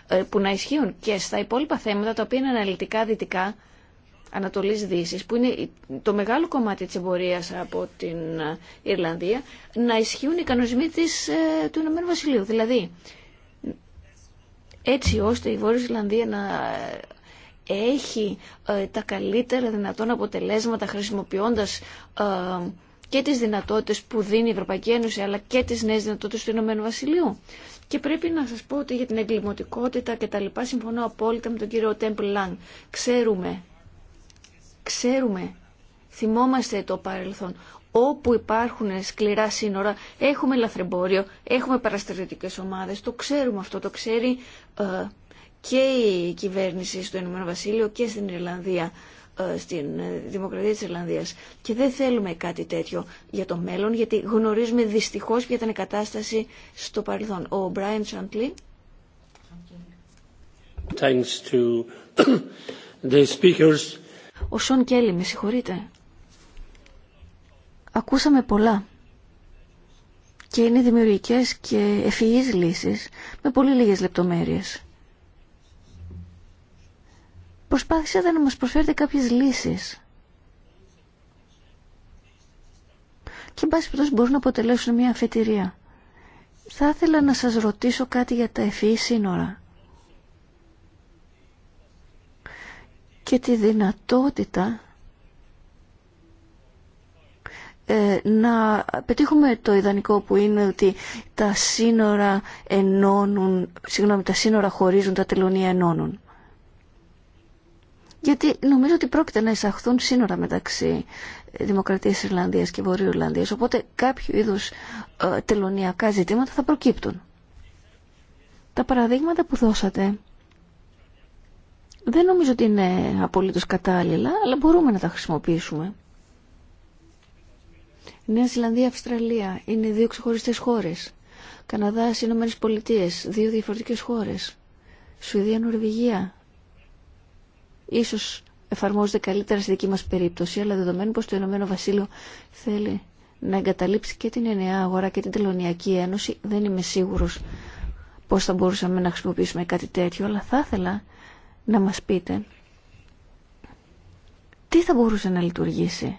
S4: ε, που να ισχύουν και στα υπόλοιπα θέματα τα οποία είναι αναλυτικά δυτικά. Ανατολή Δύση, που είναι το μεγάλο κομμάτι τη εμπορία από την ε, Ιρλανδία, να ισχύουν οι κανονισμοί της, ε, του Ηνωμένου Βασιλείου. Δηλαδή, έτσι ώστε η Βόρεια Ιρλανδία να έχει ε, τα καλύτερα δυνατόν αποτελέσματα χρησιμοποιώντας ε, και τις δυνατότητες που δίνει η Ευρωπαϊκή Ένωση αλλά και τις νέες δυνατότητες του Ηνωμένου Βασιλείου. Και πρέπει να σας πω ότι για την εγκληματικότητα και τα λοιπά συμφωνώ απόλυτα με τον κύριο Τέμπλ Λαν. Ξέρουμε, ξέρουμε, θυμόμαστε το παρελθόν. Όπου υπάρχουν σκληρά σύνορα, έχουμε λαθρεμπόριο, έχουμε παραστρατιωτικές ομάδες, το ξέρουμε αυτό, το ξέρει ε, και η κυβέρνηση στο Ηνωμένο Βασίλειο και στην Ιρλανδία ε, στην ε, Δημοκρατία της Ιρλανδίας και δεν θέλουμε κάτι τέτοιο για το μέλλον γιατί γνωρίζουμε δυστυχώς ποια ήταν η κατάσταση στο παρελθόν. Ο Μπράιν Σαντλή
S1: to the speakers. Ο Σον
S4: Κέλλη, με συγχωρείτε. Ακούσαμε πολλά και είναι δημιουργικές και ευφυείς λύσεις με πολύ λίγες λεπτομέρειες προσπάθησατε να μας προσφέρετε κάποιες λύσεις. Και, εν πάση μπορούν να αποτελέσουν μια αφετηρία. Θα ήθελα να σας ρωτήσω κάτι για τα ευφυή e σύνορα. Και τη δυνατότητα ε, να πετύχουμε το ιδανικό που είναι ότι τα σύνορα ενώνουν, συγγνώμη, τα σύνορα χωρίζουν, τα τελωνία ενώνουν γιατί νομίζω ότι πρόκειται να εισαχθούν σύνορα μεταξύ Δημοκρατίας Ιρλανδίας και Βορείου Ιρλανδίας, οπότε κάποιο είδους ε, τελωνιακά ζητήματα θα προκύπτουν. Τα παραδείγματα που δώσατε δεν νομίζω ότι είναι απολύτω κατάλληλα, αλλά μπορούμε να τα χρησιμοποιήσουμε. Νέα Ζηλανδία, Αυστραλία είναι δύο ξεχωριστέ χώρε. Καναδά, Ηνωμένε Πολιτείε, δύο διαφορετικέ χώρε. Σουηδία, Νορβηγία, ίσως εφαρμόζεται καλύτερα στη δική μας περίπτωση, αλλά δεδομένου πως το Ηνωμένο Βασίλειο θέλει να εγκαταλείψει και την ενιαία αγορά και την τελωνιακή ένωση, δεν είμαι σίγουρος πώς θα μπορούσαμε να χρησιμοποιήσουμε κάτι τέτοιο, αλλά θα ήθελα να μας πείτε τι θα μπορούσε να λειτουργήσει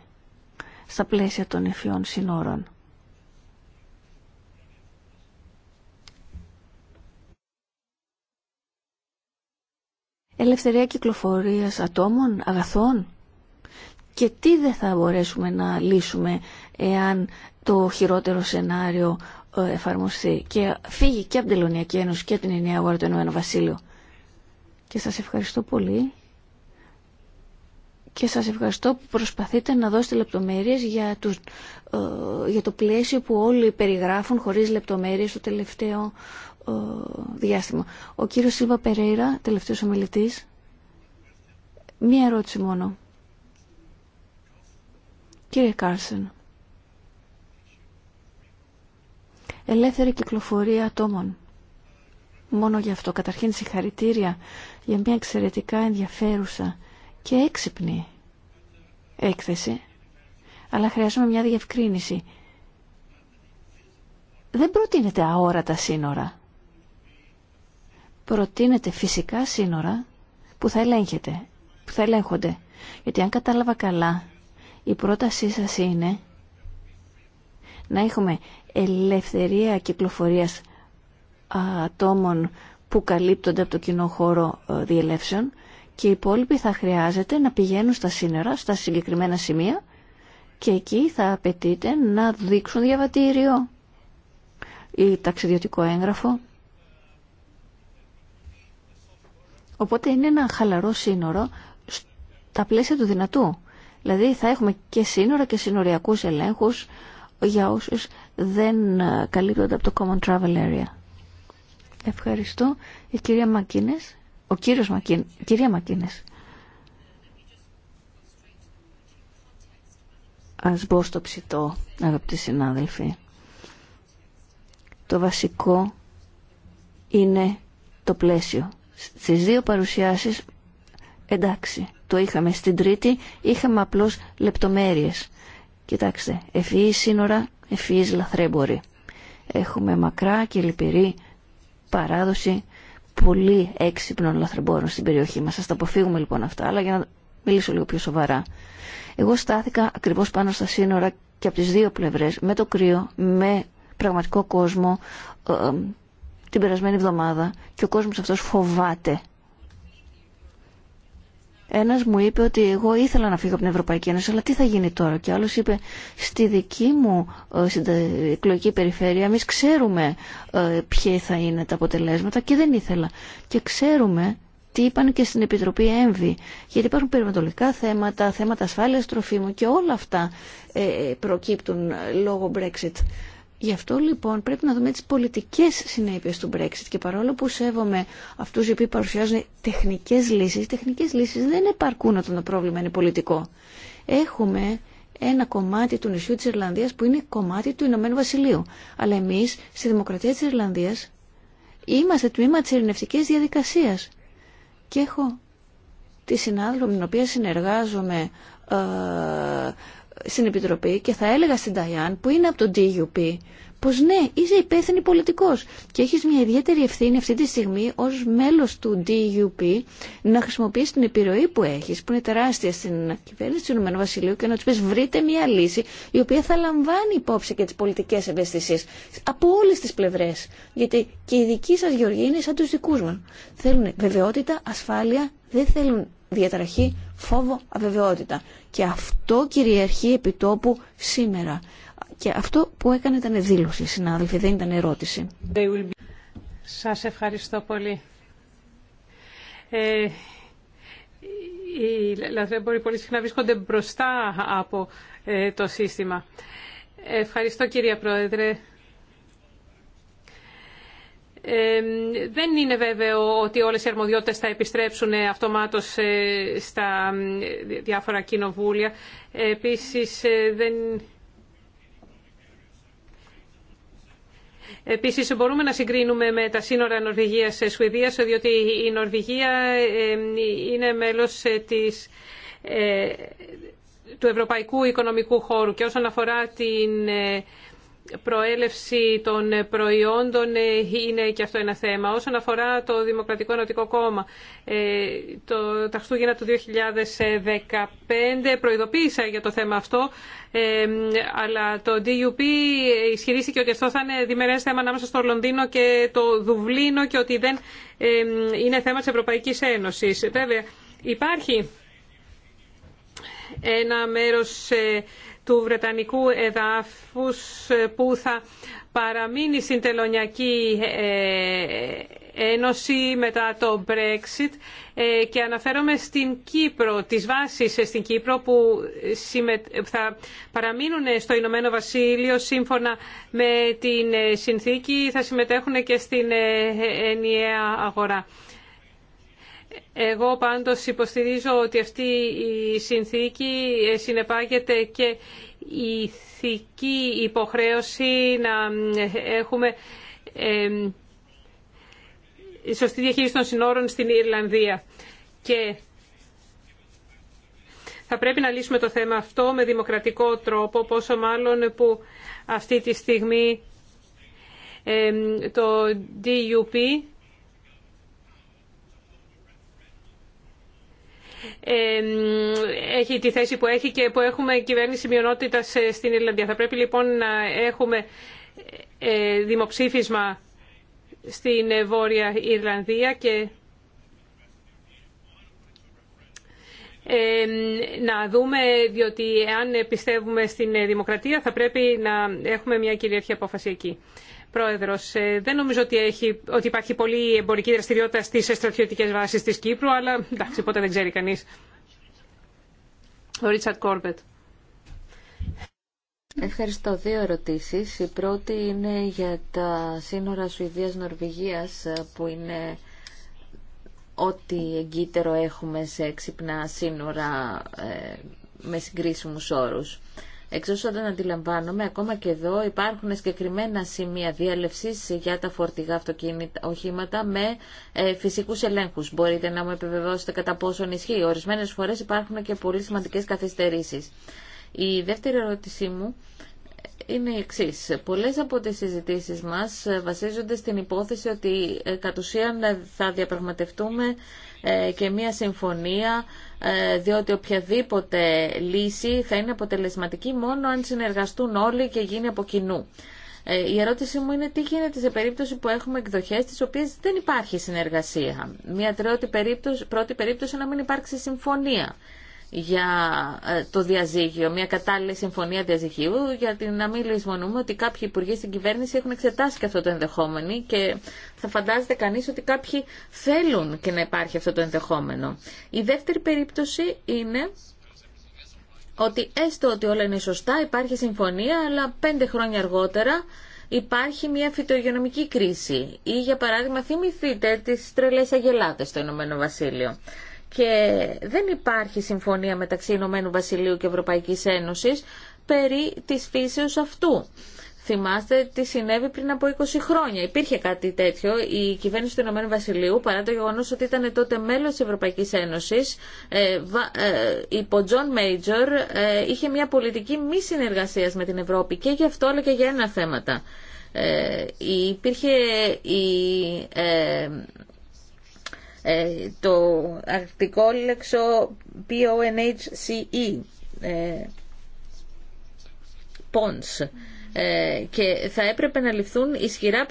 S4: στα πλαίσια των ευφυών συνόρων. ελευθερία κυκλοφορίας ατόμων, αγαθών. Και τι δεν θα μπορέσουμε να λύσουμε εάν το χειρότερο σενάριο ε, εφαρμοστεί και φύγει και από την Τελωνιακή Ένωση και την Ενιαία Αγορά του Ενωμένου Βασίλειου. Και σας ευχαριστώ πολύ και σας ευχαριστώ που προσπαθείτε να δώσετε λεπτομέρειες για, τους, ε, για το πλαίσιο που όλοι περιγράφουν χωρίς λεπτομέρειες το τελευταίο ε, διάστημα. Ο κύριος Σίλβα Περέιρα, τελευταίος ομιλητής. Μία ερώτηση μόνο. Κύριε Κάρσεν, ελεύθερη κυκλοφορία ατόμων. Μόνο γι' αυτό. Καταρχήν συγχαρητήρια για μια εξαιρετικά ενδιαφέρουσα και έξυπνη έκθεση. Αλλά χρειάζομαι μια διευκρίνηση. Δεν προτείνεται αόρατα σύνορα προτείνεται φυσικά σύνορα που θα ελέγχεται, που θα ελέγχονται. Γιατί αν κατάλαβα καλά, η πρότασή σας είναι να έχουμε ελευθερία κυκλοφορίας ατόμων που καλύπτονται από το κοινό χώρο ε, διελεύσεων και οι υπόλοιποι θα χρειάζεται να πηγαίνουν στα σύνορα, στα συγκεκριμένα σημεία και εκεί θα απαιτείται να δείξουν διαβατήριο ή ταξιδιωτικό έγγραφο Οπότε είναι ένα χαλαρό σύνορο στα πλαίσια του δυνατού. Δηλαδή θα έχουμε και σύνορα και συνοριακούς ελέγχους για όσους δεν ε, καλύπτονται από το Common Travel Area. Ευχαριστώ. Η κυρία Μακίνες. Ο κύριος Μακίνες. κυρία Μακίνες. Ας μπω στο ψητό, αγαπητοί συνάδελφοι. Το βασικό είναι το πλαίσιο. Στις δύο παρουσιάσεις, εντάξει, το είχαμε. Στην τρίτη είχαμε απλώς λεπτομέρειες. Κοιτάξτε, ευφυείς σύνορα, ευφυείς λαθρέμποροι. Έχουμε μακρά και λυπηρή παράδοση πολύ έξυπνων λαθρεμπόρων στην περιοχή μας. Σας τα αποφύγουμε λοιπόν αυτά, αλλά για να μιλήσω λίγο πιο σοβαρά. Εγώ στάθηκα ακριβώς πάνω στα σύνορα και από τις δύο πλευρές, με το κρύο, με πραγματικό κόσμο, ε, ε, την περασμένη εβδομάδα και ο κόσμος αυτός φοβάται. Ένας μου είπε ότι εγώ ήθελα να φύγω από την Ευρωπαϊκή Ένωση, αλλά τι θα γίνει τώρα. Και άλλος είπε, στη δική μου ε, εκλογική περιφέρεια, εμεί ξέρουμε ε, ποια θα είναι τα αποτελέσματα και δεν ήθελα. Και ξέρουμε τι είπαν και στην Επιτροπή ΕΜΒΗ. Γιατί υπάρχουν περιβαλλοντικά θέματα, θέματα ασφάλειας τροφίμων και όλα αυτά ε, προκύπτουν λόγω Brexit. Γι' αυτό λοιπόν πρέπει να δούμε τις πολιτικές συνέπειες του Brexit και παρόλο που σέβομαι αυτούς οι οποίοι παρουσιάζουν τεχνικές λύσεις, τεχνικές λύσεις δεν επαρκούν όταν το πρόβλημα είναι πολιτικό. Έχουμε ένα κομμάτι του νησιού της Ιρλανδίας που είναι κομμάτι του Ηνωμένου Βασιλείου. Αλλά εμείς στη Δημοκρατία της Ιρλανδίας είμαστε τμήμα της ειρηνευτικής διαδικασίας. Και έχω τη συνάδελφο με την οποία συνεργάζομαι ε, στην Επιτροπή και θα έλεγα στην Ταϊάν που είναι από το DUP πως ναι, είσαι υπεύθυνη πολιτικός και έχεις μια ιδιαίτερη ευθύνη αυτή τη στιγμή ως μέλος του DUP να χρησιμοποιήσεις την επιρροή που έχεις, που είναι τεράστια στην κυβέρνηση του Ηνωμένου Βασιλείου και να τους πεις βρείτε μια λύση η οποία θα λαμβάνει υπόψη και τις πολιτικές ευαισθησίες από όλες τις πλευρές. Γιατί και οι δικοί σας Γεωργοί είναι σαν τους δικούς μας. Θέλουν βεβαιότητα, ασφάλεια, δεν θέλουν διαταραχή, φόβο, αβεβαιότητα. Και αυτό κυριαρχεί επί τόπου σήμερα. Και αυτό που έκανε ήταν δήλωση, συνάδελφοι, δεν ήταν ερώτηση.
S2: Σας ευχαριστώ πολύ. Ε, οι λαθρέμποροι πολύ συχνά βρίσκονται μπροστά από ε, το σύστημα. Ευχαριστώ κυρία Πρόεδρε δεν είναι βέβαιο ότι όλες οι αρμοδιότητες θα επιστρέψουν αυτομάτως ε, στα διάφορα κοινοβούλια. Επίσης, ε, δεν... Επίσης, μπορούμε να συγκρίνουμε με τα σύνορα Νορβηγίας-Σουηδίας, ε, διότι η Νορβηγία είναι μέλος της του Ευρωπαϊκού Οικονομικού Χώρου και όσον αφορά την προέλευση των προϊόντων ε, είναι και αυτό ένα θέμα. Όσον αφορά το Δημοκρατικό Ενωτικό Κόμμα, ε, το, τα του 2015 προειδοποίησα για το θέμα αυτό, ε, αλλά το DUP ισχυρίστηκε ότι αυτό θα είναι διμερές θέμα ανάμεσα στο Λονδίνο και το Δουβλίνο και ότι δεν είναι θέμα της Ευρωπαϊκής Ένωσης. Βέβαια, υπάρχει ένα μέρος του Βρετανικού εδάφους ε, που θα παραμείνει στην Τελωνιακή ε, Ένωση μετά το Brexit ε, και αναφέρομαι στην Κύπρο, τις βάσεις στην Κύπρο που θα παραμείνουν στο Ηνωμένο Βασίλειο σύμφωνα με την συνθήκη θα συμμετέχουν και στην ενιαία αγορά. Εγώ πάντως υποστηρίζω ότι αυτή η συνθήκη ε, συνεπάγεται και η ηθική υποχρέωση να ε, έχουμε σωστή διαχείριση των συνόρων στην Ιρλανδία. Και θα πρέπει να λύσουμε το θέμα αυτό με δημοκρατικό τρόπο, πόσο μάλλον που αυτή τη στιγμή το DUP έχει τη θέση που έχει και που έχουμε κυβέρνηση μειονότητα ε, στην Ιρλανδία. Θα πρέπει λοιπόν να έχουμε ε, δημοψήφισμα στην ε, Βόρεια Ιρλανδία και να δούμε, διότι εάν πιστεύουμε στην δημοκρατία θα πρέπει να έχουμε μια κυρίαρχη απόφαση εκεί. Πρόεδρος, ε, δεν νομίζω ότι, έχει, ότι υπάρχει πολύ εμπορική δραστηριότητα στις στρατιωτικές βάσει τη Κύπρου, αλλά εντάξει, ποτέ δεν ξέρει κανείς. Ο Ρίτσαρτ Κόρμπετ.
S3: Ευχαριστώ. Δύο ερωτήσεις. Η πρώτη είναι για τα συνορα σουηδια Σουηδίας-Νορβηγίας ε, που είναι ό,τι εγκύτερο έχουμε σε ξυπνά σύνορα ε, με συγκρίσιμους όρους. Εξ όσων αντιλαμβάνομαι, ακόμα και εδώ υπάρχουν συγκεκριμένα σημεία διέλευση για τα φορτηγά αυτοκίνητα, οχήματα με ε, φυσικούς ελέγχους. Μπορείτε να μου επιβεβαιώσετε κατά πόσο ισχύει. Ορισμένες φορές υπάρχουν και πολύ σημαντικέ καθυστερήσει. Η δεύτερη ερώτησή μου είναι η εξή. Πολλέ από τι συζητήσει μα ε, βασίζονται στην υπόθεση ότι ε, κατ' ουσίαν ε, θα διαπραγματευτούμε και μία συμφωνία, διότι οποιαδήποτε λύση θα είναι αποτελεσματική μόνο αν συνεργαστούν όλοι και γίνει από κοινού. Η ερώτησή μου είναι τι γίνεται σε περίπτωση που έχουμε εκδοχές τις οποίες δεν υπάρχει συνεργασία. Μια τριώτη περίπτωση, ειναι τι γινεται σε περιπτωση που εχουμε εκδοχες τι οποιες δεν υπαρχει συνεργασια μια περιπτωση πρωτη περιπτωση να μην υπάρξει συμφωνία για ε, το διαζύγιο, μια κατάλληλη συμφωνία διαζυγίου, γιατί να μην λησμονούμε ότι κάποιοι υπουργοί στην κυβέρνηση έχουν εξετάσει και αυτό το ενδεχόμενο και θα φαντάζεται κανείς ότι κάποιοι θέλουν και να υπάρχει αυτό το ενδεχόμενο. Η δεύτερη περίπτωση είναι ότι έστω ότι όλα είναι σωστά, υπάρχει συμφωνία, αλλά πέντε χρόνια αργότερα υπάρχει μια φυτογενομική κρίση. Ή για παράδειγμα θυμηθείτε τις τρελές αγελάδες στο Ηνωμένο Βασίλειο και δεν υπάρχει συμφωνία μεταξύ Ηνωμένου Βασιλείου και Ευρωπαϊκής Ένωσης περί της φύσεως αυτού. Θυμάστε τι συνέβη πριν από 20 χρόνια. Υπήρχε κάτι τέτοιο. Η κυβέρνηση του Ηνωμένου Βασιλείου, παρά το γεγονό ότι ήταν τότε μέλο τη Ευρωπαϊκή Ένωση, ε, ε, υπό Τζον Μέιτζορ ε, είχε μια πολιτική μη συνεργασία με την Ευρώπη και γι' αυτό αλλά και για ένα θέματα. Ε, υπήρχε η ε, ε, το αρκτικό λέξο PONHCE, PONS, ε, ε, και θα έπρεπε να ληφθούν ισχυρά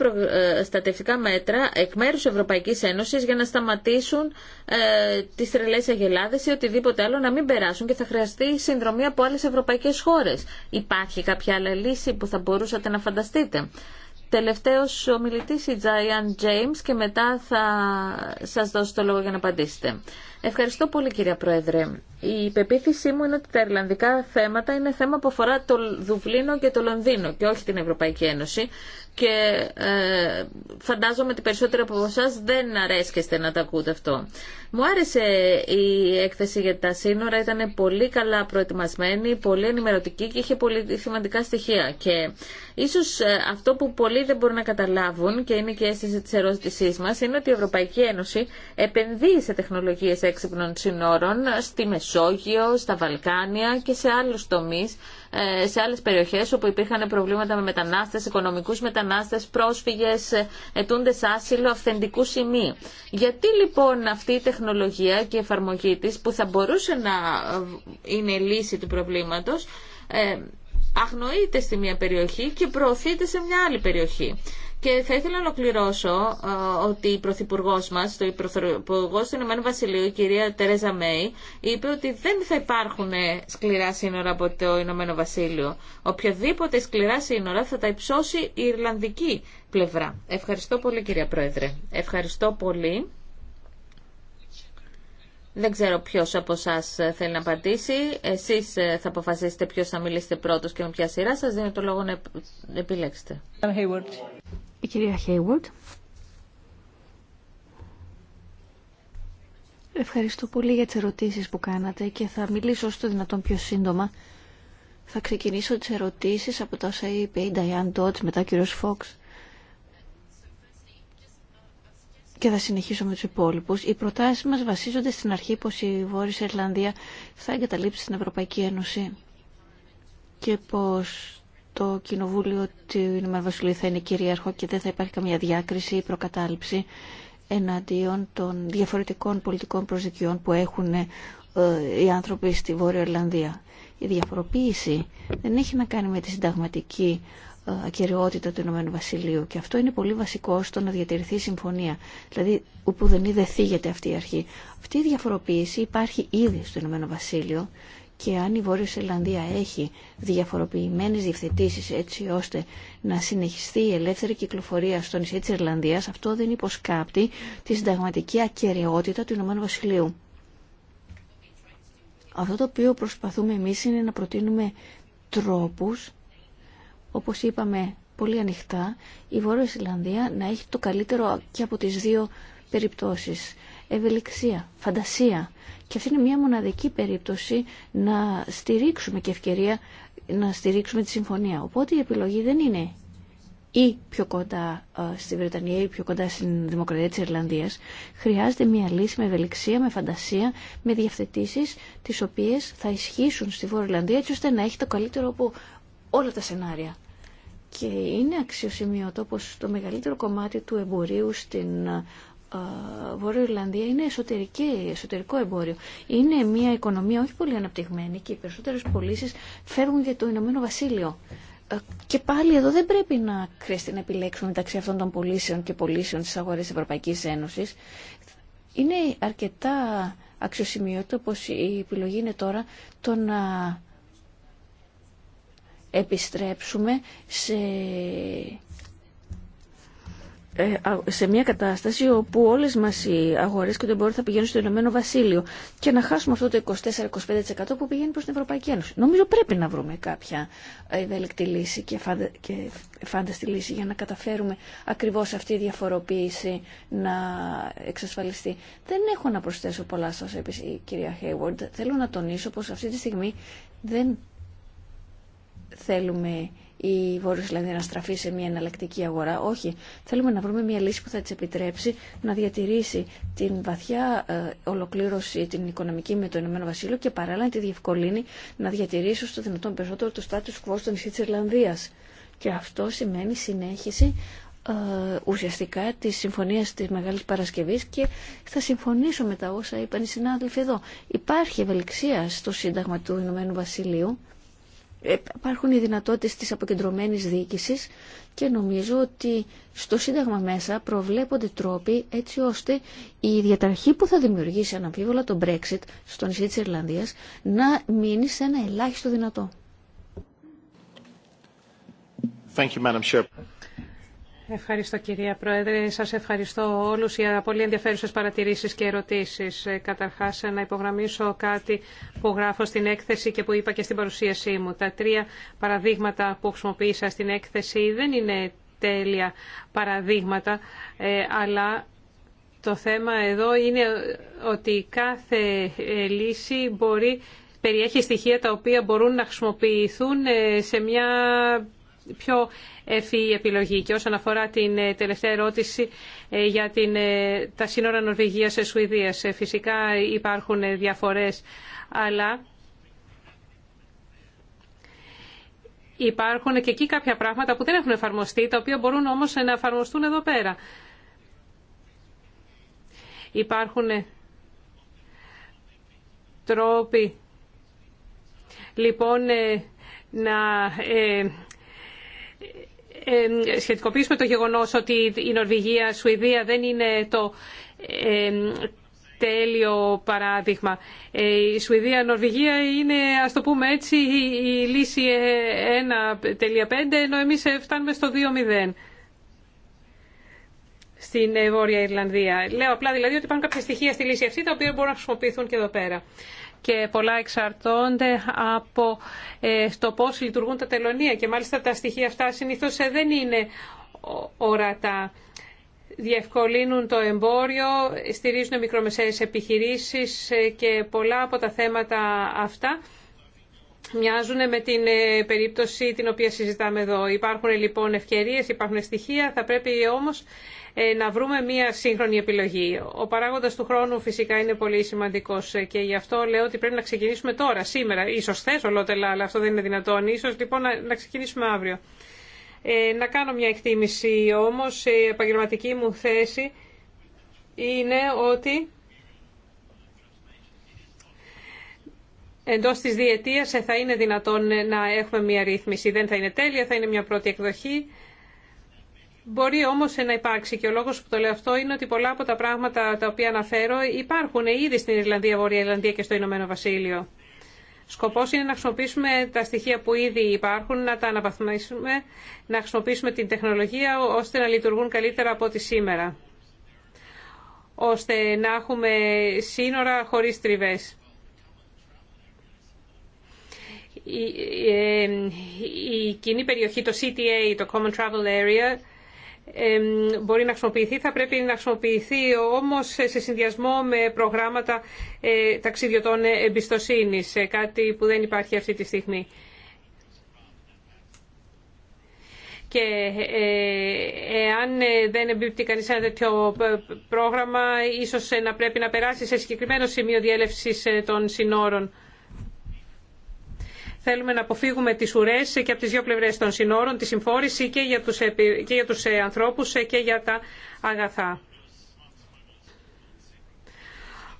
S3: στατευτικά μέτρα εκ μέρους Ευρωπαϊκής Ένωσης για να σταματήσουν ε, τις τρελές αγελάδες ή οτιδήποτε άλλο να μην περάσουν και θα χρειαστεί συνδρομή από άλλες ευρωπαϊκές χώρες. Υπάρχει κάποια άλλη λύση που θα μπορούσατε να φανταστείτε. Τελευταίος ο μιλητής η Τζάιάν Τζέιμς και μετά θα σας δώσω το λόγο για να απαντήσετε. Ευχαριστώ πολύ κυρία Πρόεδρε. Η πεποίθησή μου είναι ότι τα Ιρλανδικά θέματα είναι θέμα που αφορά το Δουβλίνο και το Λονδίνο και όχι την Ευρωπαϊκή Ένωση και ε, φαντάζομαι ότι περισσότεροι από εσά δεν αρέσκεστε να τα ακούτε αυτό. Μου άρεσε η έκθεση για τα σύνορα, ήταν πολύ καλά προετοιμασμένη, πολύ ενημερωτική και είχε πολύ σημαντικά στοιχεία. Και ίσως ε, αυτό που πολλοί δεν μπορούν να καταλάβουν και είναι και η αίσθηση της ερώτησής μας είναι ότι η Ευρωπαϊκή Ένωση επενδύει σε τεχνολογίες έξυπνων σύνορων στη Μεσόγειο, στα Βαλκάνια και σε άλλους τομείς ε, σε άλλε περιοχές όπου υπήρχαν προβλήματα με μετανάστες, οικονομικούς μετανάστες, πρόσφυγες, ε, ετούντες άσυλο, αυθεντικού σημείου. Γιατί λοιπόν αυτή η τεχνολογία και η εφαρμογή τη που θα μπορούσε να ε, είναι λύση του προβλήματος αγνοείται στη μία περιοχή και προωθείται σε μια άλλη περιοχή. Και θα ήθελα να ολοκληρώσω ε, ότι η Πρωθυπουργό μα, το Πρωθυπουργό του Ηνωμένου Βασιλείου, η κυρία Τερέζα Μέη, είπε ότι δεν θα υπάρχουν σκληρά σύνορα από το Ηνωμένο Βασίλειο. Οποιοδήποτε σκληρά σύνορα θα τα υψώσει η Ιρλανδική πλευρά. Ευχαριστώ πολύ, κυρία Πρόεδρε. Ευχαριστώ πολύ. Δεν ξέρω ποιο από εσά θέλει να απαντήσει. Εσεί ε, θα αποφασίσετε ποιο θα μιλήσετε πρώτο και με ποια σειρά σα. Δίνω το λόγο να επιλέξετε.
S4: Η κυρία Ευχαριστώ πολύ για τις ερωτήσεις που κάνατε και θα μιλήσω στο το δυνατόν πιο σύντομα. Θα ξεκινήσω τις ερωτήσεις από τα όσα είπε η Νταϊάν Τότς, μετά ο κύριος Φόξ. Και θα συνεχίσω με τους υπόλοιπους. Οι προτάσεις μας βασίζονται στην αρχή πως η Βόρεια Ιρλανδία θα εγκαταλείψει την Ευρωπαϊκή Ένωση και πως το Κοινοβούλιο του Ηνωμένου Βασιλείου θα είναι κυρίαρχο και δεν θα υπάρχει καμία διάκριση ή προκατάληψη εναντίον των διαφορετικών πολιτικών προσδικιών που έχουν ε, οι άνθρωποι στη Βόρεια Ιρλανδία. Η διαφοροποίηση δεν έχει να κάνει με τη συνταγματική ε, ακεραιότητα του Ηνωμένου Βασιλείου και αυτό είναι πολύ βασικό στο να διατηρηθεί συμφωνία. Δηλαδή, όπου δεν είδε θίγεται αυτή η αρχή. Αυτή η διαφοροποίηση υπάρχει ήδη στο Ηνωμένο Βασίλειο και αν η Βόρειος Ιρλανδία έχει διαφοροποιημένες διευθετήσεις έτσι ώστε να συνεχιστεί η ελεύθερη κυκλοφορία στο νησί της Ιρλανδίας, αυτό δεν υποσκάπτει τη συνταγματική ακαιρεότητα του Ηνωμένου Βασιλείου. Αυτό το οποίο προσπαθούμε εμείς είναι να προτείνουμε τρόπους, όπως είπαμε πολύ ανοιχτά, η Βόρεια Ιρλανδία να έχει το καλύτερο και από τις δύο περιπτώσεις ευελιξία, φαντασία. Και αυτή είναι μια μοναδική περίπτωση να στηρίξουμε και ευκαιρία να στηρίξουμε τη συμφωνία. Οπότε η επιλογή δεν είναι ή πιο κοντά ε, στη Βρετανία ή πιο κοντά στην Δημοκρατία της Ιρλανδίας. Χρειάζεται μια λύση με ευελιξία, με φαντασία, με διαφθετήσεις τις οποίες θα ισχύσουν στη Βόρεια Ιρλανδία έτσι ώστε να έχει το καλύτερο από όλα τα σενάρια. Και είναι αξιοσημείωτο πως το μεγαλύτερο κομμάτι του εμπορίου στην ε, Βόρειο Ιρλανδία είναι εσωτερική, εσωτερικό εμπόριο. Είναι μια οικονομία όχι πολύ αναπτυγμένη και οι περισσότερες πωλήσει φεύγουν για το Ηνωμένο Βασίλειο. Ε, και πάλι εδώ δεν πρέπει να χρειαστεί να επιλέξουμε μεταξύ αυτών των πωλήσεων και πωλήσεων στις αγορές της Ευρωπαϊκής Ένωσης. Είναι αρκετά αξιοσημείωτο πως η επιλογή είναι τώρα το να επιστρέψουμε σε ε, σε μια κατάσταση όπου όλες μας οι αγορές και το εμπόριο θα πηγαίνουν στο Ηνωμένο Βασίλειο και να χάσουμε αυτό το 24-25% που πηγαίνει προς την Ευρωπαϊκή Ένωση. Νομίζω πρέπει να βρούμε κάποια ε, ευέλικτη λύση και, φαντα... και φάνταστη λύση για να καταφέρουμε ακριβώς αυτή η διαφοροποίηση να εξασφαλιστεί. Δεν έχω να προσθέσω πολλά σας, η κυρία Hayward. Θέλω να τονίσω πως αυτή τη στιγμή δεν θέλουμε η Βόρεια Ιρλανδία να στραφεί σε μια εναλλακτική αγορά. Όχι. Θέλουμε να βρούμε μια λύση που θα τη επιτρέψει να διατηρήσει την βαθιά ε, ολοκλήρωση την οικονομική με το Ηνωμένο Βασίλειο και παράλληλα να τη διευκολύνει να διατηρήσει το δυνατόν περισσότερο το status quo στο νησί τη Ιρλανδία. Και αυτό σημαίνει συνέχιση ε, ουσιαστικά τη συμφωνία τη μεγάλη παρασκευή και θα συμφωνήσω με τα όσα είπαν οι συνάδελφοι εδώ. Υπάρχει ευελιξία στο Σύνταγμα του Ηνωμένου Βασιλείου ε, υπάρχουν οι δυνατότητες της αποκεντρωμένης διοίκησης και νομίζω ότι στο Σύνταγμα μέσα προβλέπονται τρόποι έτσι ώστε η διαταρχή που θα δημιουργήσει αναμφίβολα το Brexit στο νησί της Ιρλανδίας να μείνει σε ένα ελάχιστο δυνατό.
S5: Thank you, Madam
S2: Ευχαριστώ κυρία Πρόεδρε. Σας ευχαριστώ όλους για πολύ ενδιαφέρουσες παρατηρήσεις και ερωτήσεις. Ε, καταρχάς να υπογραμμίσω κάτι που γράφω στην έκθεση και που είπα και στην παρουσίασή μου. Τα τρία παραδείγματα που χρησιμοποίησα στην έκθεση δεν είναι τέλεια παραδείγματα, ε, αλλά το θέμα εδώ είναι ότι κάθε ε, λύση μπορεί περιέχει στοιχεία τα οποία μπορούν να χρησιμοποιηθούν σε μια πιο ευφυή επιλογή. Και όσον αφορά την ε, τελευταία ερώτηση ε, για την, ε, τα σύνορα Νορβηγίας-Σουηδίας, φυσικά υπάρχουν διαφορές, αλλά υπάρχουν και εκεί κάποια πράγματα που δεν έχουν εφαρμοστεί, τα οποία μπορούν όμως να εφαρμοστούν εδώ πέρα. Υπάρχουν τρόποι λοιπόν να σχετικοποιήσουμε το γεγονός ότι η Νορβηγία, η Σουηδία δεν είναι το τέλειο παράδειγμα. Ε, η Σουηδία, Νορβηγία είναι, ας το πούμε έτσι, η λύση 1.5, ε, ενώ εμείς ε, φτάνουμε στο 2.0 στην Βόρεια Ιρλανδία. Λέω απλά δηλαδή ότι υπάρχουν κάποια στοιχεία στη λύση αυτή τα οποία μπορούν να χρησιμοποιηθούν και εδώ πέρα και πολλά εξαρτώνται από ε, το πώς λειτουργούν τα τελωνία και μάλιστα τα στοιχεία αυτά συνήθως ε, δεν είναι ορατά. Διευκολύνουν το εμπόριο, στηρίζουν μικρομεσαίες επιχειρήσεις ε, και πολλά από τα θέματα αυτά μοιάζουν με την περίπτωση την οποία συζητάμε εδώ. Υπάρχουν λοιπόν ευκαιρίες, υπάρχουν στοιχεία, θα πρέπει όμως ε, να βρούμε μία σύγχρονη επιλογή. Ο παράγοντας του χρόνου φυσικά είναι πολύ σημαντικός ε, και γι' αυτό λέω ότι πρέπει να ξεκινήσουμε τώρα, σήμερα. Ίσως θε ολότελα, αλλά αυτό δεν είναι δυνατόν. Ίσως λοιπόν να ξεκινήσουμε αύριο. Ε, να κάνω μια εκτίμηση όμως, η επαγγελματική μου θέση είναι ότι εντός της διετίας θα είναι δυνατόν να έχουμε μια ρύθμιση. Δεν θα είναι τέλεια, θα είναι μια πρώτη εκδοχή Μπορεί όμως να υπάρξει και ο λόγος που το λέω αυτό είναι ότι πολλά από τα πράγματα τα οποία αναφέρω υπάρχουν ήδη στην Ιρλανδία, Βορεια Ιρλανδία και στο Ηνωμένο Βασίλειο. Σκοπός είναι να χρησιμοποιήσουμε τα στοιχεία που ήδη υπάρχουν, να τα αναβαθμίσουμε, να χρησιμοποιήσουμε την τεχνολογία ώστε να λειτουργούν καλύτερα από ό,τι σήμερα. Ώστε να έχουμε σύνορα τριβέ. Ε, η κοινή περιοχή, το CTA, το Common Travel Area, μπορεί να χρησιμοποιηθεί. Θα πρέπει να χρησιμοποιηθεί όμως σε συνδυασμό με προγράμματα ε, ταξιδιωτών εμπιστοσύνης, κάτι που δεν υπάρχει αυτή τη στιγμή. Και ε, εάν ε, δεν εμπίπτει κανείς ένα τέτοιο πρόγραμμα, ίσως να πρέπει να περάσει σε συγκεκριμένο σημείο διέλευσης των συνόρων. Θέλουμε να αποφύγουμε τις ουρές και από τις δύο πλευρές των συνόρων, τη συμφόρηση και για τους, και για τους ε, ανθρώπους ε, και για τα αγαθά.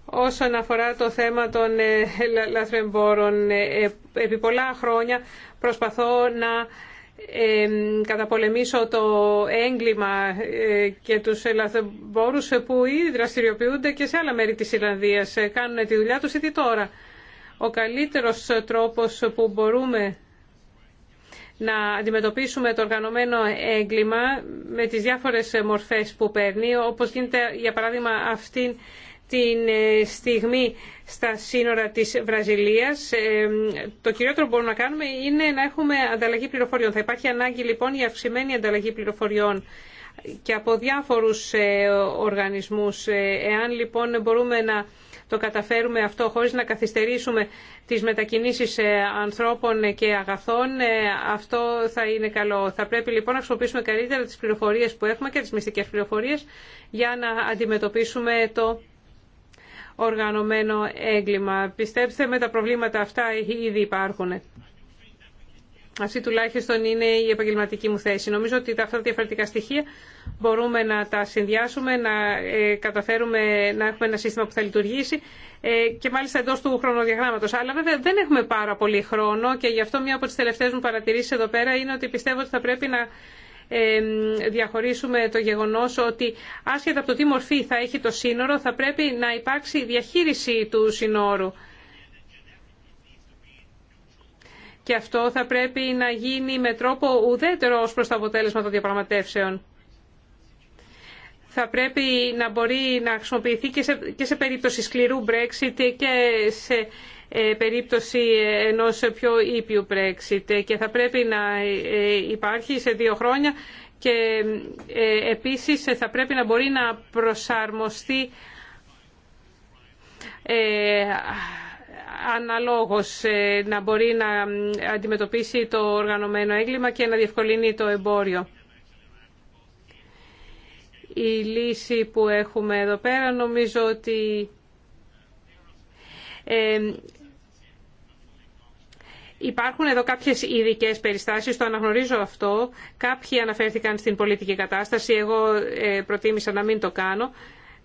S2: Όσον αφορά το θέμα των ε, λαθρεμπόρων, επί πολλά χρόνια προσπαθώ να καταπολεμήσω το έγκλημα και τους λαθρεμπόρους που ήδη δραστηριοποιούνται και σε άλλα μέρη της Ιλλανδίας. Κάνουν τη δουλειά τους ήδη τώρα. Ο καλύτερος τρόπος που μπορούμε να αντιμετωπίσουμε το οργανωμένο έγκλημα με τις διάφορες μορφές που παίρνει, όπως γίνεται για παράδειγμα αυτή την στιγμή στα σύνορα της Βραζιλίας. Ε, το κυριότερο που μπορούμε να κάνουμε είναι να έχουμε ανταλλαγή πληροφοριών. Θα υπάρχει ανάγκη λοιπόν για αυξημένη ανταλλαγή πληροφοριών και από διάφορους ε, οργανισμούς. Ε, εάν λοιπόν μπορούμε να το καταφέρουμε αυτό χωρίς να καθυστερήσουμε τις μετακινήσεις ε, ανθρώπων και αγαθών, ε, αυτό θα είναι καλό. Θα πρέπει λοιπόν να χρησιμοποιήσουμε καλύτερα τις πληροφορίες που έχουμε και τις μυστικές πληροφορίες για να αντιμετωπίσουμε το οργανωμένο έγκλημα. Πιστέψτε με, τα προβλήματα αυτά ήδη υπάρχουν. Αυτή τουλάχιστον είναι η επαγγελματική μου θέση. Νομίζω ότι αυτά τα διαφορετικά στοιχεία μπορούμε να τα συνδυάσουμε, να ε, καταφέρουμε να έχουμε ένα σύστημα που θα λειτουργήσει ε, και μάλιστα εντό του χρονοδιαγράμματο. Αλλά βέβαια δεν έχουμε πάρα πολύ χρόνο και γι' αυτό μία από τι τελευταίε μου παρατηρήσει εδώ πέρα είναι ότι πιστεύω ότι θα πρέπει να διαχωρίσουμε το γεγονό ότι άσχετα από το τι μορφή θα έχει το σύνορο θα πρέπει να υπάρξει διαχείριση του σύνορου. και αυτό θα πρέπει να γίνει με τρόπο ουδέτερο ως προς το αποτέλεσμα των διαπραγματεύσεων. Θα πρέπει να μπορεί να χρησιμοποιηθεί και σε, και περίπτωση σκληρού Brexit και σε ε, περίπτωση ενός πιο ήπιου Brexit και θα πρέπει να ε, υπάρχει σε δύο χρόνια και ε, επίσης θα πρέπει να μπορεί να προσαρμοστεί αναλόγως ε, να μπορεί να αντιμετωπίσει το οργανωμένο έγκλημα και να διευκολύνει το εμπόριο. Η λύση που έχουμε εδώ πέρα νομίζω ότι ε, Υπάρχουν εδώ κάποιες ειδικέ περιστάσεις, το αναγνωρίζω αυτό. Κάποιοι αναφέρθηκαν στην πολιτική κατάσταση, εγώ ε, προτίμησα να μην το κάνω.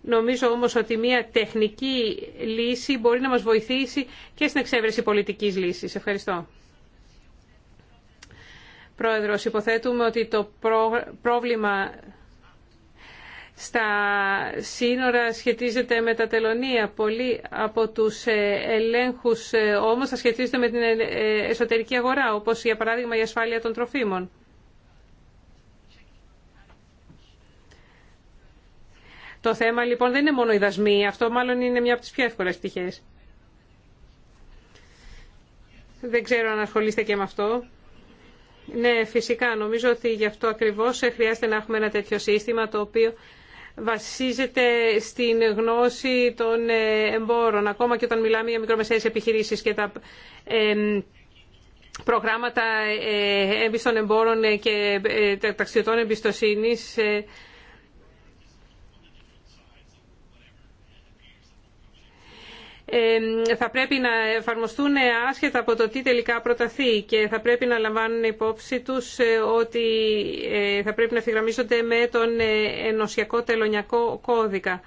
S2: Νομίζω όμως ότι μια τεχνική λύση μπορεί να μας βοηθήσει και στην εξέβρεση πολιτικής λύσης. Ευχαριστώ. Πρόεδρος, υποθέτουμε ότι το πρόβλημα στα σύνορα σχετίζεται με τα τελωνία. Πολλοί από τους ε, ελέγχους ε, όμως θα σχετίζονται με την ε, εσωτερική αγορά, όπως για παράδειγμα η ασφάλεια των τροφίμων. Το θέμα λοιπόν δεν είναι μόνο οι δασμοί, αυτό μάλλον είναι μια από τις πιο εύκολες πτυχές. Δεν ξέρω αν ασχολείστε και με αυτό. Ναι, φυσικά. Νομίζω ότι γι' αυτό ακριβώς ε, χρειάζεται να έχουμε ένα τέτοιο σύστημα το οποίο βασίζεται στην γνώση των ε, εμπόρων. Ακόμα και όταν μιλάμε για μικρομεσαίες επιχειρήσεις και τα προγράμματα ε, έμπιστων εμπόρων και ταξιδιωτών εμπιστοσύνης θα πρέπει να εφαρμοστούν άσχετα από το τι τελικά προταθεί και θα πρέπει να λαμβάνουν υπόψη τους ε, ότι ε, θα πρέπει να ευθυγραμμίζονται με τον ε, ενωσιακό τελωνιακό κώδικα.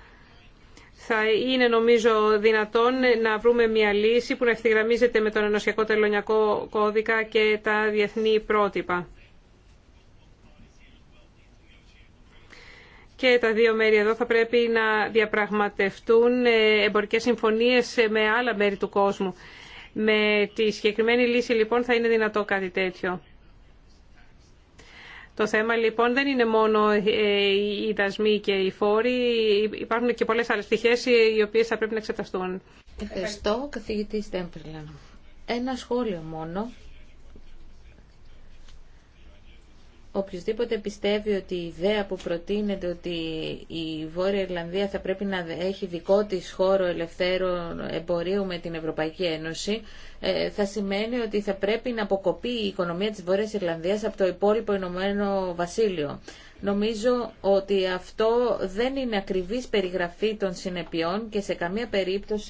S2: Θα είναι νομίζω δυνατόν να βρούμε μια λύση που να ευθυγραμμίζεται με τον ενωσιακό τελωνιακό κώδικα και τα διεθνή πρότυπα. και τα δύο μέρη εδώ θα πρέπει να διαπραγματευτούν ε, εμπορικές συμφωνίες ε, με άλλα μέρη του κόσμου. Με τη συγκεκριμένη λύση λοιπόν θα είναι δυνατό κάτι τέτοιο. Το θέμα λοιπόν δεν είναι μόνο ε, οι δασμοί και οι φόροι, υπάρχουν και πολλές άλλες πτυχές οι οποίες θα πρέπει να εξεταστούν. Ευχαριστώ,
S3: καθηγητή Στέμπριλα. Ένα σχόλιο μόνο οποιοδήποτε πιστεύει ότι η ιδέα που προτείνεται ότι η Βόρεια Ιρλανδία θα πρέπει να έχει δικό της χώρο ελευθέρων εμπορίου με την Ευρωπαϊκή Ένωση ε, θα σημαίνει ότι θα πρέπει να αποκοπεί η οικονομία της Βόρειας Ιρλανδίας από το υπόλοιπο Ηνωμένο Βασίλειο. Νομίζω ότι αυτό δεν είναι ακριβής περιγραφή των συνεπειών και σε καμία περίπτωση